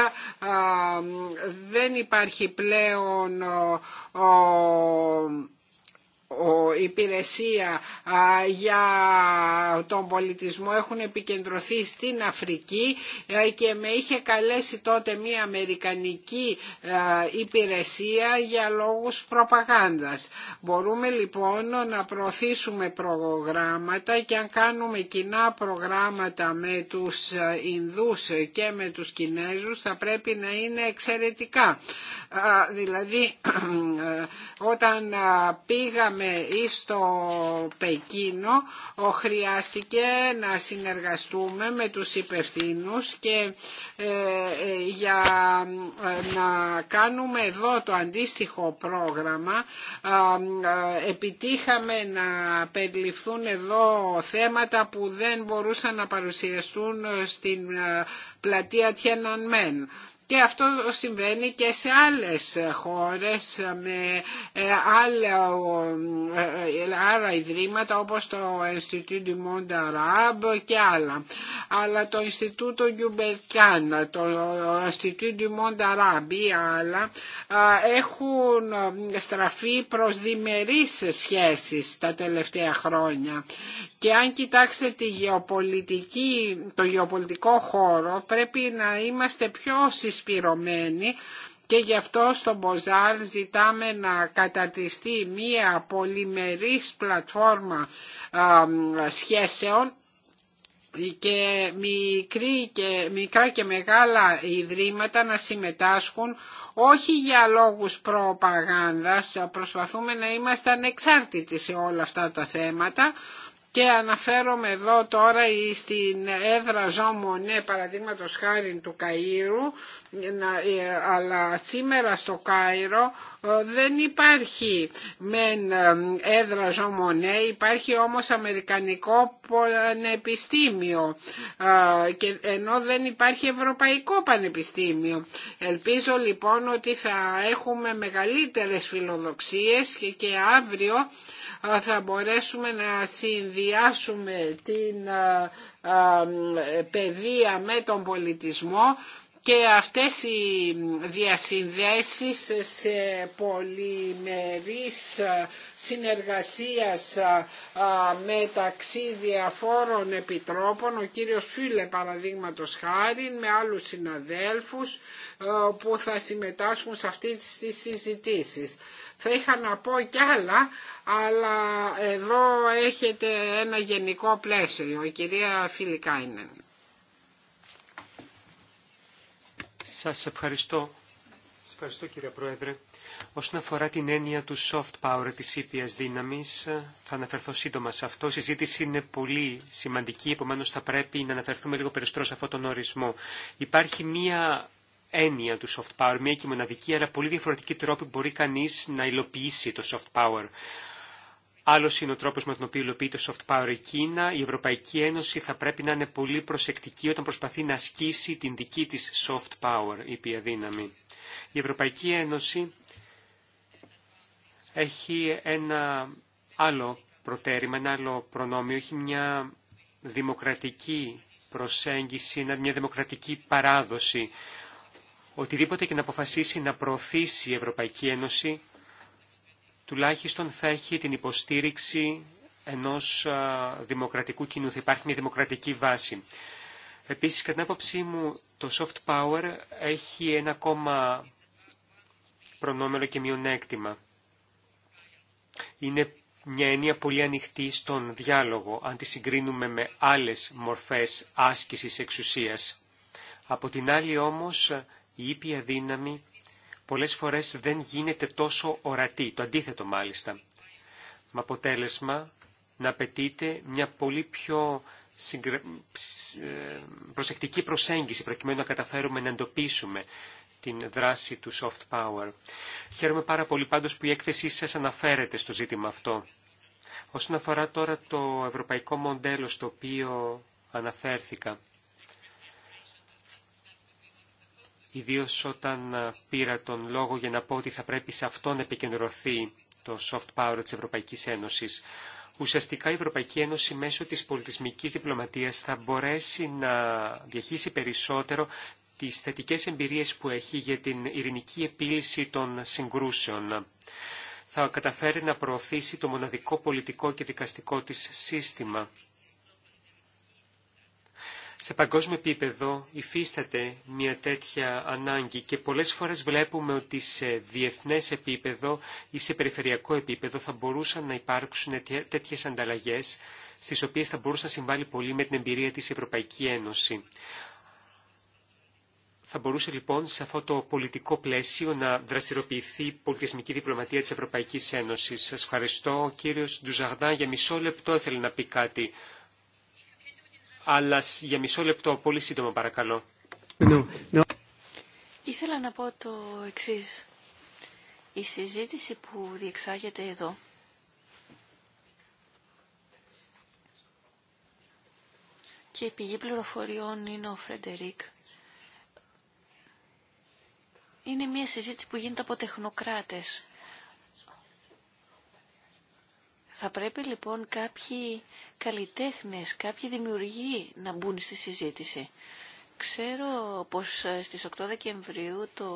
δεν υπάρχει πλέον υπηρεσία για τον πολιτισμό έχουν επικεντρωθεί στην Αφρική ε, και με είχε καλέσει τότε μια αμερικανική ε, υπηρεσία για λόγους προπαγάνδας. Μπορούμε λοιπόν να προωθήσουμε προγράμματα και αν κάνουμε κοινά προγράμματα με τους ε, Ινδούς και με τους Κινέζους θα πρέπει να είναι εξαιρετικά. Δηλαδή όταν πήγαμε ή στο Πεκίνο χρειάστηκε να συνεργαστούμε με τους υπευθύνους και ε, ε, για ε, να κάνουμε εδώ το αντίστοιχο πρόγραμμα επιτύχαμε να περιληφθούν εδώ θέματα που δεν μπορούσαν να παρουσιαστούν στην πλατεία Τιέναν Μεν και αυτό συμβαίνει και σε άλλες χώρες με ε, ε, ε, άλλα, ιδρύματα όπως το Ινστιτούτο du Monde και άλλα. Αλλά το Ινστιτούτο Γιουμπερκιάν, το Ινστιτούτο du Monde ή άλλα έχουν στραφεί προς διμερείς σχέσεις τα τελευταία χρόνια. Και αν κοιτάξετε τη το γεωπολιτικό χώρο πρέπει να είμαστε πιο συστηματικοί και γι' αυτό στο Μποζάρ ζητάμε να καταρτιστεί μία πολυμερής πλατφόρμα σχέσεων και, μικρή και μικρά και μεγάλα ιδρύματα να συμμετάσχουν όχι για λόγους προπαγάνδας, προσπαθούμε να είμαστε ανεξάρτητοι σε όλα αυτά τα θέματα, και αναφέρομαι εδώ τώρα στην έδρα Ζωμονέ παραδείγματος χάρη του Καΐρου ε, αλλά σήμερα στο Κάιρο ε, δεν υπάρχει μεν ε, έδρα Ζωμονέ υπάρχει όμως Αμερικανικό Πανεπιστήμιο και ενώ δεν υπάρχει Ευρωπαϊκό Πανεπιστήμιο. Ελπίζω λοιπόν ότι θα έχουμε μεγαλύτερες φιλοδοξίες και, και αύριο θα μπορέσουμε να συνδυάσουμε την παιδεία με τον πολιτισμό και αυτές οι διασυνδέσεις σε πολυμερής συνεργασίας μεταξύ διαφόρων επιτρόπων, ο κύριος Φίλε παραδείγματος χάρη με άλλους συναδέλφους που θα συμμετάσχουν σε αυτές τις συζητήσεις. Θα είχα να πω κι άλλα, αλλά εδώ έχετε ένα γενικό πλαίσιο. Η κυρία Φιλικάινεν. Σας ευχαριστώ. Σας ευχαριστώ κύριε Πρόεδρε. Όσον αφορά την έννοια του soft power της ήπιας δύναμης, θα αναφερθώ σύντομα σε αυτό. Η συζήτηση είναι πολύ σημαντική, επομένως θα πρέπει να αναφερθούμε λίγο περισσότερο σε αυτόν τον ορισμό. Υπάρχει μία έννοια του soft power, μία και μοναδική, αλλά πολύ διαφορετική τρόπη μπορεί κανείς να υλοποιήσει το soft power. Άλλο είναι ο τρόπο με τον οποίο υλοποιεί το soft power η Κίνα. Η Ευρωπαϊκή Ένωση θα πρέπει να είναι πολύ προσεκτική όταν προσπαθεί να ασκήσει την δική τη soft power, η δύναμη. Η Ευρωπαϊκή Ένωση έχει ένα άλλο προτέρημα, ένα άλλο προνόμιο. Έχει μια δημοκρατική προσέγγιση, μια δημοκρατική παράδοση. Οτιδήποτε και να αποφασίσει να προωθήσει η Ευρωπαϊκή Ένωση τουλάχιστον θα έχει την υποστήριξη ενός δημοκρατικού κοινού, θα υπάρχει μια δημοκρατική βάση. Επίσης, κατά την άποψή μου, το soft power έχει ένα ακόμα προνόμενο και μειονέκτημα. Είναι μια έννοια πολύ ανοιχτή στον διάλογο, αν τη συγκρίνουμε με άλλες μορφές άσκησης εξουσίας. Από την άλλη όμως, η ήπια δύναμη πολλές φορές δεν γίνεται τόσο ορατή, το αντίθετο μάλιστα. Με αποτέλεσμα να απαιτείται μια πολύ πιο ε, προσεκτική προσέγγιση προκειμένου να καταφέρουμε να εντοπίσουμε την δράση του soft power. Χαίρομαι πάρα πολύ πάντως που η έκθεσή σας αναφέρεται στο ζήτημα αυτό. Όσον αφορά τώρα το ευρωπαϊκό μοντέλο στο οποίο αναφέρθηκα, ιδίως όταν ε, πήρα τον λόγο για να πω ότι θα πρέπει σε αυτό να επικεντρωθεί το soft power της Ευρωπαϊκής Ένωσης. Ουσιαστικά η Ευρωπαϊκή Ένωση μέσω της πολιτισμικής διπλωματίας θα μπορέσει να διαχύσει περισσότερο τις θετικές εμπειρίες που έχει για την ειρηνική επίλυση των συγκρούσεων. Θα καταφέρει να προωθήσει το μοναδικό πολιτικό και δικαστικό της σύστημα σε παγκόσμιο επίπεδο υφίσταται μια τέτοια ανάγκη και πολλές φορές βλέπουμε ότι σε διεθνές επίπεδο ή σε περιφερειακό επίπεδο θα μπορούσαν να υπάρξουν τέτοιες ανταλλαγές στις οποίες θα μπορούσε να συμβάλλει πολύ με την εμπειρία της Ευρωπαϊκή Ένωση. Θα μπορούσε λοιπόν σε αυτό το πολιτικό πλαίσιο να δραστηριοποιηθεί η πολιτισμική διπλωματία της Ευρωπαϊκής Ένωσης. Σας ευχαριστώ. Ο κύριος για μισό λεπτό ήθελε να πει κάτι αλλά για μισό λεπτό, πολύ σύντομα παρακαλώ. Ήθελα να πω το εξή Η συζήτηση που διεξάγεται εδώ και η πηγή πληροφοριών είναι ο Φρεντερίκ. Είναι μια συζήτηση που γίνεται από τεχνοκράτες. Θα πρέπει λοιπόν κάποιοι καλλιτέχνες, κάποιοι δημιουργοί να μπουν στη συζήτηση. Ξέρω πως ε, στις 8 Δεκεμβρίου το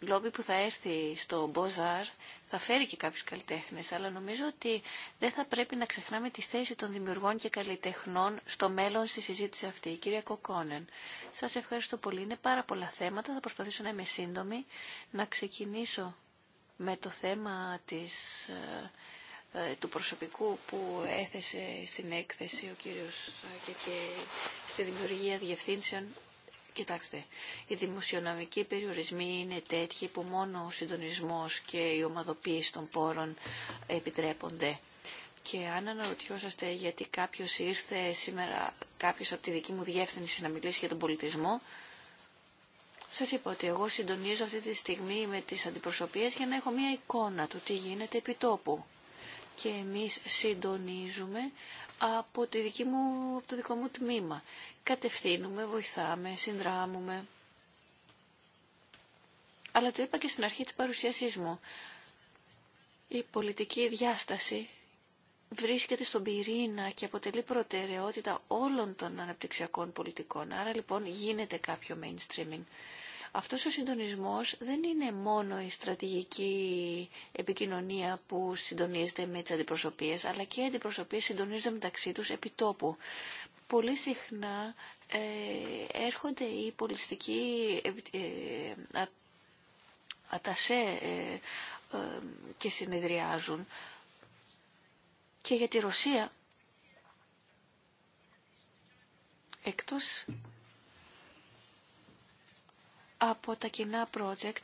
λόμπι που θα έρθει στο Μποζάρ θα φέρει και κάποιους καλλιτέχνες, αλλά νομίζω ότι δεν θα πρέπει να ξεχνάμε τη θέση των δημιουργών και καλλιτεχνών στο μέλλον στη συζήτηση αυτή. Κυρία Κοκόνεν, σας ευχαριστώ πολύ. Είναι πάρα πολλά θέματα, θα προσπαθήσω να είμαι σύντομη, να ξεκινήσω με το θέμα της ε, ε, του προσωπικού που έθεσε στην έκθεση ο κύριος και στη δημιουργία διευθύνσεων. Κοιτάξτε, οι δημοσιονομικοί περιορισμοί είναι τέτοιοι που μόνο ο συντονισμός και η ομαδοποίηση των πόρων επιτρέπονται. Και αν αναρωτιόσαστε γιατί κάποιος ήρθε σήμερα, κάποιος από τη δική μου διεύθυνση να μιλήσει για τον πολιτισμό, σας είπα ότι εγώ συντονίζω αυτή τη στιγμή με τις αντιπροσωπίες για να έχω μια εικόνα του τι γίνεται επί τόπου και εμείς συντονίζουμε από, τη δική μου, από το δικό μου τμήμα. Κατευθύνουμε, βοηθάμε, συνδράμουμε. Αλλά το είπα και στην αρχή της παρουσίασής μου. Η πολιτική διάσταση βρίσκεται στον πυρήνα και αποτελεί προτεραιότητα όλων των αναπτυξιακών πολιτικών. Άρα λοιπόν γίνεται κάποιο mainstreaming. Αυτός ο συντονισμός δεν είναι μόνο η στρατηγική επικοινωνία που συντονίζεται με τις αντιπροσωπείες, αλλά και οι αντιπροσωπείες συντονίζονται μεταξύ τους επί τόπου. Πολύ συχνά ε, έρχονται οι πολιτιστικοί ε, ε, ατασέ και συνεδριάζουν. Και για τη Ρωσία, εκτός από τα κοινά project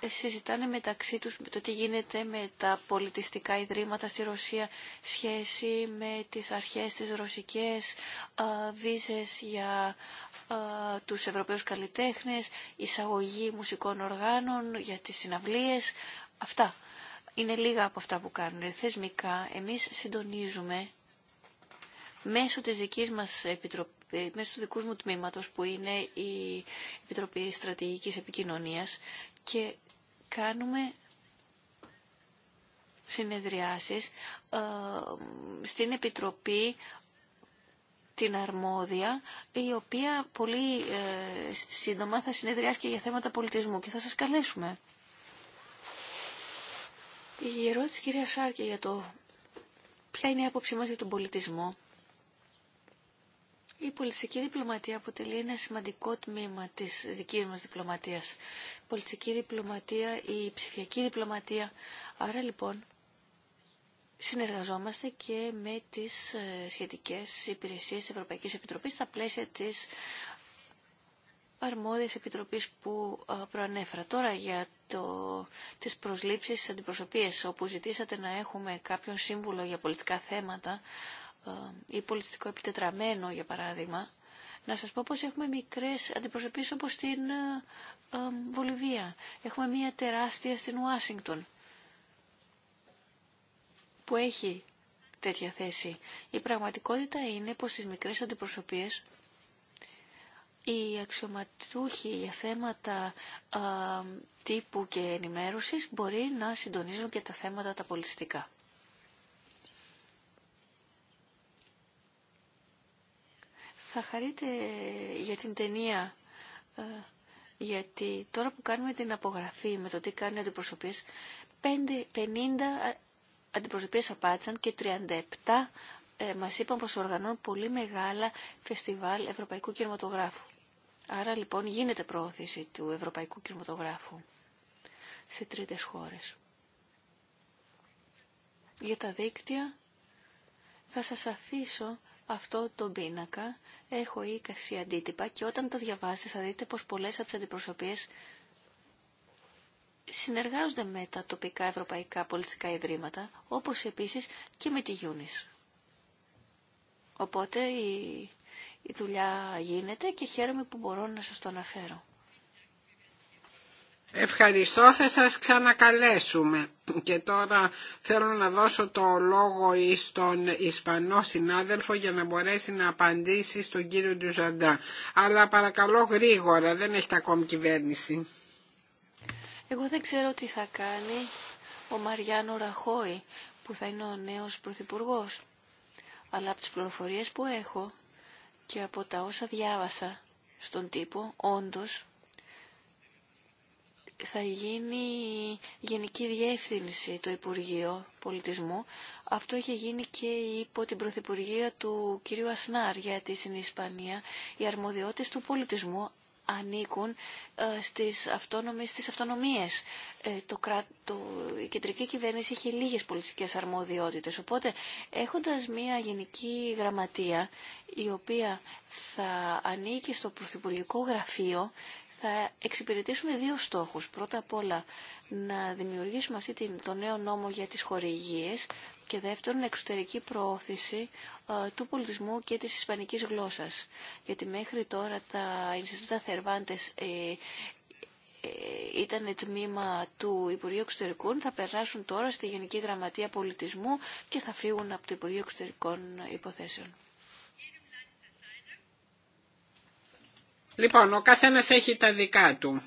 ε, συζητάνε μεταξύ τους το τι γίνεται με τα πολιτιστικά ιδρύματα στη Ρωσία σχέση με τις αρχές της ρωσικές ε, βίζες για ε, τους Ευρωπαίους καλλιτέχνες, εισαγωγή μουσικών οργάνων για τις συναυλίες, αυτά. Είναι λίγα από αυτά που κάνουν. Θεσμικά εμείς συντονίζουμε μέσω της δικής μας επιτροπής μέσω του δικού μου τμήματο που είναι η Επιτροπή Στρατηγικής επικοινωνία, και κάνουμε συνεδριάσεις ε, στην Επιτροπή την αρμόδια, η οποία πολύ ε, σύντομα θα συνεδριάσει και για θέματα πολιτισμού και θα σας καλέσουμε. Η ερώτηση κυρία Σάρκια για το ποια είναι η άποψή μας για τον πολιτισμό η πολιτική διπλωματία αποτελεί ένα σημαντικό τμήμα της δικής μας διπλωματίας. Η πολιτική διπλωματία, η ψηφιακή διπλωματία. Άρα λοιπόν συνεργαζόμαστε και με τις ε, σχετικές υπηρεσίες της Ευρωπαϊκής Επιτροπής στα πλαίσια της αρμόδιας επιτροπής που ε, προανέφερα. Τώρα για το, τις προσλήψεις στις αντιπροσωπείες όπου ζητήσατε να έχουμε κάποιον σύμβουλο για πολιτικά θέματα ε, ή πολιτιστικό επιτετραμένο για παράδειγμα, να σας πω πως έχουμε μικρές αντιπροσωπείς όπως στην ε, ε, Βολιβία. Έχουμε μία τεράστια στην Ουάσιγκτον που έχει τέτοια θέση. Η πραγματικότητα είναι πως στις μικρές αντιπροσωπείες οι αξιωματούχοι για θέματα τύπου και ενημέρωσης μπορεί να συντονίζουν και τα θέματα τα πολιτιστικά. θα χαρείτε για την ταινία ε, γιατί τώρα που κάνουμε την απογραφή με το τι κάνουν οι αντιπροσωπείες 50 αντιπροσωπείες απάντησαν και 37 ε, μας είπαν πως οργανώνουν πολύ μεγάλα φεστιβάλ Ευρωπαϊκού Κινηματογράφου. Άρα λοιπόν γίνεται προώθηση του Ευρωπαϊκού Κινηματογράφου σε τρίτες χώρες. Για τα δίκτυα θα σας αφήσω αυτό τον πίνακα έχω η αντίτυπα και όταν το διαβάσετε θα δείτε πως πολλές από τις αντιπροσωπείες συνεργάζονται με τα τοπικά ευρωπαϊκά πολιτικά ιδρύματα, όπως επίσης και με τη Γιούνις. Οπότε η, η δουλειά γίνεται και χαίρομαι που μπορώ να σας το αναφέρω. Ευχαριστώ, θα σας ξανακαλέσουμε. Και τώρα θέλω να δώσω το λόγο στον Ισπανό συνάδελφο για να μπορέσει να απαντήσει στον κύριο Ντουζαντά. Αλλά παρακαλώ γρήγορα, δεν έχει ακόμη κυβέρνηση. Εγώ δεν ξέρω τι θα κάνει ο Μαριάνο Ραχώη που θα είναι ο νέος Πρωθυπουργό, Αλλά από τις πληροφορίες που έχω και από τα όσα διάβασα στον τύπο, όντως θα γίνει Γενική Διεύθυνση το Υπουργείο Πολιτισμού. Αυτό είχε γίνει και υπό την Πρωθυπουργία του κ. Ασνάρ γιατί στην Ισπανία οι αρμοδιότητες του πολιτισμού ανήκουν ε, στις, αυτόνομες, στις αυτονομίες. Ε, το η κεντρική κυβέρνηση έχει λίγες πολιτικές αρμοδιότητες. Οπότε έχοντας μια γενική γραμματεία η οποία θα ανήκει στο Πρωθυπουργικό Γραφείο θα εξυπηρετήσουμε δύο στόχους. Πρώτα απ' όλα να δημιουργήσουμε αυτή την, το νέο νόμο για τις χορηγίες και δεύτερον εξωτερική προώθηση ε, του πολιτισμού και της ισπανικής γλώσσας. Γιατί μέχρι τώρα τα Ινστιτούτα Θερβάντες ε, ε, ήταν τμήμα του Υπουργείου Εξωτερικών, θα περάσουν τώρα στη Γενική Γραμματεία Πολιτισμού και θα φύγουν από το Υπουργείο Εξωτερικών Υποθέσεων. Λοιπόν, ο καθένας έχει τα δικά του.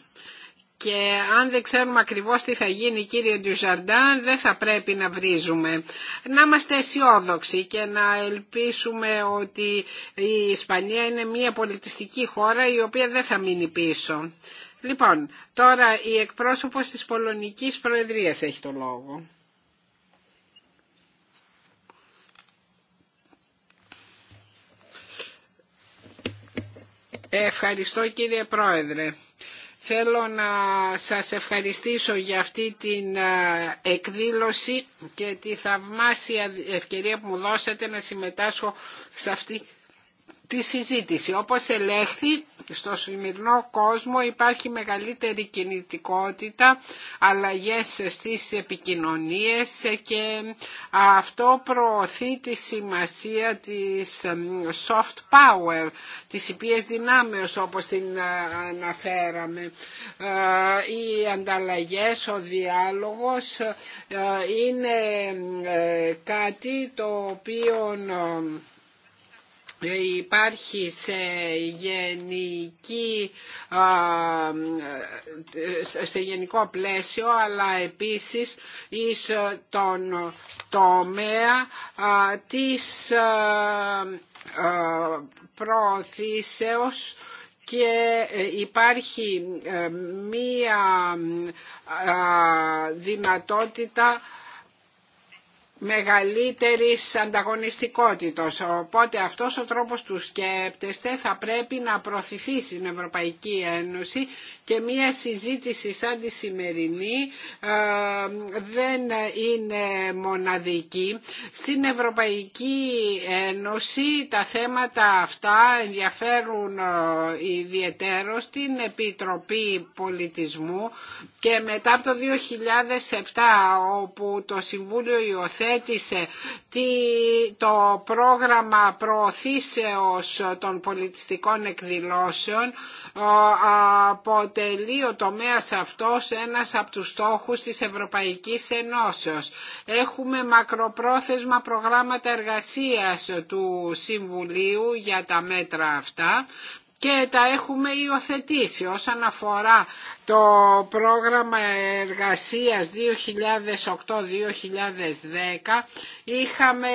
Και αν δεν ξέρουμε ακριβώς τι θα γίνει κύριε Ντουζαρντάν δεν θα πρέπει να βρίζουμε. Να είμαστε αισιόδοξοι και να ελπίσουμε ότι η Ισπανία είναι μια πολιτιστική χώρα η οποία δεν θα μείνει πίσω. Λοιπόν, τώρα η εκπρόσωπος της Πολωνικής Προεδρίας έχει το λόγο. Ευχαριστώ κύριε Πρόεδρε. Θέλω να σας ευχαριστήσω για αυτή την ε, εκδήλωση και τη θαυμάσια ευκαιρία που μου δώσατε να συμμετάσχω σε αυτή τη συζήτηση. Όπως ελέγχθη, στο σημερινό κόσμο υπάρχει μεγαλύτερη κινητικότητα, αλλαγές στις επικοινωνίες και αυτό προωθεί τη σημασία της soft power, της υπείας δυνάμεως όπως την ε, αναφέραμε. Ε, οι ανταλλαγές, ο διάλογος ε, είναι κάτι το οποίο υπάρχει σε γενική σε γενικό πλαίσιο αλλά επίσης εις τον τομέα της προωθήσεως και υπάρχει ε, μία δυνατότητα μεγαλύτερης ανταγωνιστικότητος. Οπότε αυτός ο τρόπος του σκέπτεστε θα πρέπει να προωθηθεί στην Ευρωπαϊκή Ένωση και μία συζήτηση σαν τη σημερινή ε, δεν είναι μοναδική. Στην Ευρωπαϊκή Ένωση τα θέματα αυτά ενδιαφέρουν ε, ιδιαίτερο την Επιτροπή Πολιτισμού και μετά από το 2007 όπου το Συμβούλιο υιοθέτησε το πρόγραμμα προωθήσεως των πολιτιστικών εκδηλώσεων αποτελεί ο τομέας αυτός ένας από τους στόχους της Ευρωπαϊκής Ενώσεως. Έχουμε μακροπρόθεσμα προγράμματα εργασίας του Συμβουλίου για τα μέτρα αυτά και τα έχουμε υιοθετήσει όσον αφορά το πρόγραμμα εργασίας 2008-2010 είχαμε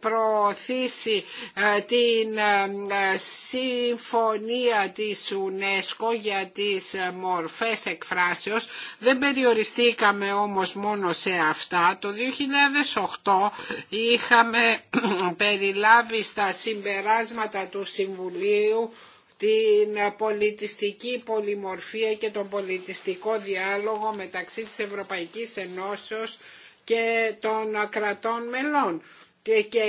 προωθήσει ε, την ε, ε, συμφωνία της UNESCO για τις μορφές εκφράσεως δεν περιοριστήκαμε όμως μόνο σε αυτά το 2008 είχαμε περιλάβει στα συμπεράσματα του Συμβουλίου την πολιτιστική πολυμορφία και τον πολιτιστικό διάλογο μεταξύ της Ευρωπαϊκής Ενώσεως και των κρατών μελών. Και, και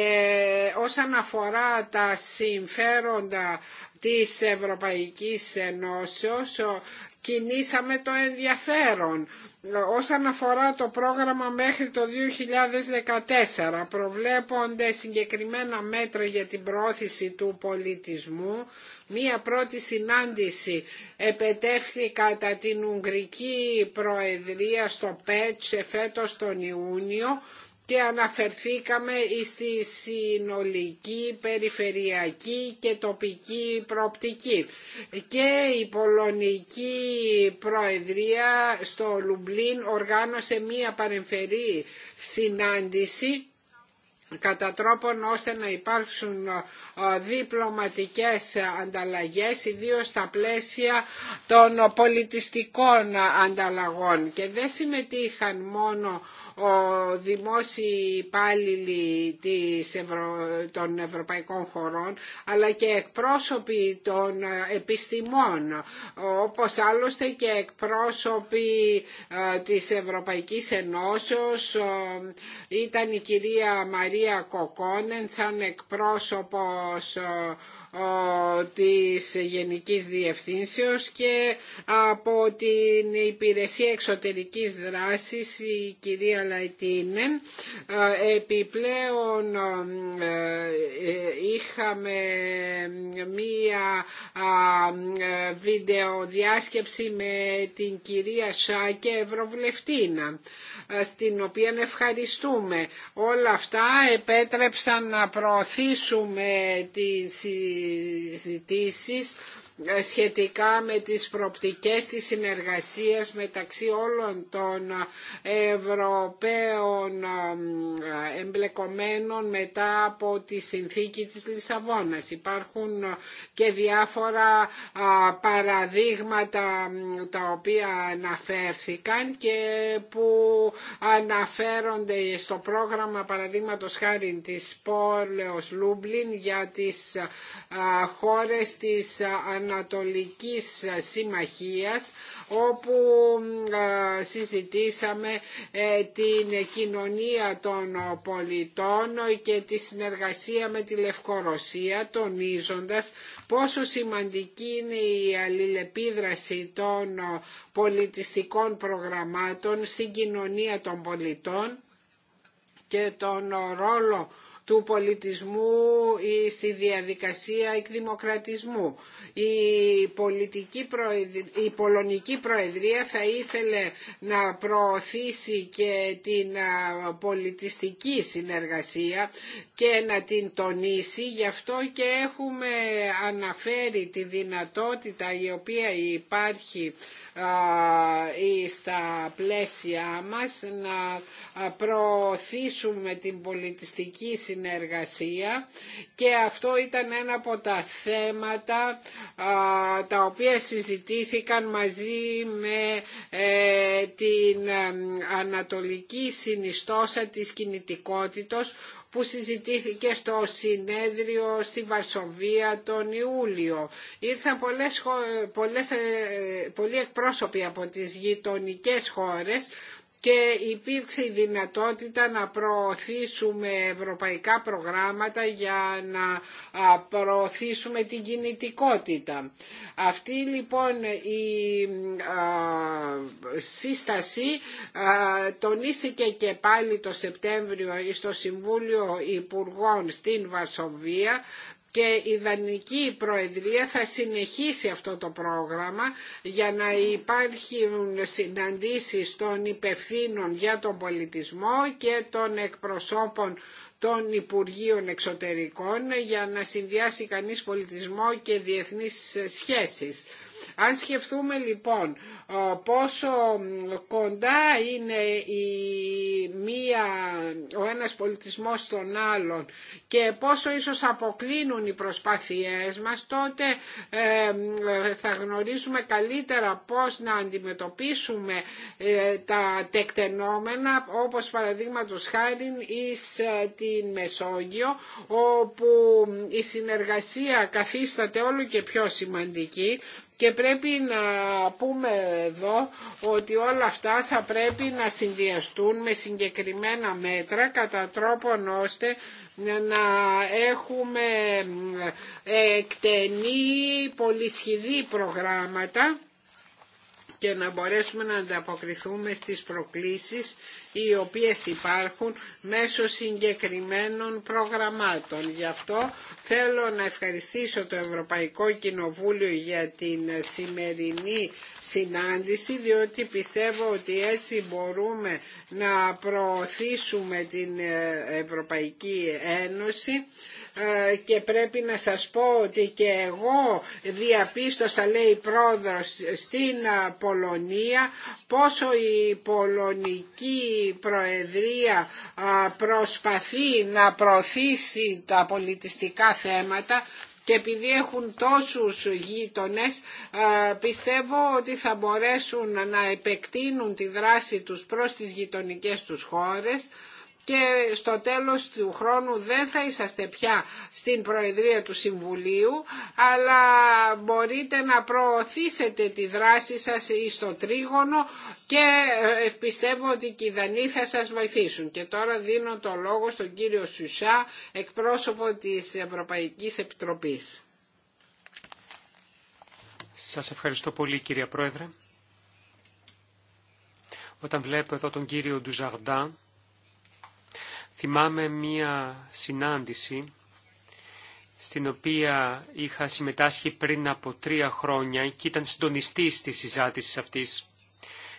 όσον αφορά τα συμφέροντα της Ευρωπαϊκής Ενώσεως, κινήσαμε το ενδιαφέρον. Όσον αφορά το πρόγραμμα μέχρι το 2014 προβλέπονται συγκεκριμένα μέτρα για την πρόθεση του πολιτισμού Μία πρώτη συνάντηση επετεύχθη κατά την Ουγγρική Προεδρία στο ΠΕΤΣ φέτος τον Ιούνιο και αναφερθήκαμε στη συνολική, περιφερειακή και τοπική προοπτική. Και η Πολωνική Προεδρία στο Λουμπλίν οργάνωσε μία παρεμφερή συνάντηση κατά τρόπον ώστε να υπάρξουν ε, ε, διπλωματικές ανταλλαγές ιδίως στα πλαίσια των πολιτιστικών ανταλλαγών και δεν συμμετείχαν μόνο δημόσιοι υπάλληλοι των ευρωπαϊκών χωρών αλλά και εκπρόσωποι των επιστημών όπως άλλωστε και εκπρόσωποι ε, της Ευρωπαϊκής Ενώσεως ε, ήταν η κυρία Μαρία Κοκόνεν σαν εκπρόσωπος ε, της Γενικής Διευθύνσεως και από την Υπηρεσία Εξωτερικής Δράσης η κυρία Λαϊτίνεν. Ε, επιπλέον ε, ε, είχαμε μία βιντεοδιάσκεψη με την κυρία Σάκε Ευρωβουλευτίνα στην οποία ευχαριστούμε. Όλα αυτά επέτρεψαν να προωθήσουμε τη συζητήσεις ε, σχετικά με τις προπτικές της συνεργασίας μεταξύ όλων των ε, Ευρωπαίων ε, εμπλεκομένων μετά από τη συνθήκη της Λισαβόνας. Υπάρχουν και διάφορα παραδείγματα τα οποία αναφέρθηκαν και που αναφέρονται στο πρόγραμμα παραδείγματος χάρη της Πόλεως Λούμπλιν για τις χώρες της Ανατολικής Συμμαχίας όπου συζητήσαμε ε, την κοινωνία των πολιτών και τη συνεργασία με τη Λευκορωσία τονίζοντας πόσο σημαντική είναι η αλληλεπίδραση των πολιτιστικών προγραμμάτων στην κοινωνία των πολιτών και τον ρόλο του πολιτισμού ή στη διαδικασία εκδημοκρατισμού. Η, πολιτική η πολωνική προεδρία θα ήθελε να προωθήσει και την πολιτιστική συνεργασία και να την τονίσει. Γι' αυτό και έχουμε αναφέρει τη δυνατότητα η οποία υπάρχει στα πλαίσια μας να προωθήσουμε την πολιτιστική συνεργασία και αυτό ήταν ένα από τα θέματα τα οποία συζητήθηκαν μαζί με ε, την ανατολική συνιστόσα της κινητικότητος που συζητήθηκε στο συνέδριο στη Βαρσοβία τον Ιούλιο. Ήρθαν πολλές, πολλές, ε, πολλοί εκπρόσωποι από τις γειτονικές χώρες και υπήρξε η δυνατότητα να προωθήσουμε ευρωπαϊκά προγράμματα για να προωθήσουμε την κινητικότητα. Αυτή λοιπόν η σύσταση τονίστηκε και πάλι το Σεπτέμβριο στο Συμβούλιο Υπουργών στην Βαρσοβία και η Δανική Προεδρία θα συνεχίσει αυτό το πρόγραμμα για να υπάρχουν συναντήσεις των υπευθύνων για τον πολιτισμό και των εκπροσώπων των Υπουργείων Εξωτερικών για να συνδυάσει κανείς πολιτισμό και διεθνείς σχέσεις. Αν σκεφτούμε λοιπόν πόσο κοντά είναι η μία, ο ένας πολιτισμός στον άλλων και πόσο ίσως αποκλίνουν οι προσπάθειές μας, τότε ε, θα γνωρίζουμε καλύτερα πώς να αντιμετωπίσουμε ε, τα τεκτενόμενα, όπως παραδείγματος χάρη εις ε, την Μεσόγειο, όπου η συνεργασία καθίσταται όλο και πιο σημαντική και πρέπει να πούμε εδώ ότι όλα αυτά θα πρέπει να συνδυαστούν με συγκεκριμένα μέτρα κατά τρόπον ώστε να έχουμε ε, εκτενή πολυσχηδή προγράμματα και να μπορέσουμε να ανταποκριθούμε στις προκλήσεις οι οποίες υπάρχουν μέσω συγκεκριμένων προγραμμάτων. Γι' αυτό θέλω να ευχαριστήσω το Ευρωπαϊκό Κοινοβούλιο για την σημερινή συνάντηση διότι πιστεύω ότι έτσι μπορούμε να προωθήσουμε την Ευρωπαϊκή Ένωση ε, και πρέπει να σας πω ότι και εγώ διαπίστωσα λέει πρόεδρος στην Πολωνία πόσο η πολωνική η Προεδρία προσπαθεί να προωθήσει τα πολιτιστικά θέματα και επειδή έχουν τόσους γείτονες πιστεύω ότι θα μπορέσουν να επεκτείνουν τη δράση τους προς τις γειτονικές τους χώρες και στο τέλος του χρόνου δεν θα είσαστε πια στην Προεδρία του Συμβουλίου αλλά μπορείτε να προωθήσετε τη δράση σας στο τρίγωνο και ε, πιστεύω ότι και οι Δανείοι θα σας βοηθήσουν. Και τώρα δίνω το λόγο στον κύριο Σουσά, εκπρόσωπο της Ευρωπαϊκής Επιτροπής. Σας ευχαριστώ πολύ κυρία Πρόεδρε. Όταν βλέπω εδώ τον κύριο Ντουζαρντάν, Θυμάμαι μία συνάντηση στην οποία είχα συμμετάσχει πριν από τρία χρόνια και ήταν συντονιστής της συζάτησης αυτής.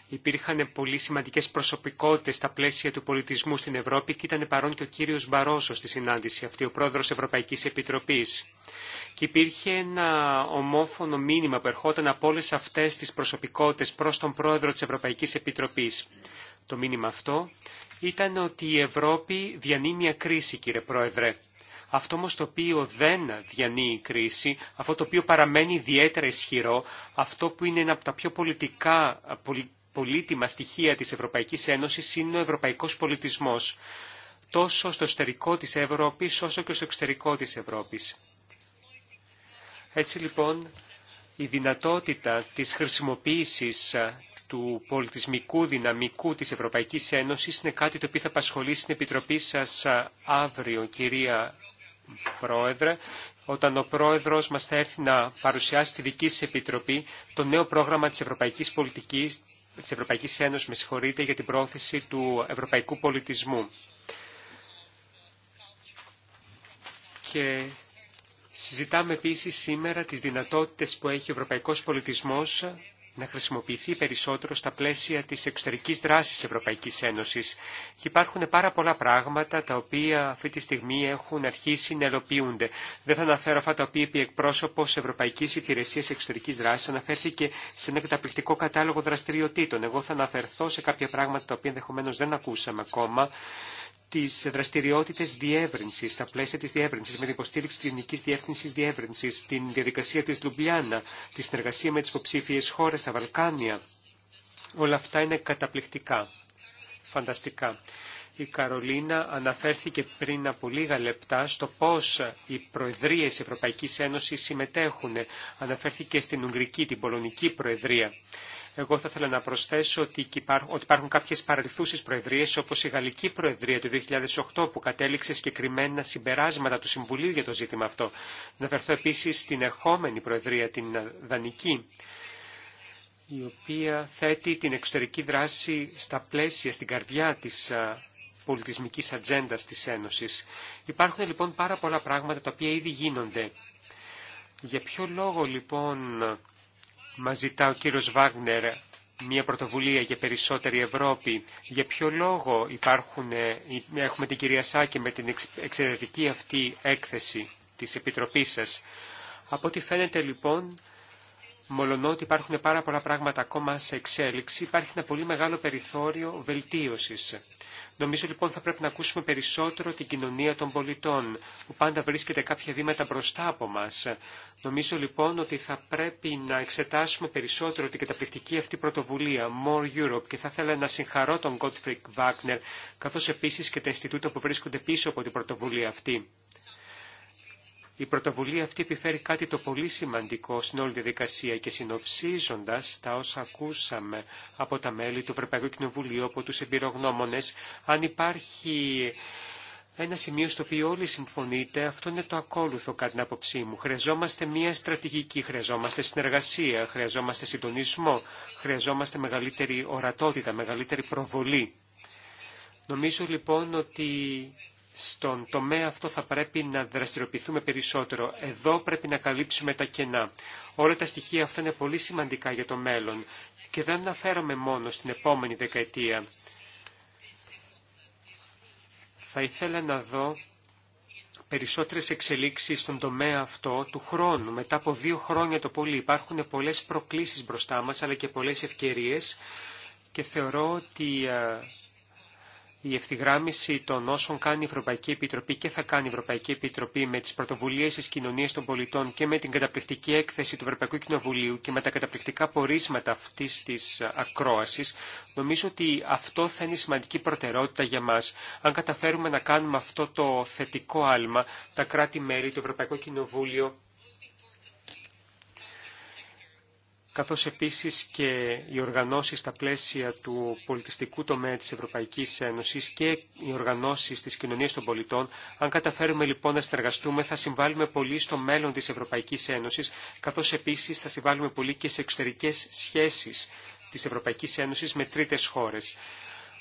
Υπήρχαν πολύ σημαντικές προσωπικότητες στα πλαίσια του πολιτισμού στην Ευρώπη και ήταν παρόν και ο κύριος Μπαρόσο στη συνάντηση αυτή, ο πρόεδρος Ευρωπαϊκής Επιτροπής. Και υπήρχε ένα ομόφωνο μήνυμα που ερχόταν από όλε αυτές τις προσωπικότητες προς τον πρόεδρο της Ευρωπαϊκής Επιτροπής το μήνυμα αυτό ήταν ότι η Ευρώπη διανύει μια κρίση, κύριε Πρόεδρε. Αυτό όμω το οποίο δεν διανύει κρίση, αυτό το οποίο παραμένει ιδιαίτερα ισχυρό, αυτό που είναι ένα από τα πιο πολιτικά, πολύτιμα στοιχεία της Ευρωπαϊκής Ένωσης είναι ο ευρωπαϊκός πολιτισμός, τόσο στο εσωτερικό της Ευρώπης όσο και στο εξωτερικό της Ευρώπης. Έτσι λοιπόν η δυνατότητα της χρησιμοποίησης του πολιτισμικού δυναμικού της Ευρωπαϊκής Ένωσης είναι κάτι το οποίο θα απασχολήσει την Επιτροπή σας αύριο, κυρία Πρόεδρε, όταν ο Πρόεδρος μας θα έρθει να παρουσιάσει τη δική σας Επιτροπή το νέο πρόγραμμα της Ευρωπαϊκής Πολιτικής, της Ευρωπαϊκής Ένωσης, με συγχωρείτε, για την πρόθεση του ευρωπαϊκού πολιτισμού. Και συζητάμε επίσης σήμερα τις δυνατότητες που έχει ο ευρωπαϊκός πολιτισμός να χρησιμοποιηθεί περισσότερο στα πλαίσια της εξωτερικής δράσης Ευρωπαϊκής Ένωσης. Και υπάρχουν πάρα πολλά πράγματα τα οποία αυτή τη στιγμή έχουν αρχίσει να ελοποιούνται. Δεν θα αναφέρω αυτά τα οποία είπε εκπρόσωπος Ευρωπαϊκής Υπηρεσίας Εξωτερικής Δράσης αναφέρθηκε σε ένα καταπληκτικό κατάλογο δραστηριοτήτων. Εγώ θα αναφερθώ σε κάποια πράγματα τα οποία ενδεχομένω δεν ακούσαμε ακόμα τις δραστηριότητες διεύρυνσης, τα πλαίσια της διεύρυνσης, με την υποστήριξη της ελληνική Διεύθυνσης Διεύρυνσης, την διαδικασία της Λουμπλιάνα, τη συνεργασία με τις υποψήφιε χώρες στα Βαλκάνια. Όλα αυτά είναι καταπληκτικά, φανταστικά. Η Καρολίνα αναφέρθηκε πριν από λίγα λεπτά στο πώς οι Προεδρίες Ευρωπαϊκής Ένωσης συμμετέχουν. Αναφέρθηκε στην Ουγγρική, την Πολωνική Προεδρία. Εγώ θα ήθελα να προσθέσω ότι υπάρχουν κάποιες παρελθούσεις προεδρίες, όπως η Γαλλική Προεδρία του 2008, που κατέληξε συγκεκριμένα συμπεράσματα του Συμβουλίου για το ζήτημα αυτό. Να βερθώ επίσης στην ερχόμενη Προεδρία, την Δανική, η οποία θέτει την εξωτερική δράση στα πλαίσια, στην καρδιά της πολιτισμικής ατζέντα της Ένωσης. Υπάρχουν λοιπόν πάρα πολλά πράγματα τα οποία ήδη γίνονται. Για ποιο λόγο λοιπόν Μα ζητά ο κύριος Βάγνερ μια πρωτοβουλία για περισσότερη Ευρώπη. Για ποιο λόγο υπάρχουν, ε, έχουμε την κυρία Σάκη με την εξαιρετική αυτή έκθεση της Επιτροπής σας. Από ό,τι φαίνεται λοιπόν μολονότι υπάρχουν πάρα πολλά πράγματα ακόμα σε εξέλιξη, υπάρχει ένα πολύ μεγάλο περιθώριο βελτίωσης. Νομίζω λοιπόν θα πρέπει να ακούσουμε περισσότερο την κοινωνία των πολιτών, που πάντα βρίσκεται κάποια βήματα μπροστά από μας. Νομίζω λοιπόν ότι θα πρέπει να εξετάσουμε περισσότερο την καταπληκτική αυτή πρωτοβουλία, More Europe, και θα ήθελα να συγχαρώ τον Gottfried Wagner, καθώς επίσης και τα Ινστιτούτα που βρίσκονται πίσω από την πρωτοβουλία αυτή. Η πρωτοβουλία αυτή επιφέρει κάτι το πολύ σημαντικό στην όλη διαδικασία και συνοψίζοντα τα όσα ακούσαμε από τα μέλη του Ευρωπαϊκού Κοινοβουλίου, από του εμπειρογνώμονε, αν υπάρχει ένα σημείο στο οποίο όλοι συμφωνείτε, αυτό είναι το ακόλουθο κατά την άποψή μου. Χρειαζόμαστε μία στρατηγική, χρειαζόμαστε συνεργασία, χρειαζόμαστε συντονισμό, χρειαζόμαστε μεγαλύτερη ορατότητα, μεγαλύτερη προβολή. Νομίζω λοιπόν ότι στον τομέα αυτό θα πρέπει να δραστηριοποιηθούμε περισσότερο. Εδώ πρέπει να καλύψουμε τα κενά. Όλα τα στοιχεία αυτά είναι πολύ σημαντικά για το μέλλον και δεν αναφέρομαι μόνο στην επόμενη δεκαετία. Θα ήθελα να δω περισσότερες εξελίξεις στον τομέα αυτό του χρόνου. Μετά από δύο χρόνια το πολύ υπάρχουν πολλές προκλήσεις μπροστά μας αλλά και πολλές ευκαιρίες και θεωρώ ότι ε, η ευθυγράμμιση των όσων κάνει η Ευρωπαϊκή Επιτροπή και θα κάνει η Ευρωπαϊκή Επιτροπή με τις πρωτοβουλίε τη κοινωνία των πολιτών και με την καταπληκτική έκθεση του Ευρωπαϊκού Κοινοβουλίου και με τα καταπληκτικά πορίσματα αυτής της ακρόασης, νομίζω ότι αυτό θα είναι σημαντική προτεραιότητα για μας. Αν καταφέρουμε να κάνουμε αυτό το θετικό άλμα, τα κρατη μελη του Ευρωπαϊκό Κοινοβούλιο καθώς επίσης και οι οργανώσεις στα πλαίσια του πολιτιστικού τομέα της Ευρωπαϊκής Ένωσης και οι οργανώσεις της κοινωνίας των πολιτών. Αν καταφέρουμε λοιπόν να συνεργαστούμε θα συμβάλλουμε πολύ στο μέλλον της Ευρωπαϊκής Ένωσης, καθώς επίσης θα συμβάλλουμε πολύ και σε εξωτερικές σχέσεις της Ευρωπαϊκής Ένωσης με τρίτες χώρες.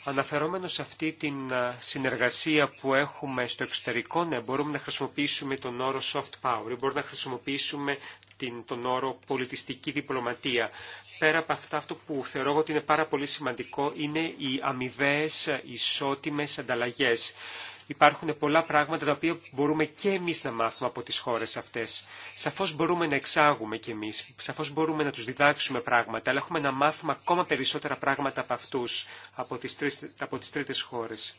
Αναφερόμενο σε αυτή την συνεργασία που έχουμε στο εξωτερικό, ναι, μπορούμε να χρησιμοποιήσουμε τον όρο soft power, μπορούμε να χρησιμοποιήσουμε την, τον όρο πολιτιστική διπλωματία. Πέρα από αυτά, αυτό που θεωρώ ότι είναι πάρα πολύ σημαντικό είναι οι αμοιβαίε ισότιμες ανταλλαγές. Υπάρχουν πολλά πράγματα τα οποία μπορούμε και εμείς να μάθουμε από τις χώρες αυτές. Σαφώς μπορούμε να εξάγουμε κι εμείς, σαφώς μπορούμε να τους διδάξουμε πράγματα, αλλά έχουμε να μάθουμε ακόμα περισσότερα πράγματα από αυτούς, από τις, τρίτε από τις χώρες.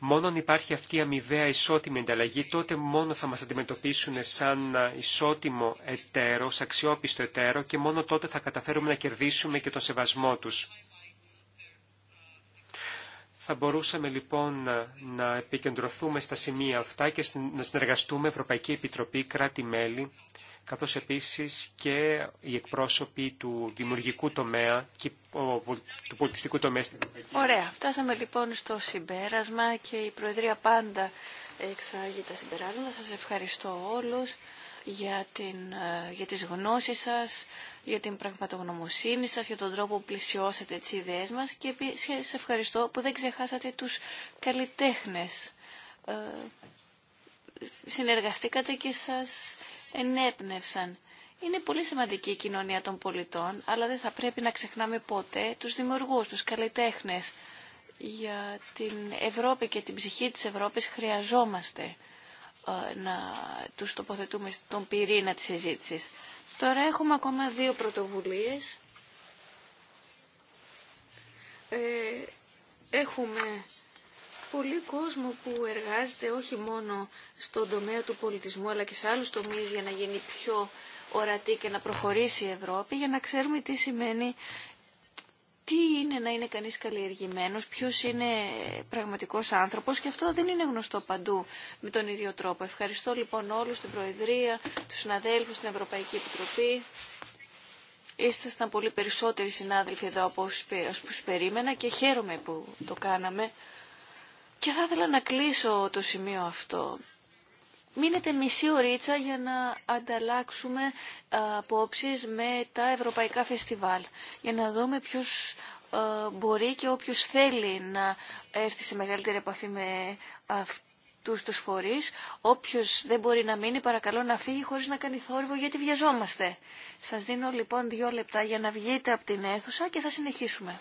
Μόνον υπάρχει αυτή η αμοιβαία ισότιμη ανταλλαγή, τότε μόνο θα μας αντιμετωπίσουν σαν ισότιμο εταίρο, σαν αξιόπιστο εταίρο και μόνο τότε θα καταφέρουμε να κερδίσουμε και τον σεβασμό τους. Θα μπορούσαμε λοιπόν να επικεντρωθούμε στα σημεία αυτά και να συνεργαστούμε Ευρωπαϊκή Επιτροπή, κράτη-μέλη καθώς επίσης και οι εκπρόσωποι του δημιουργικού τομέα και του πολιτιστικού τομέα στην Ευρωπαϊκή Ωραία. Φτάσαμε λοιπόν στο συμπέρασμα και η Προεδρία πάντα εξάγει τα συμπεράσματα. Σας ευχαριστώ όλους για, την, για τις γνώσεις σας, για την πραγματογνωμοσύνη σας, για τον τρόπο που πλησιώσατε τις ιδέες μας και επίσης ευχαριστώ που δεν ξεχάσατε τους καλλιτέχνες. Ε, συνεργαστήκατε και σας ενέπνευσαν. Είναι πολύ σημαντική η κοινωνία των πολιτών, αλλά δεν θα πρέπει να ξεχνάμε ποτέ τους δημιουργούς, τους καλλιτέχνες. Για την Ευρώπη και την ψυχή της Ευρώπης χρειαζόμαστε ε, να τους τοποθετούμε στον πυρήνα της συζήτησης. Τώρα έχουμε ακόμα δύο πρωτοβουλίες. Ε, έχουμε πολύ κόσμο που εργάζεται όχι μόνο στον τομέα του πολιτισμού αλλά και σε άλλους τομείς για να γίνει πιο ορατή και να προχωρήσει η Ευρώπη για να ξέρουμε τι σημαίνει τι είναι να είναι κανείς καλλιεργημένος, ποιος είναι πραγματικός άνθρωπος και αυτό δεν είναι γνωστό παντού με τον ίδιο τρόπο. Ευχαριστώ λοιπόν όλους την Προεδρία, τους συναδέλφους, την Ευρωπαϊκή Επιτροπή. Ήσασταν πολύ περισσότεροι συνάδελφοι εδώ από όσους περίμενα και χαίρομαι που το κάναμε. Και θα ήθελα να κλείσω το σημείο αυτό. Μείνετε μισή ωρίτσα για να ανταλλάξουμε ε, απόψει με τα ευρωπαϊκά φεστιβάλ. Για να δούμε ποιος ε, μπορεί και όποιος θέλει να έρθει σε μεγαλύτερη επαφή με αυτούς τους φορείς. Όποιος δεν μπορεί να μείνει παρακαλώ να φύγει χωρίς να κάνει θόρυβο γιατί βιαζόμαστε. Σας δίνω λοιπόν δύο λεπτά για να βγείτε από την αίθουσα και θα συνεχίσουμε.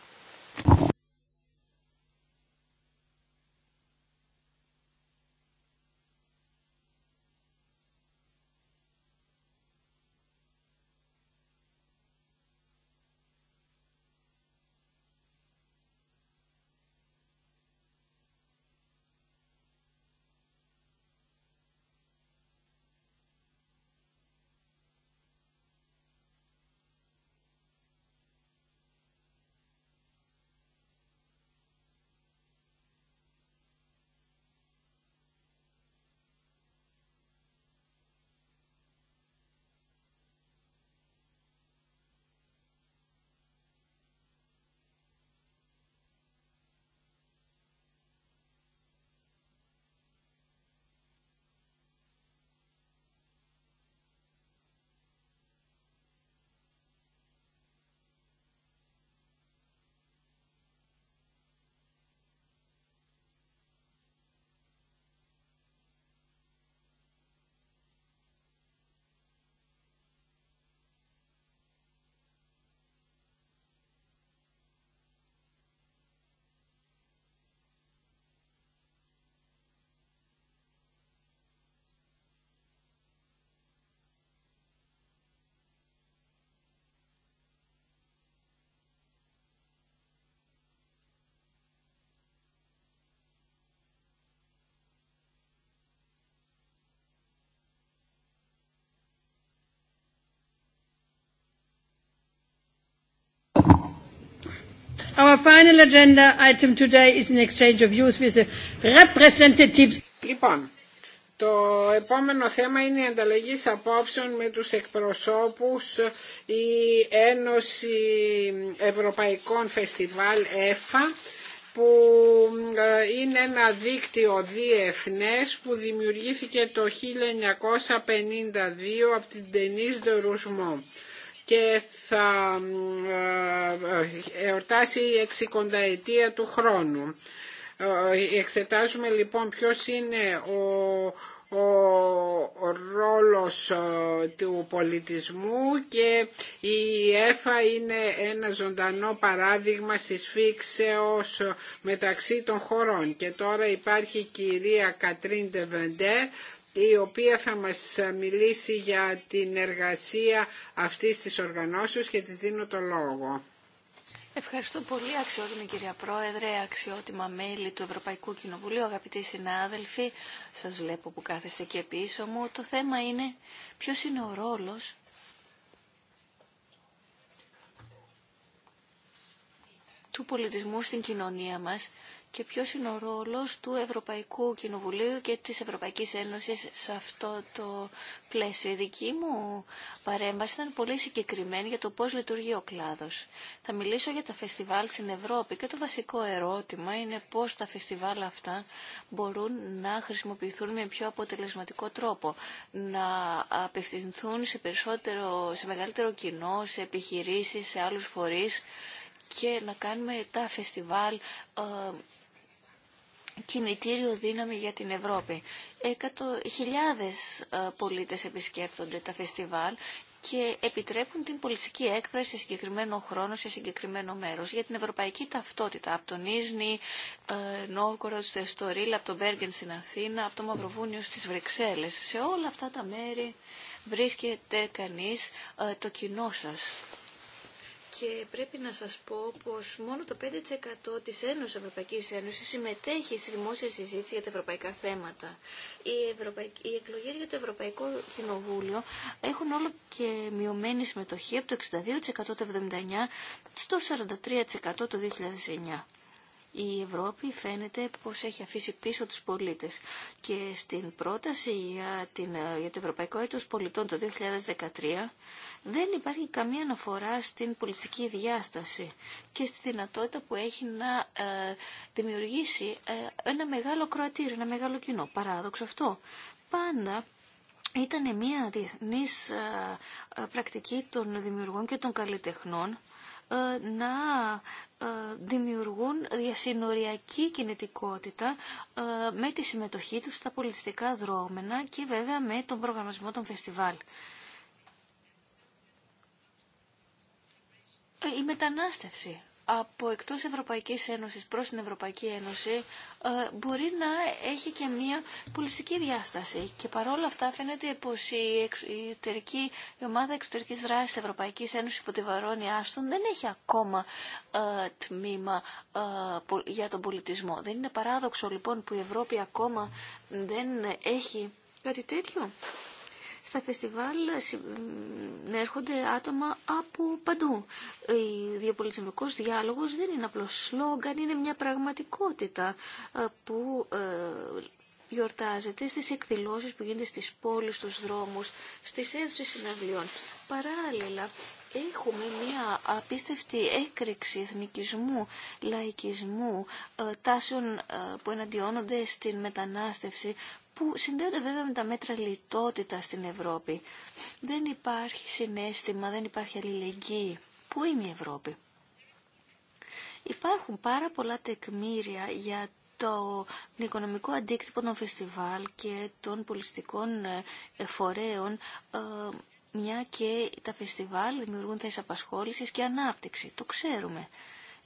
Our final agenda item today is an exchange of views with Λοιπόν, το επόμενο θέμα είναι η ανταλλαγή απόψεων με τους εκπροσώπους η Ένωση Ευρωπαϊκών Φεστιβάλ ΕΦΑ που ε, είναι ένα δίκτυο διεθνές που δημιουργήθηκε το 1952 από την Denise de και θα ε, ε, εορτάσει η 60 ετία του χρόνου. Ε, εξετάζουμε λοιπόν ποιος είναι ο ο ρόλος του πολιτισμού και η ΕΦΑ είναι ένα ζωντανό παράδειγμα συσφίξεως μεταξύ των χωρών. Και τώρα υπάρχει η κυρία Κατρίν Τεβεντέ η οποία θα μας μιλήσει για την εργασία αυτής της οργανώσεως και της δίνω το λόγο. Ευχαριστώ πολύ αξιότιμη κυρία Πρόεδρε, αξιότιμα μέλη του Ευρωπαϊκού Κοινοβουλίου, αγαπητοί συνάδελφοι, σας βλέπω που κάθεστε και πίσω μου. Το θέμα είναι ποιος είναι ο ρόλος του πολιτισμού στην κοινωνία μας και ποιος είναι ο ρόλος του Ευρωπαϊκού Κοινοβουλίου και της Ευρωπαϊκής Ένωσης σε αυτό το πλαίσιο. Η δική μου παρέμβαση ήταν πολύ συγκεκριμένη για το πώς λειτουργεί ο κλάδος. Θα μιλήσω για τα φεστιβάλ στην Ευρώπη και το βασικό ερώτημα είναι πώς τα φεστιβάλ αυτά μπορούν να χρησιμοποιηθούν με πιο αποτελεσματικό τρόπο, να απευθυνθούν σε, περισσότερο, σε μεγαλύτερο κοινό, σε επιχειρήσεις, σε άλλους φορείς και να κάνουμε τα φεστιβάλ ε, κινητήριο δύναμη για την Ευρώπη. Εκατο... Χιλιάδες ε, πολίτες επισκέπτονται τα φεστιβάλ και επιτρέπουν την πολιτική έκφραση σε συγκεκριμένο χρόνο, σε συγκεκριμένο μέρος, για την ευρωπαϊκή ταυτότητα. Από τον Ίσνη, ε, Νόκορο, στο Ρίλ, από τον Μπέργεν στην Αθήνα, από το Μαυροβούνιο στις Βρυξέλλες. Σε όλα αυτά τα μέρη βρίσκεται κανείς ε, το κοινό σας και πρέπει να σας πω πως μόνο το 5% της Ένωσης Ευρωπαϊκής Ένωσης συμμετέχει στη δημόσια συζήτηση για τα ευρωπαϊκά θέματα. Οι, ευρωπαϊκ... εκλογές για το Ευρωπαϊκό Κοινοβούλιο έχουν όλο και μειωμένη συμμετοχή από το 62% το 79% στο 43% το 2009 η Ευρώπη φαίνεται πως έχει αφήσει πίσω τους πολίτες. Και στην πρόταση για, την, για το Ευρωπαϊκό Έτος Πολιτών το 2013 δεν υπάρχει καμία αναφορά στην πολιτική διάσταση και στη δυνατότητα που έχει να ε, δημιουργήσει ε, ένα μεγάλο κροατήριο, ένα μεγάλο κοινό. Παράδοξο αυτό. Πάντα ήταν μια διεθνής ε, πρακτική των δημιουργών και των καλλιτεχνών να ε, δημιουργούν διασυνοριακή κινητικότητα ε, με τη συμμετοχή τους στα πολιτιστικά δρόμενα και βέβαια με τον προγραμματισμό των φεστιβάλ. Ε, η μετανάστευση από εκτός Ευρωπαϊκής Ένωσης προς την Ευρωπαϊκή Ένωση ε, μπορεί να έχει και μία πολιτική διάσταση. Και παρόλα αυτά φαίνεται πως η, εξωτερική, η ομάδα εξωτερικής δράσης Ευρωπαϊκής Ένωσης υπό τη Βαρόνη Άστον δεν έχει ακόμα ε, τμήμα ε, για τον πολιτισμό. Δεν είναι παράδοξο λοιπόν που η Ευρώπη ακόμα δεν έχει κάτι τέτοιο. Στα φεστιβάλ έρχονται άτομα από παντού. Ο διαπολιτισμικός διάλογος δεν είναι απλό σλόγγαν, είναι μια πραγματικότητα ε, που ε, γιορτάζεται στις εκδηλώσεις που γίνονται στις πόλεις, στους δρόμους, στις αίθουσες συναυλιών. Παράλληλα, έχουμε μια απίστευτη έκρηξη εθνικισμού, λαϊκισμού, ε, τάσεων που εναντιώνονται στην μετανάστευση, που συνδέονται βέβαια με τα μέτρα λιτότητα στην Ευρώπη. Δεν υπάρχει συνέστημα, δεν υπάρχει αλληλεγγύη. Πού είναι η Ευρώπη. Υπάρχουν πάρα πολλά τεκμήρια για το οικονομικό αντίκτυπο των φεστιβάλ και των πολιστικών ε, φορέων ε, μια και τα φεστιβάλ δημιουργούν θέσεις απασχόλησης και ανάπτυξη. Το ξέρουμε.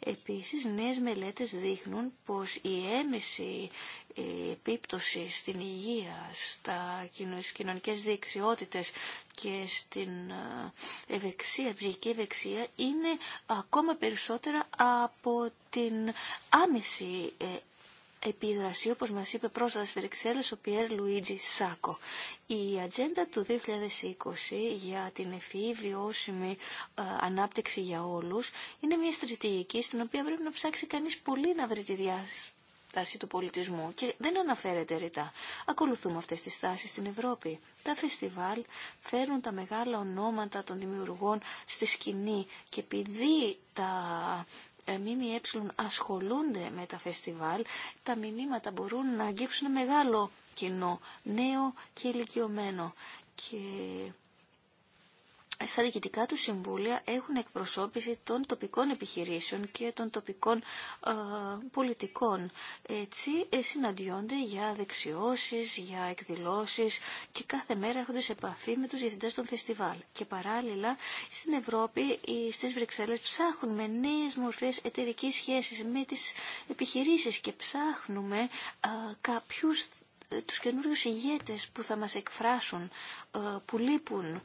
Επίσης, νέες μελέτες δείχνουν πως η έμεση ε, επίπτωση στην υγεία, στα κοινωνικές δεξιότητες και στην ε, ευεξία, ψυχική ευεξία είναι ακόμα περισσότερα από την άμεση ε, επίδραση, όπως μας είπε πρόσφατα στις Βρυξέλλες ο Πιέρ Λουίτζι Σάκο. Η ατζέντα του 2020 για την ευφυή βιώσιμη ε, ανάπτυξη για όλους είναι μια στρατηγική στην οποία πρέπει να ψάξει κανείς πολύ να βρει τη διάσταση του πολιτισμού και δεν αναφέρεται ρητά. Ακολουθούμε αυτές τις τάσεις στην Ευρώπη. Τα φεστιβάλ φέρνουν τα μεγάλα ονόματα των δημιουργών στη σκηνή και επειδή τα ε, ΜΜΕ ασχολούνται με τα φεστιβάλ, τα μηνύματα μπορούν να αγγίξουν μεγάλο κοινό, νέο και ηλικιωμένο. Και στα διοικητικά του συμβούλια έχουν εκπροσώπηση των τοπικών επιχειρήσεων και των τοπικών ε, πολιτικών. Έτσι ε, συναντιόνται για δεξιώσεις, για εκδηλώσεις και κάθε μέρα έρχονται σε επαφή με τους διευθυντές των φεστιβάλ. Και παράλληλα στην Ευρώπη, στις Βρυξέλλες ψάχνουν με νέες μορφές εταιρικής σχέσης με τις επιχειρήσεις και ψάχνουμε ε, κάποιους τους καινούριους ηγέτες που θα μας εκφράσουν, ε, που λείπουν, ε,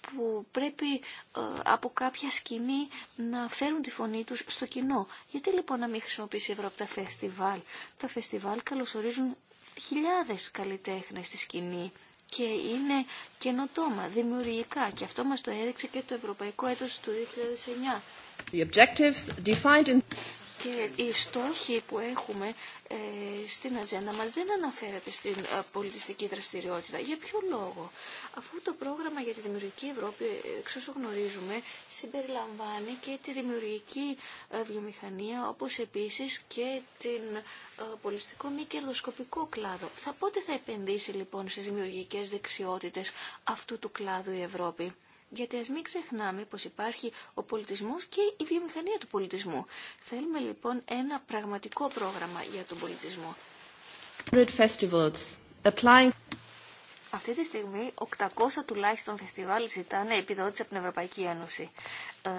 που πρέπει ε, από κάποια σκηνή να φέρουν τη φωνή τους στο κοινό. Γιατί λοιπόν να μην χρησιμοποιήσει η Ευρώπη τα φεστιβάλ. Τα φεστιβάλ καλωσορίζουν χιλιάδες καλλιτέχνες στη σκηνή και είναι καινοτόμα, δημιουργικά και αυτό μας το έδειξε και το Ευρωπαϊκό Έτος του 2009. The objectives defined in... Και οι στόχοι που έχουμε ε, στην ατζέντα μας δεν αναφέρεται στην ε, πολιτιστική δραστηριότητα. Για ποιο λόγο. Αφού το πρόγραμμα για τη Δημιουργική Ευρώπη, ε, εξ όσο γνωρίζουμε, συμπεριλαμβάνει και τη δημιουργική βιομηχανία, όπως επίσης και την πολιτιστικό μη κερδοσκοπικό κλάδο. Θα πότε θα επενδύσει λοιπόν στις δημιουργικές δεξιότητες αυτού του κλάδου η Ευρώπη. Γιατί ας μην ξεχνάμε πως υπάρχει ο πολιτισμός και η βιομηχανία του πολιτισμού. Θέλουμε λοιπόν ένα πραγματικό πρόγραμμα για τον πολιτισμό. Αυτή τη στιγμή 800 τουλάχιστον φεστιβάλ ζητάνε επιδότηση από την Ευρωπαϊκή Ένωση. Ε,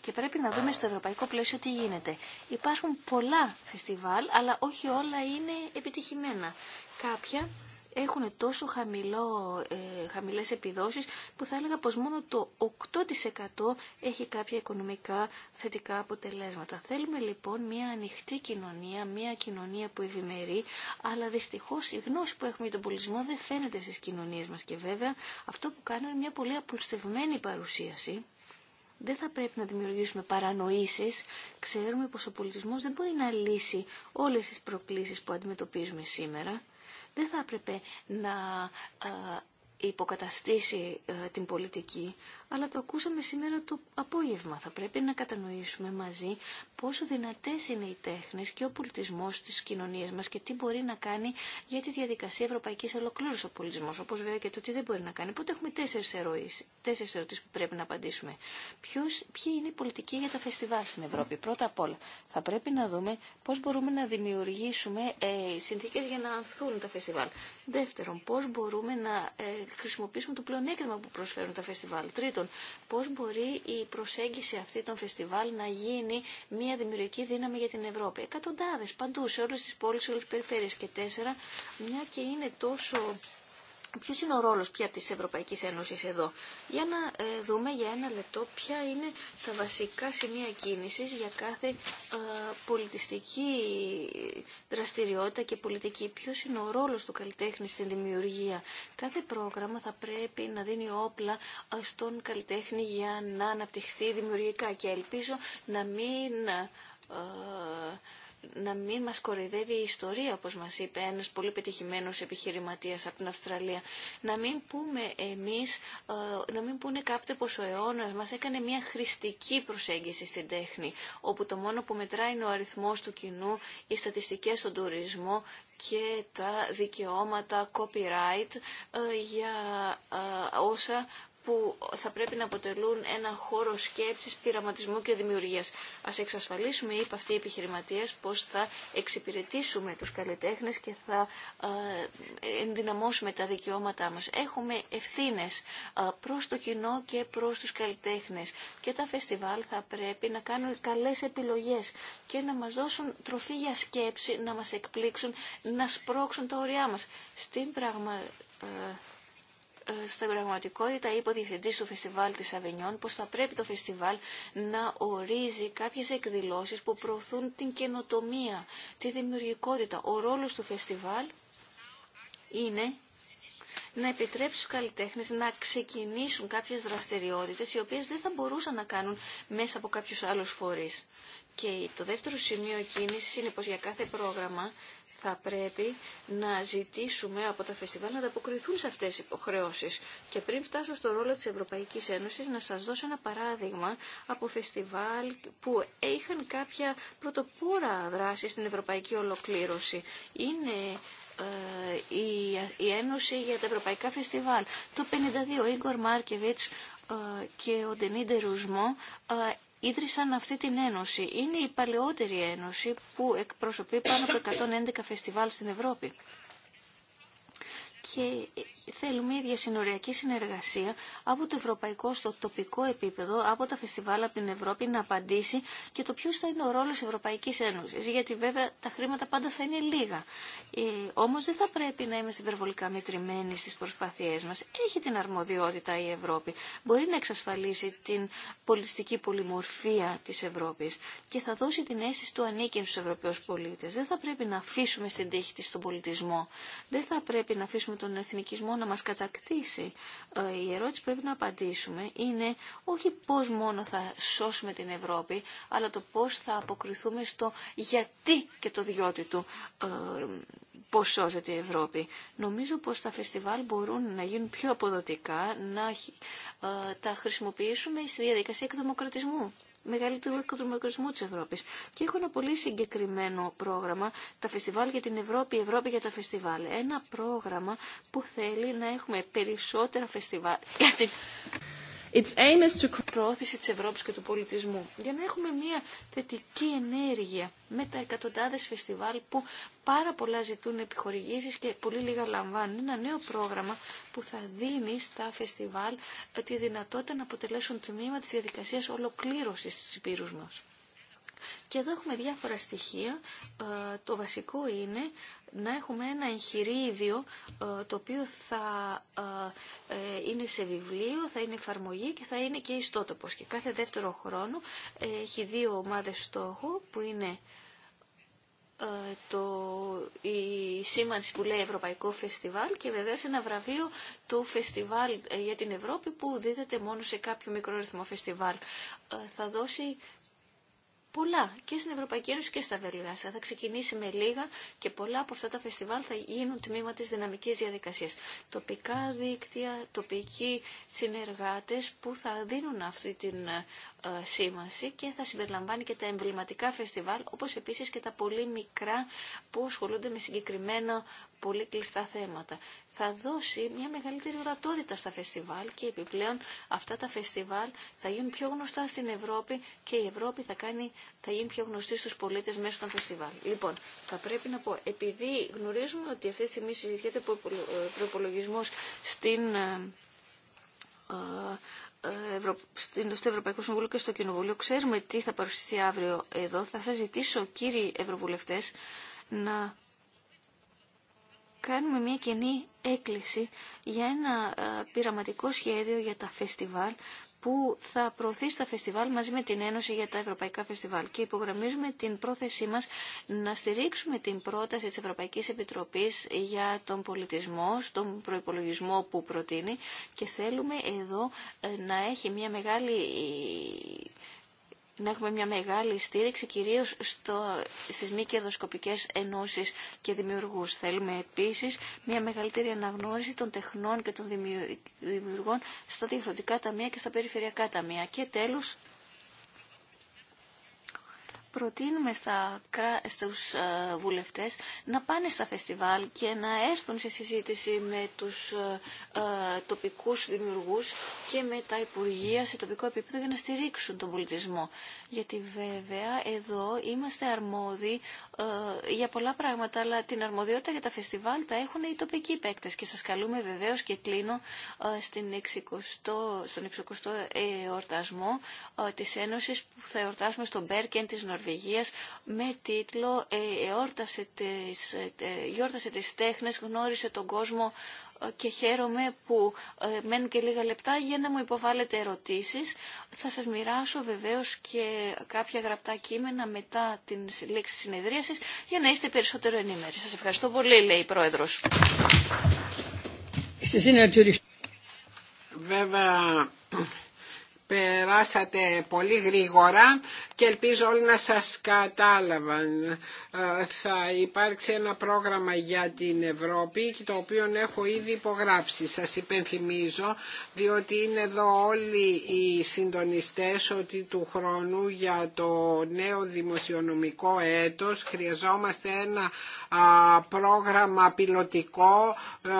και πρέπει να δούμε στο ευρωπαϊκό πλαίσιο τι γίνεται. Υπάρχουν πολλά φεστιβάλ, αλλά όχι όλα είναι επιτυχημένα. Κάποια έχουν τόσο χαμηλό, ε, χαμηλές επιδόσεις που θα έλεγα πως μόνο το 8% έχει κάποια οικονομικά θετικά αποτελέσματα. Θέλουμε λοιπόν μια ανοιχτή κοινωνία, μια κοινωνία που ευημερεί, αλλά δυστυχώς η γνώση που έχουμε για τον πολιτισμό δεν φαίνεται στις κοινωνίες μας και βέβαια αυτό που κάνουν είναι μια πολύ απολυστευμένη παρουσίαση δεν θα πρέπει να δημιουργήσουμε παρανοήσεις. Ξέρουμε πως ο πολιτισμός δεν μπορεί να λύσει όλες τις προκλήσεις που αντιμετωπίζουμε σήμερα δεν θα έπρεπε να ε, υποκαταστήσει ε, την πολιτική, αλλά το ακούσαμε σήμερα το απόγευμα. Θα πρέπει να κατανοήσουμε μαζί πόσο δυνατές είναι οι τέχνες και ο πολιτισμός της κοινωνίας μας και τι μπορεί να κάνει για τη διαδικασία ευρωπαϊκής ολοκλήρωσης ο πολιτισμός, όπως βέβαια και το τι δεν μπορεί να κάνει. Οπότε έχουμε τέσσερις ερωτήσεις, τέσσερις ερωτήσεις που πρέπει να απαντήσουμε. Ποιος, ποιοι είναι οι πολιτική για τα φεστιβάλ στην Ευρώπη. Πρώτα απ' όλα θα πρέπει να δούμε πώς μπορούμε να δημιουργήσουμε ε, συνθήκες για να ανθούν τα φεστιβάλ. Δεύτερον, πώς μπορούμε να ε, χρησιμοποιήσουμε το πλεονέκτημα που προσφέρουν τα φεστιβάλ. Τρίτον, πώς μπορεί η προσέγγιση αυτή των φεστιβάλ να γίνει μια δημιουργική δύναμη για την Ευρώπη. Εκατοντάδες παντού, σε όλες τις πόλεις, σε όλες τις περιφέρειες. Και τέσσερα, μια και είναι τόσο Ποιος είναι ο ρόλος πια της Ευρωπαϊκής Ένωσης εδώ. Για να ε, δούμε για ένα λεπτό ποια είναι τα βασικά σημεία κίνησης για κάθε ε, πολιτιστική δραστηριότητα και πολιτική. Ποιος είναι ο ρόλος του καλλιτέχνη στην δημιουργία. Κάθε πρόγραμμα θα πρέπει να δίνει όπλα ε, στον καλλιτέχνη για να αναπτυχθεί δημιουργικά και ελπίζω να μην να μην μας κορυδεύει η ιστορία, όπως μας είπε ένας πολύ πετυχημένος επιχειρηματίας από την Αυστραλία. Να μην πούμε εμείς, ε, να μην πούνε κάποτε πως ο αιώνας μας έκανε μια χρηστική προσέγγιση στην τέχνη, όπου το μόνο που μετράει είναι ο αριθμός του κοινού, οι στατιστικές στον τουρισμό και τα δικαιώματα copyright ε, για ε, όσα που θα πρέπει να αποτελούν ένα χώρο σκέψης, πειραματισμού και δημιουργίας. Ας εξασφαλίσουμε, είπε αυτοί οι επιχειρηματίες, πώς θα εξυπηρετήσουμε τους καλλιτέχνες και θα ε, ενδυναμώσουμε τα δικαιώματά μας. Έχουμε ευθύνες ε, προς το κοινό και προς τους καλλιτέχνες. Και τα φεστιβάλ θα πρέπει να κάνουν καλές επιλογές και να μας δώσουν τροφή για σκέψη, να μας εκπλήξουν, να σπρώξουν τα όρια μας. Στην ε, ε, στην πραγματικότητα είπε ο διευθυντή του Φεστιβάλ τη Αβενιών πως θα πρέπει το φεστιβάλ να ορίζει κάποιες εκδηλώσεις που προωθούν την καινοτομία, τη δημιουργικότητα. Ο ρόλος του φεστιβάλ είναι να επιτρέψει στους καλλιτέχνες να ξεκινήσουν κάποιες δραστηριότητες οι οποίες δεν θα μπορούσαν να κάνουν μέσα από κάποιους άλλους φορείς. Και το δεύτερο σημείο κίνησης είναι πως για κάθε πρόγραμμα θα πρέπει να ζητήσουμε από τα φεστιβάλ να ανταποκριθούν σε αυτές τις υποχρεώσεις. Και πριν φτάσω στο ρόλο της Ευρωπαϊκής Ένωσης, να σας δώσω ένα παράδειγμα από φεστιβάλ που είχαν κάποια πρωτοπόρα δράση στην ευρωπαϊκή ολοκλήρωση. Είναι ε, η, Ένωση για τα Ευρωπαϊκά Φεστιβάλ. Το 1952 ο Ίγκορ Μάρκεβιτς ε, και ο Ντεμίντε Ρουσμό ε, ίδρυσαν αυτή την ένωση. Είναι η παλαιότερη ένωση που εκπροσωπεί πάνω από 111 φεστιβάλ στην Ευρώπη. Και θέλουμε η διασυνοριακή συνεργασία από το ευρωπαϊκό στο τοπικό επίπεδο, από τα φεστιβάλ από την Ευρώπη να απαντήσει και το ποιο θα είναι ο ρόλο Ευρωπαϊκή Ένωση. Γιατί βέβαια τα χρήματα πάντα θα είναι λίγα. Ε, Όμω δεν θα πρέπει να είμαστε υπερβολικά μετρημένοι στι προσπάθειέ μα. Έχει την αρμοδιότητα η Ευρώπη. Μπορεί να εξασφαλίσει την πολιτιστική πολυμορφία τη Ευρώπη και θα δώσει την αίσθηση του ανήκειν στου Ευρωπαίου πολίτε. Δεν θα πρέπει να αφήσουμε στην τύχη τη τον πολιτισμό. Δεν θα πρέπει να αφήσουμε τον εθνικισμό να μας κατακτήσει. Ε, η ερώτηση που πρέπει να απαντήσουμε είναι όχι πώς μόνο θα σώσουμε την Ευρώπη, αλλά το πώς θα αποκριθούμε στο γιατί και το διότι του ε, πώς σώζεται η Ευρώπη. Νομίζω πως τα φεστιβάλ μπορούν να γίνουν πιο αποδοτικά, να ε, τα χρησιμοποιήσουμε στη διαδικασία εκδημοκρατισμού μεγαλύτερου οικοδομικοσμού τη Ευρώπη. Και έχω ένα πολύ συγκεκριμένο πρόγραμμα, τα φεστιβάλ για την Ευρώπη, η Ευρώπη για τα φεστιβάλ. Ένα πρόγραμμα που θέλει να έχουμε περισσότερα φεστιβάλ Γιατί... Its aim is to... προώθηση της Ευρώπης και του πολιτισμού. Για να έχουμε μια θετική ενέργεια με τα εκατοντάδες φεστιβάλ που πάρα πολλά ζητούν επιχορηγήσεις και πολύ λίγα λαμβάνουν. Ένα νέο πρόγραμμα που θα δίνει στα φεστιβάλ ε, τη δυνατότητα να αποτελέσουν τμήμα της διαδικασίας ολοκλήρωσης της υπήρους μας. Και εδώ έχουμε διάφορα στοιχεία. Ε, το βασικό είναι να έχουμε ένα εγχειρίδιο ε, το οποίο θα ε, είναι σε βιβλίο, θα είναι εφαρμογή και θα είναι και ιστότοπος. Και κάθε δεύτερο χρόνο έχει δύο ομάδες στόχο που είναι το, η σήμανση που λέει Ευρωπαϊκό Φεστιβάλ και βέβαια ένα βραβείο του Φεστιβάλ για την Ευρώπη που δίδεται μόνο σε κάποιο μικρό ρυθμό φεστιβάλ. Θα δώσει πολλά και στην Ευρωπαϊκή Ένωση και στα Βελιγάστα. Θα ξεκινήσει με λίγα και πολλά από αυτά τα φεστιβάλ θα γίνουν τμήμα της δυναμικής διαδικασίας. Τοπικά δίκτυα, τοπικοί συνεργάτες που θα δίνουν αυτή την ε, σήμανση και θα συμπεριλαμβάνει και τα εμβληματικά φεστιβάλ, όπως επίσης και τα πολύ μικρά που ασχολούνται με συγκεκριμένα πολύ κλειστά θέματα. Θα δώσει μια μεγαλύτερη ορατότητα στα φεστιβάλ και επιπλέον αυτά τα φεστιβάλ θα γίνουν πιο γνωστά στην Ευρώπη και η Ευρώπη θα, κάνει, θα γίνει πιο γνωστή στους πολίτες μέσω των φεστιβάλ. Λοιπόν, θα πρέπει να πω, επειδή γνωρίζουμε ότι αυτή τη στιγμή συζητιέται προπολογισμό στην ε, ε, Ευρω... στο Ευρωπαϊκό Συμβούλιο και στο Κοινοβούλιο. Ξέρουμε τι θα παρουσιαστεί αύριο εδώ. Θα σας ζητήσω, κύριοι Ευρωβουλευτές, να κάνουμε μια κοινή έκκληση για ένα ε, πειραματικό σχέδιο για τα φεστιβάλ που θα προωθεί στα φεστιβάλ μαζί με την Ένωση για τα Ευρωπαϊκά Φεστιβάλ. Και υπογραμμίζουμε την πρόθεσή μας να στηρίξουμε την πρόταση της Ευρωπαϊκής Επιτροπής για τον πολιτισμό, στον προϋπολογισμό που προτείνει και θέλουμε εδώ ε, να έχει μια μεγάλη να έχουμε μια μεγάλη στήριξη κυρίως στο, στις μη κερδοσκοπικές ενώσεις και δημιουργούς. Θέλουμε επίσης μια μεγαλύτερη αναγνώριση των τεχνών και των δημιουργών στα διαφορετικά ταμεία και στα περιφερειακά ταμεία. Και τέλος, προτείνουμε στα, στους ε, βουλευτές να πάνε στα φεστιβάλ και να έρθουν σε συζήτηση με τους ε, ε, τοπικούς δημιουργούς και με τα Υπουργεία σε τοπικό επίπεδο για να στηρίξουν τον πολιτισμό. Γιατί βέβαια εδώ είμαστε αρμόδιοι για πολλά πράγματα, αλλά την αρμοδιότητα για τα φεστιβάλ τα έχουν οι τοπικοί παίκτες και σας καλούμε βεβαίως και κλείνω στην 60, στον 60ο εορτασμό της Ένωσης που θα εορτάσουμε στον Μπέρκεν της Νορβηγίας Νορβηγίας με τίτλο ε, «Εόρτασε τις, ε, «Γιόρτασε τις τέχνες, γνώρισε τον κόσμο ε, και χαίρομαι που μένουν και λίγα λεπτά για να μου υποβάλλετε ερωτήσεις. Θα σας μοιράσω βεβαίως και κάποια γραπτά κείμενα μετά την λήξη συνεδρίασης για να είστε περισσότερο ενήμεροι. Σας ευχαριστώ πολύ, λέει η Πρόεδρος. Βέβαια, περάσατε πολύ γρήγορα και ελπίζω όλοι να σας κατάλαβαν. Ε, θα υπάρξει ένα πρόγραμμα για την Ευρώπη το οποίο έχω ήδη υπογράψει. Σας υπενθυμίζω διότι είναι εδώ όλοι οι συντονιστές ότι του χρόνου για το νέο δημοσιονομικό έτος χρειαζόμαστε ένα πρόγραμμα πιλωτικό ε,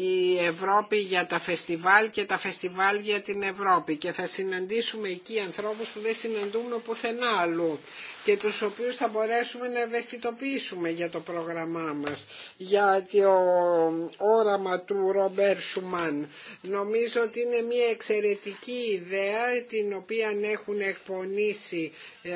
η Ευρώπη για τα φεστιβάλ και τα φεστιβάλ για την Ευρώπη και θα συναντήσουμε εκεί ανθρώπους που δεν συναντούμε πουθενά αλλού και τους οποίους θα μπορέσουμε να ευαισθητοποιήσουμε για το πρόγραμμά μας, για το όραμα του Ρομπέρ Σουμάν. Νομίζω ότι είναι μια εξαιρετική ιδέα την οποία έχουν εκπονήσει ε,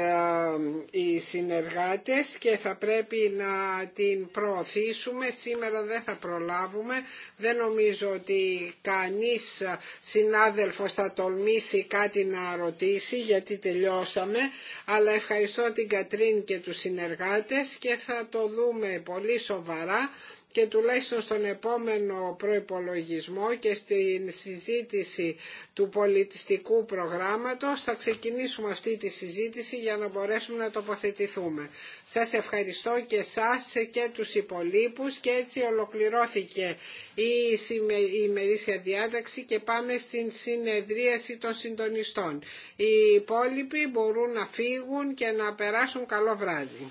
οι συνεργάτες και θα πρέπει να την προωθήσουμε. Σήμερα δεν θα προλάβουμε. Δεν νομίζω ότι κανείς συνάδελφος θα τολμήσει κάτι να ρωτήσει γιατί τελειώσαμε. Αλλά ευχαριστώ την Κατρίν και τους συνεργάτες και θα το δούμε πολύ σοβαρά και τουλάχιστον στον επόμενο προϋπολογισμό και στην συζήτηση του πολιτιστικού προγράμματος θα ξεκινήσουμε αυτή τη συζήτηση για να μπορέσουμε να τοποθετηθούμε. Σας ευχαριστώ και σας και τους υπολείπους και έτσι ολοκληρώθηκε η ημερήσια διάταξη και πάμε στην συνεδρίαση των συντονιστών. Οι υπόλοιποι μπορούν να φύγουν και να περάσουν καλό βράδυ.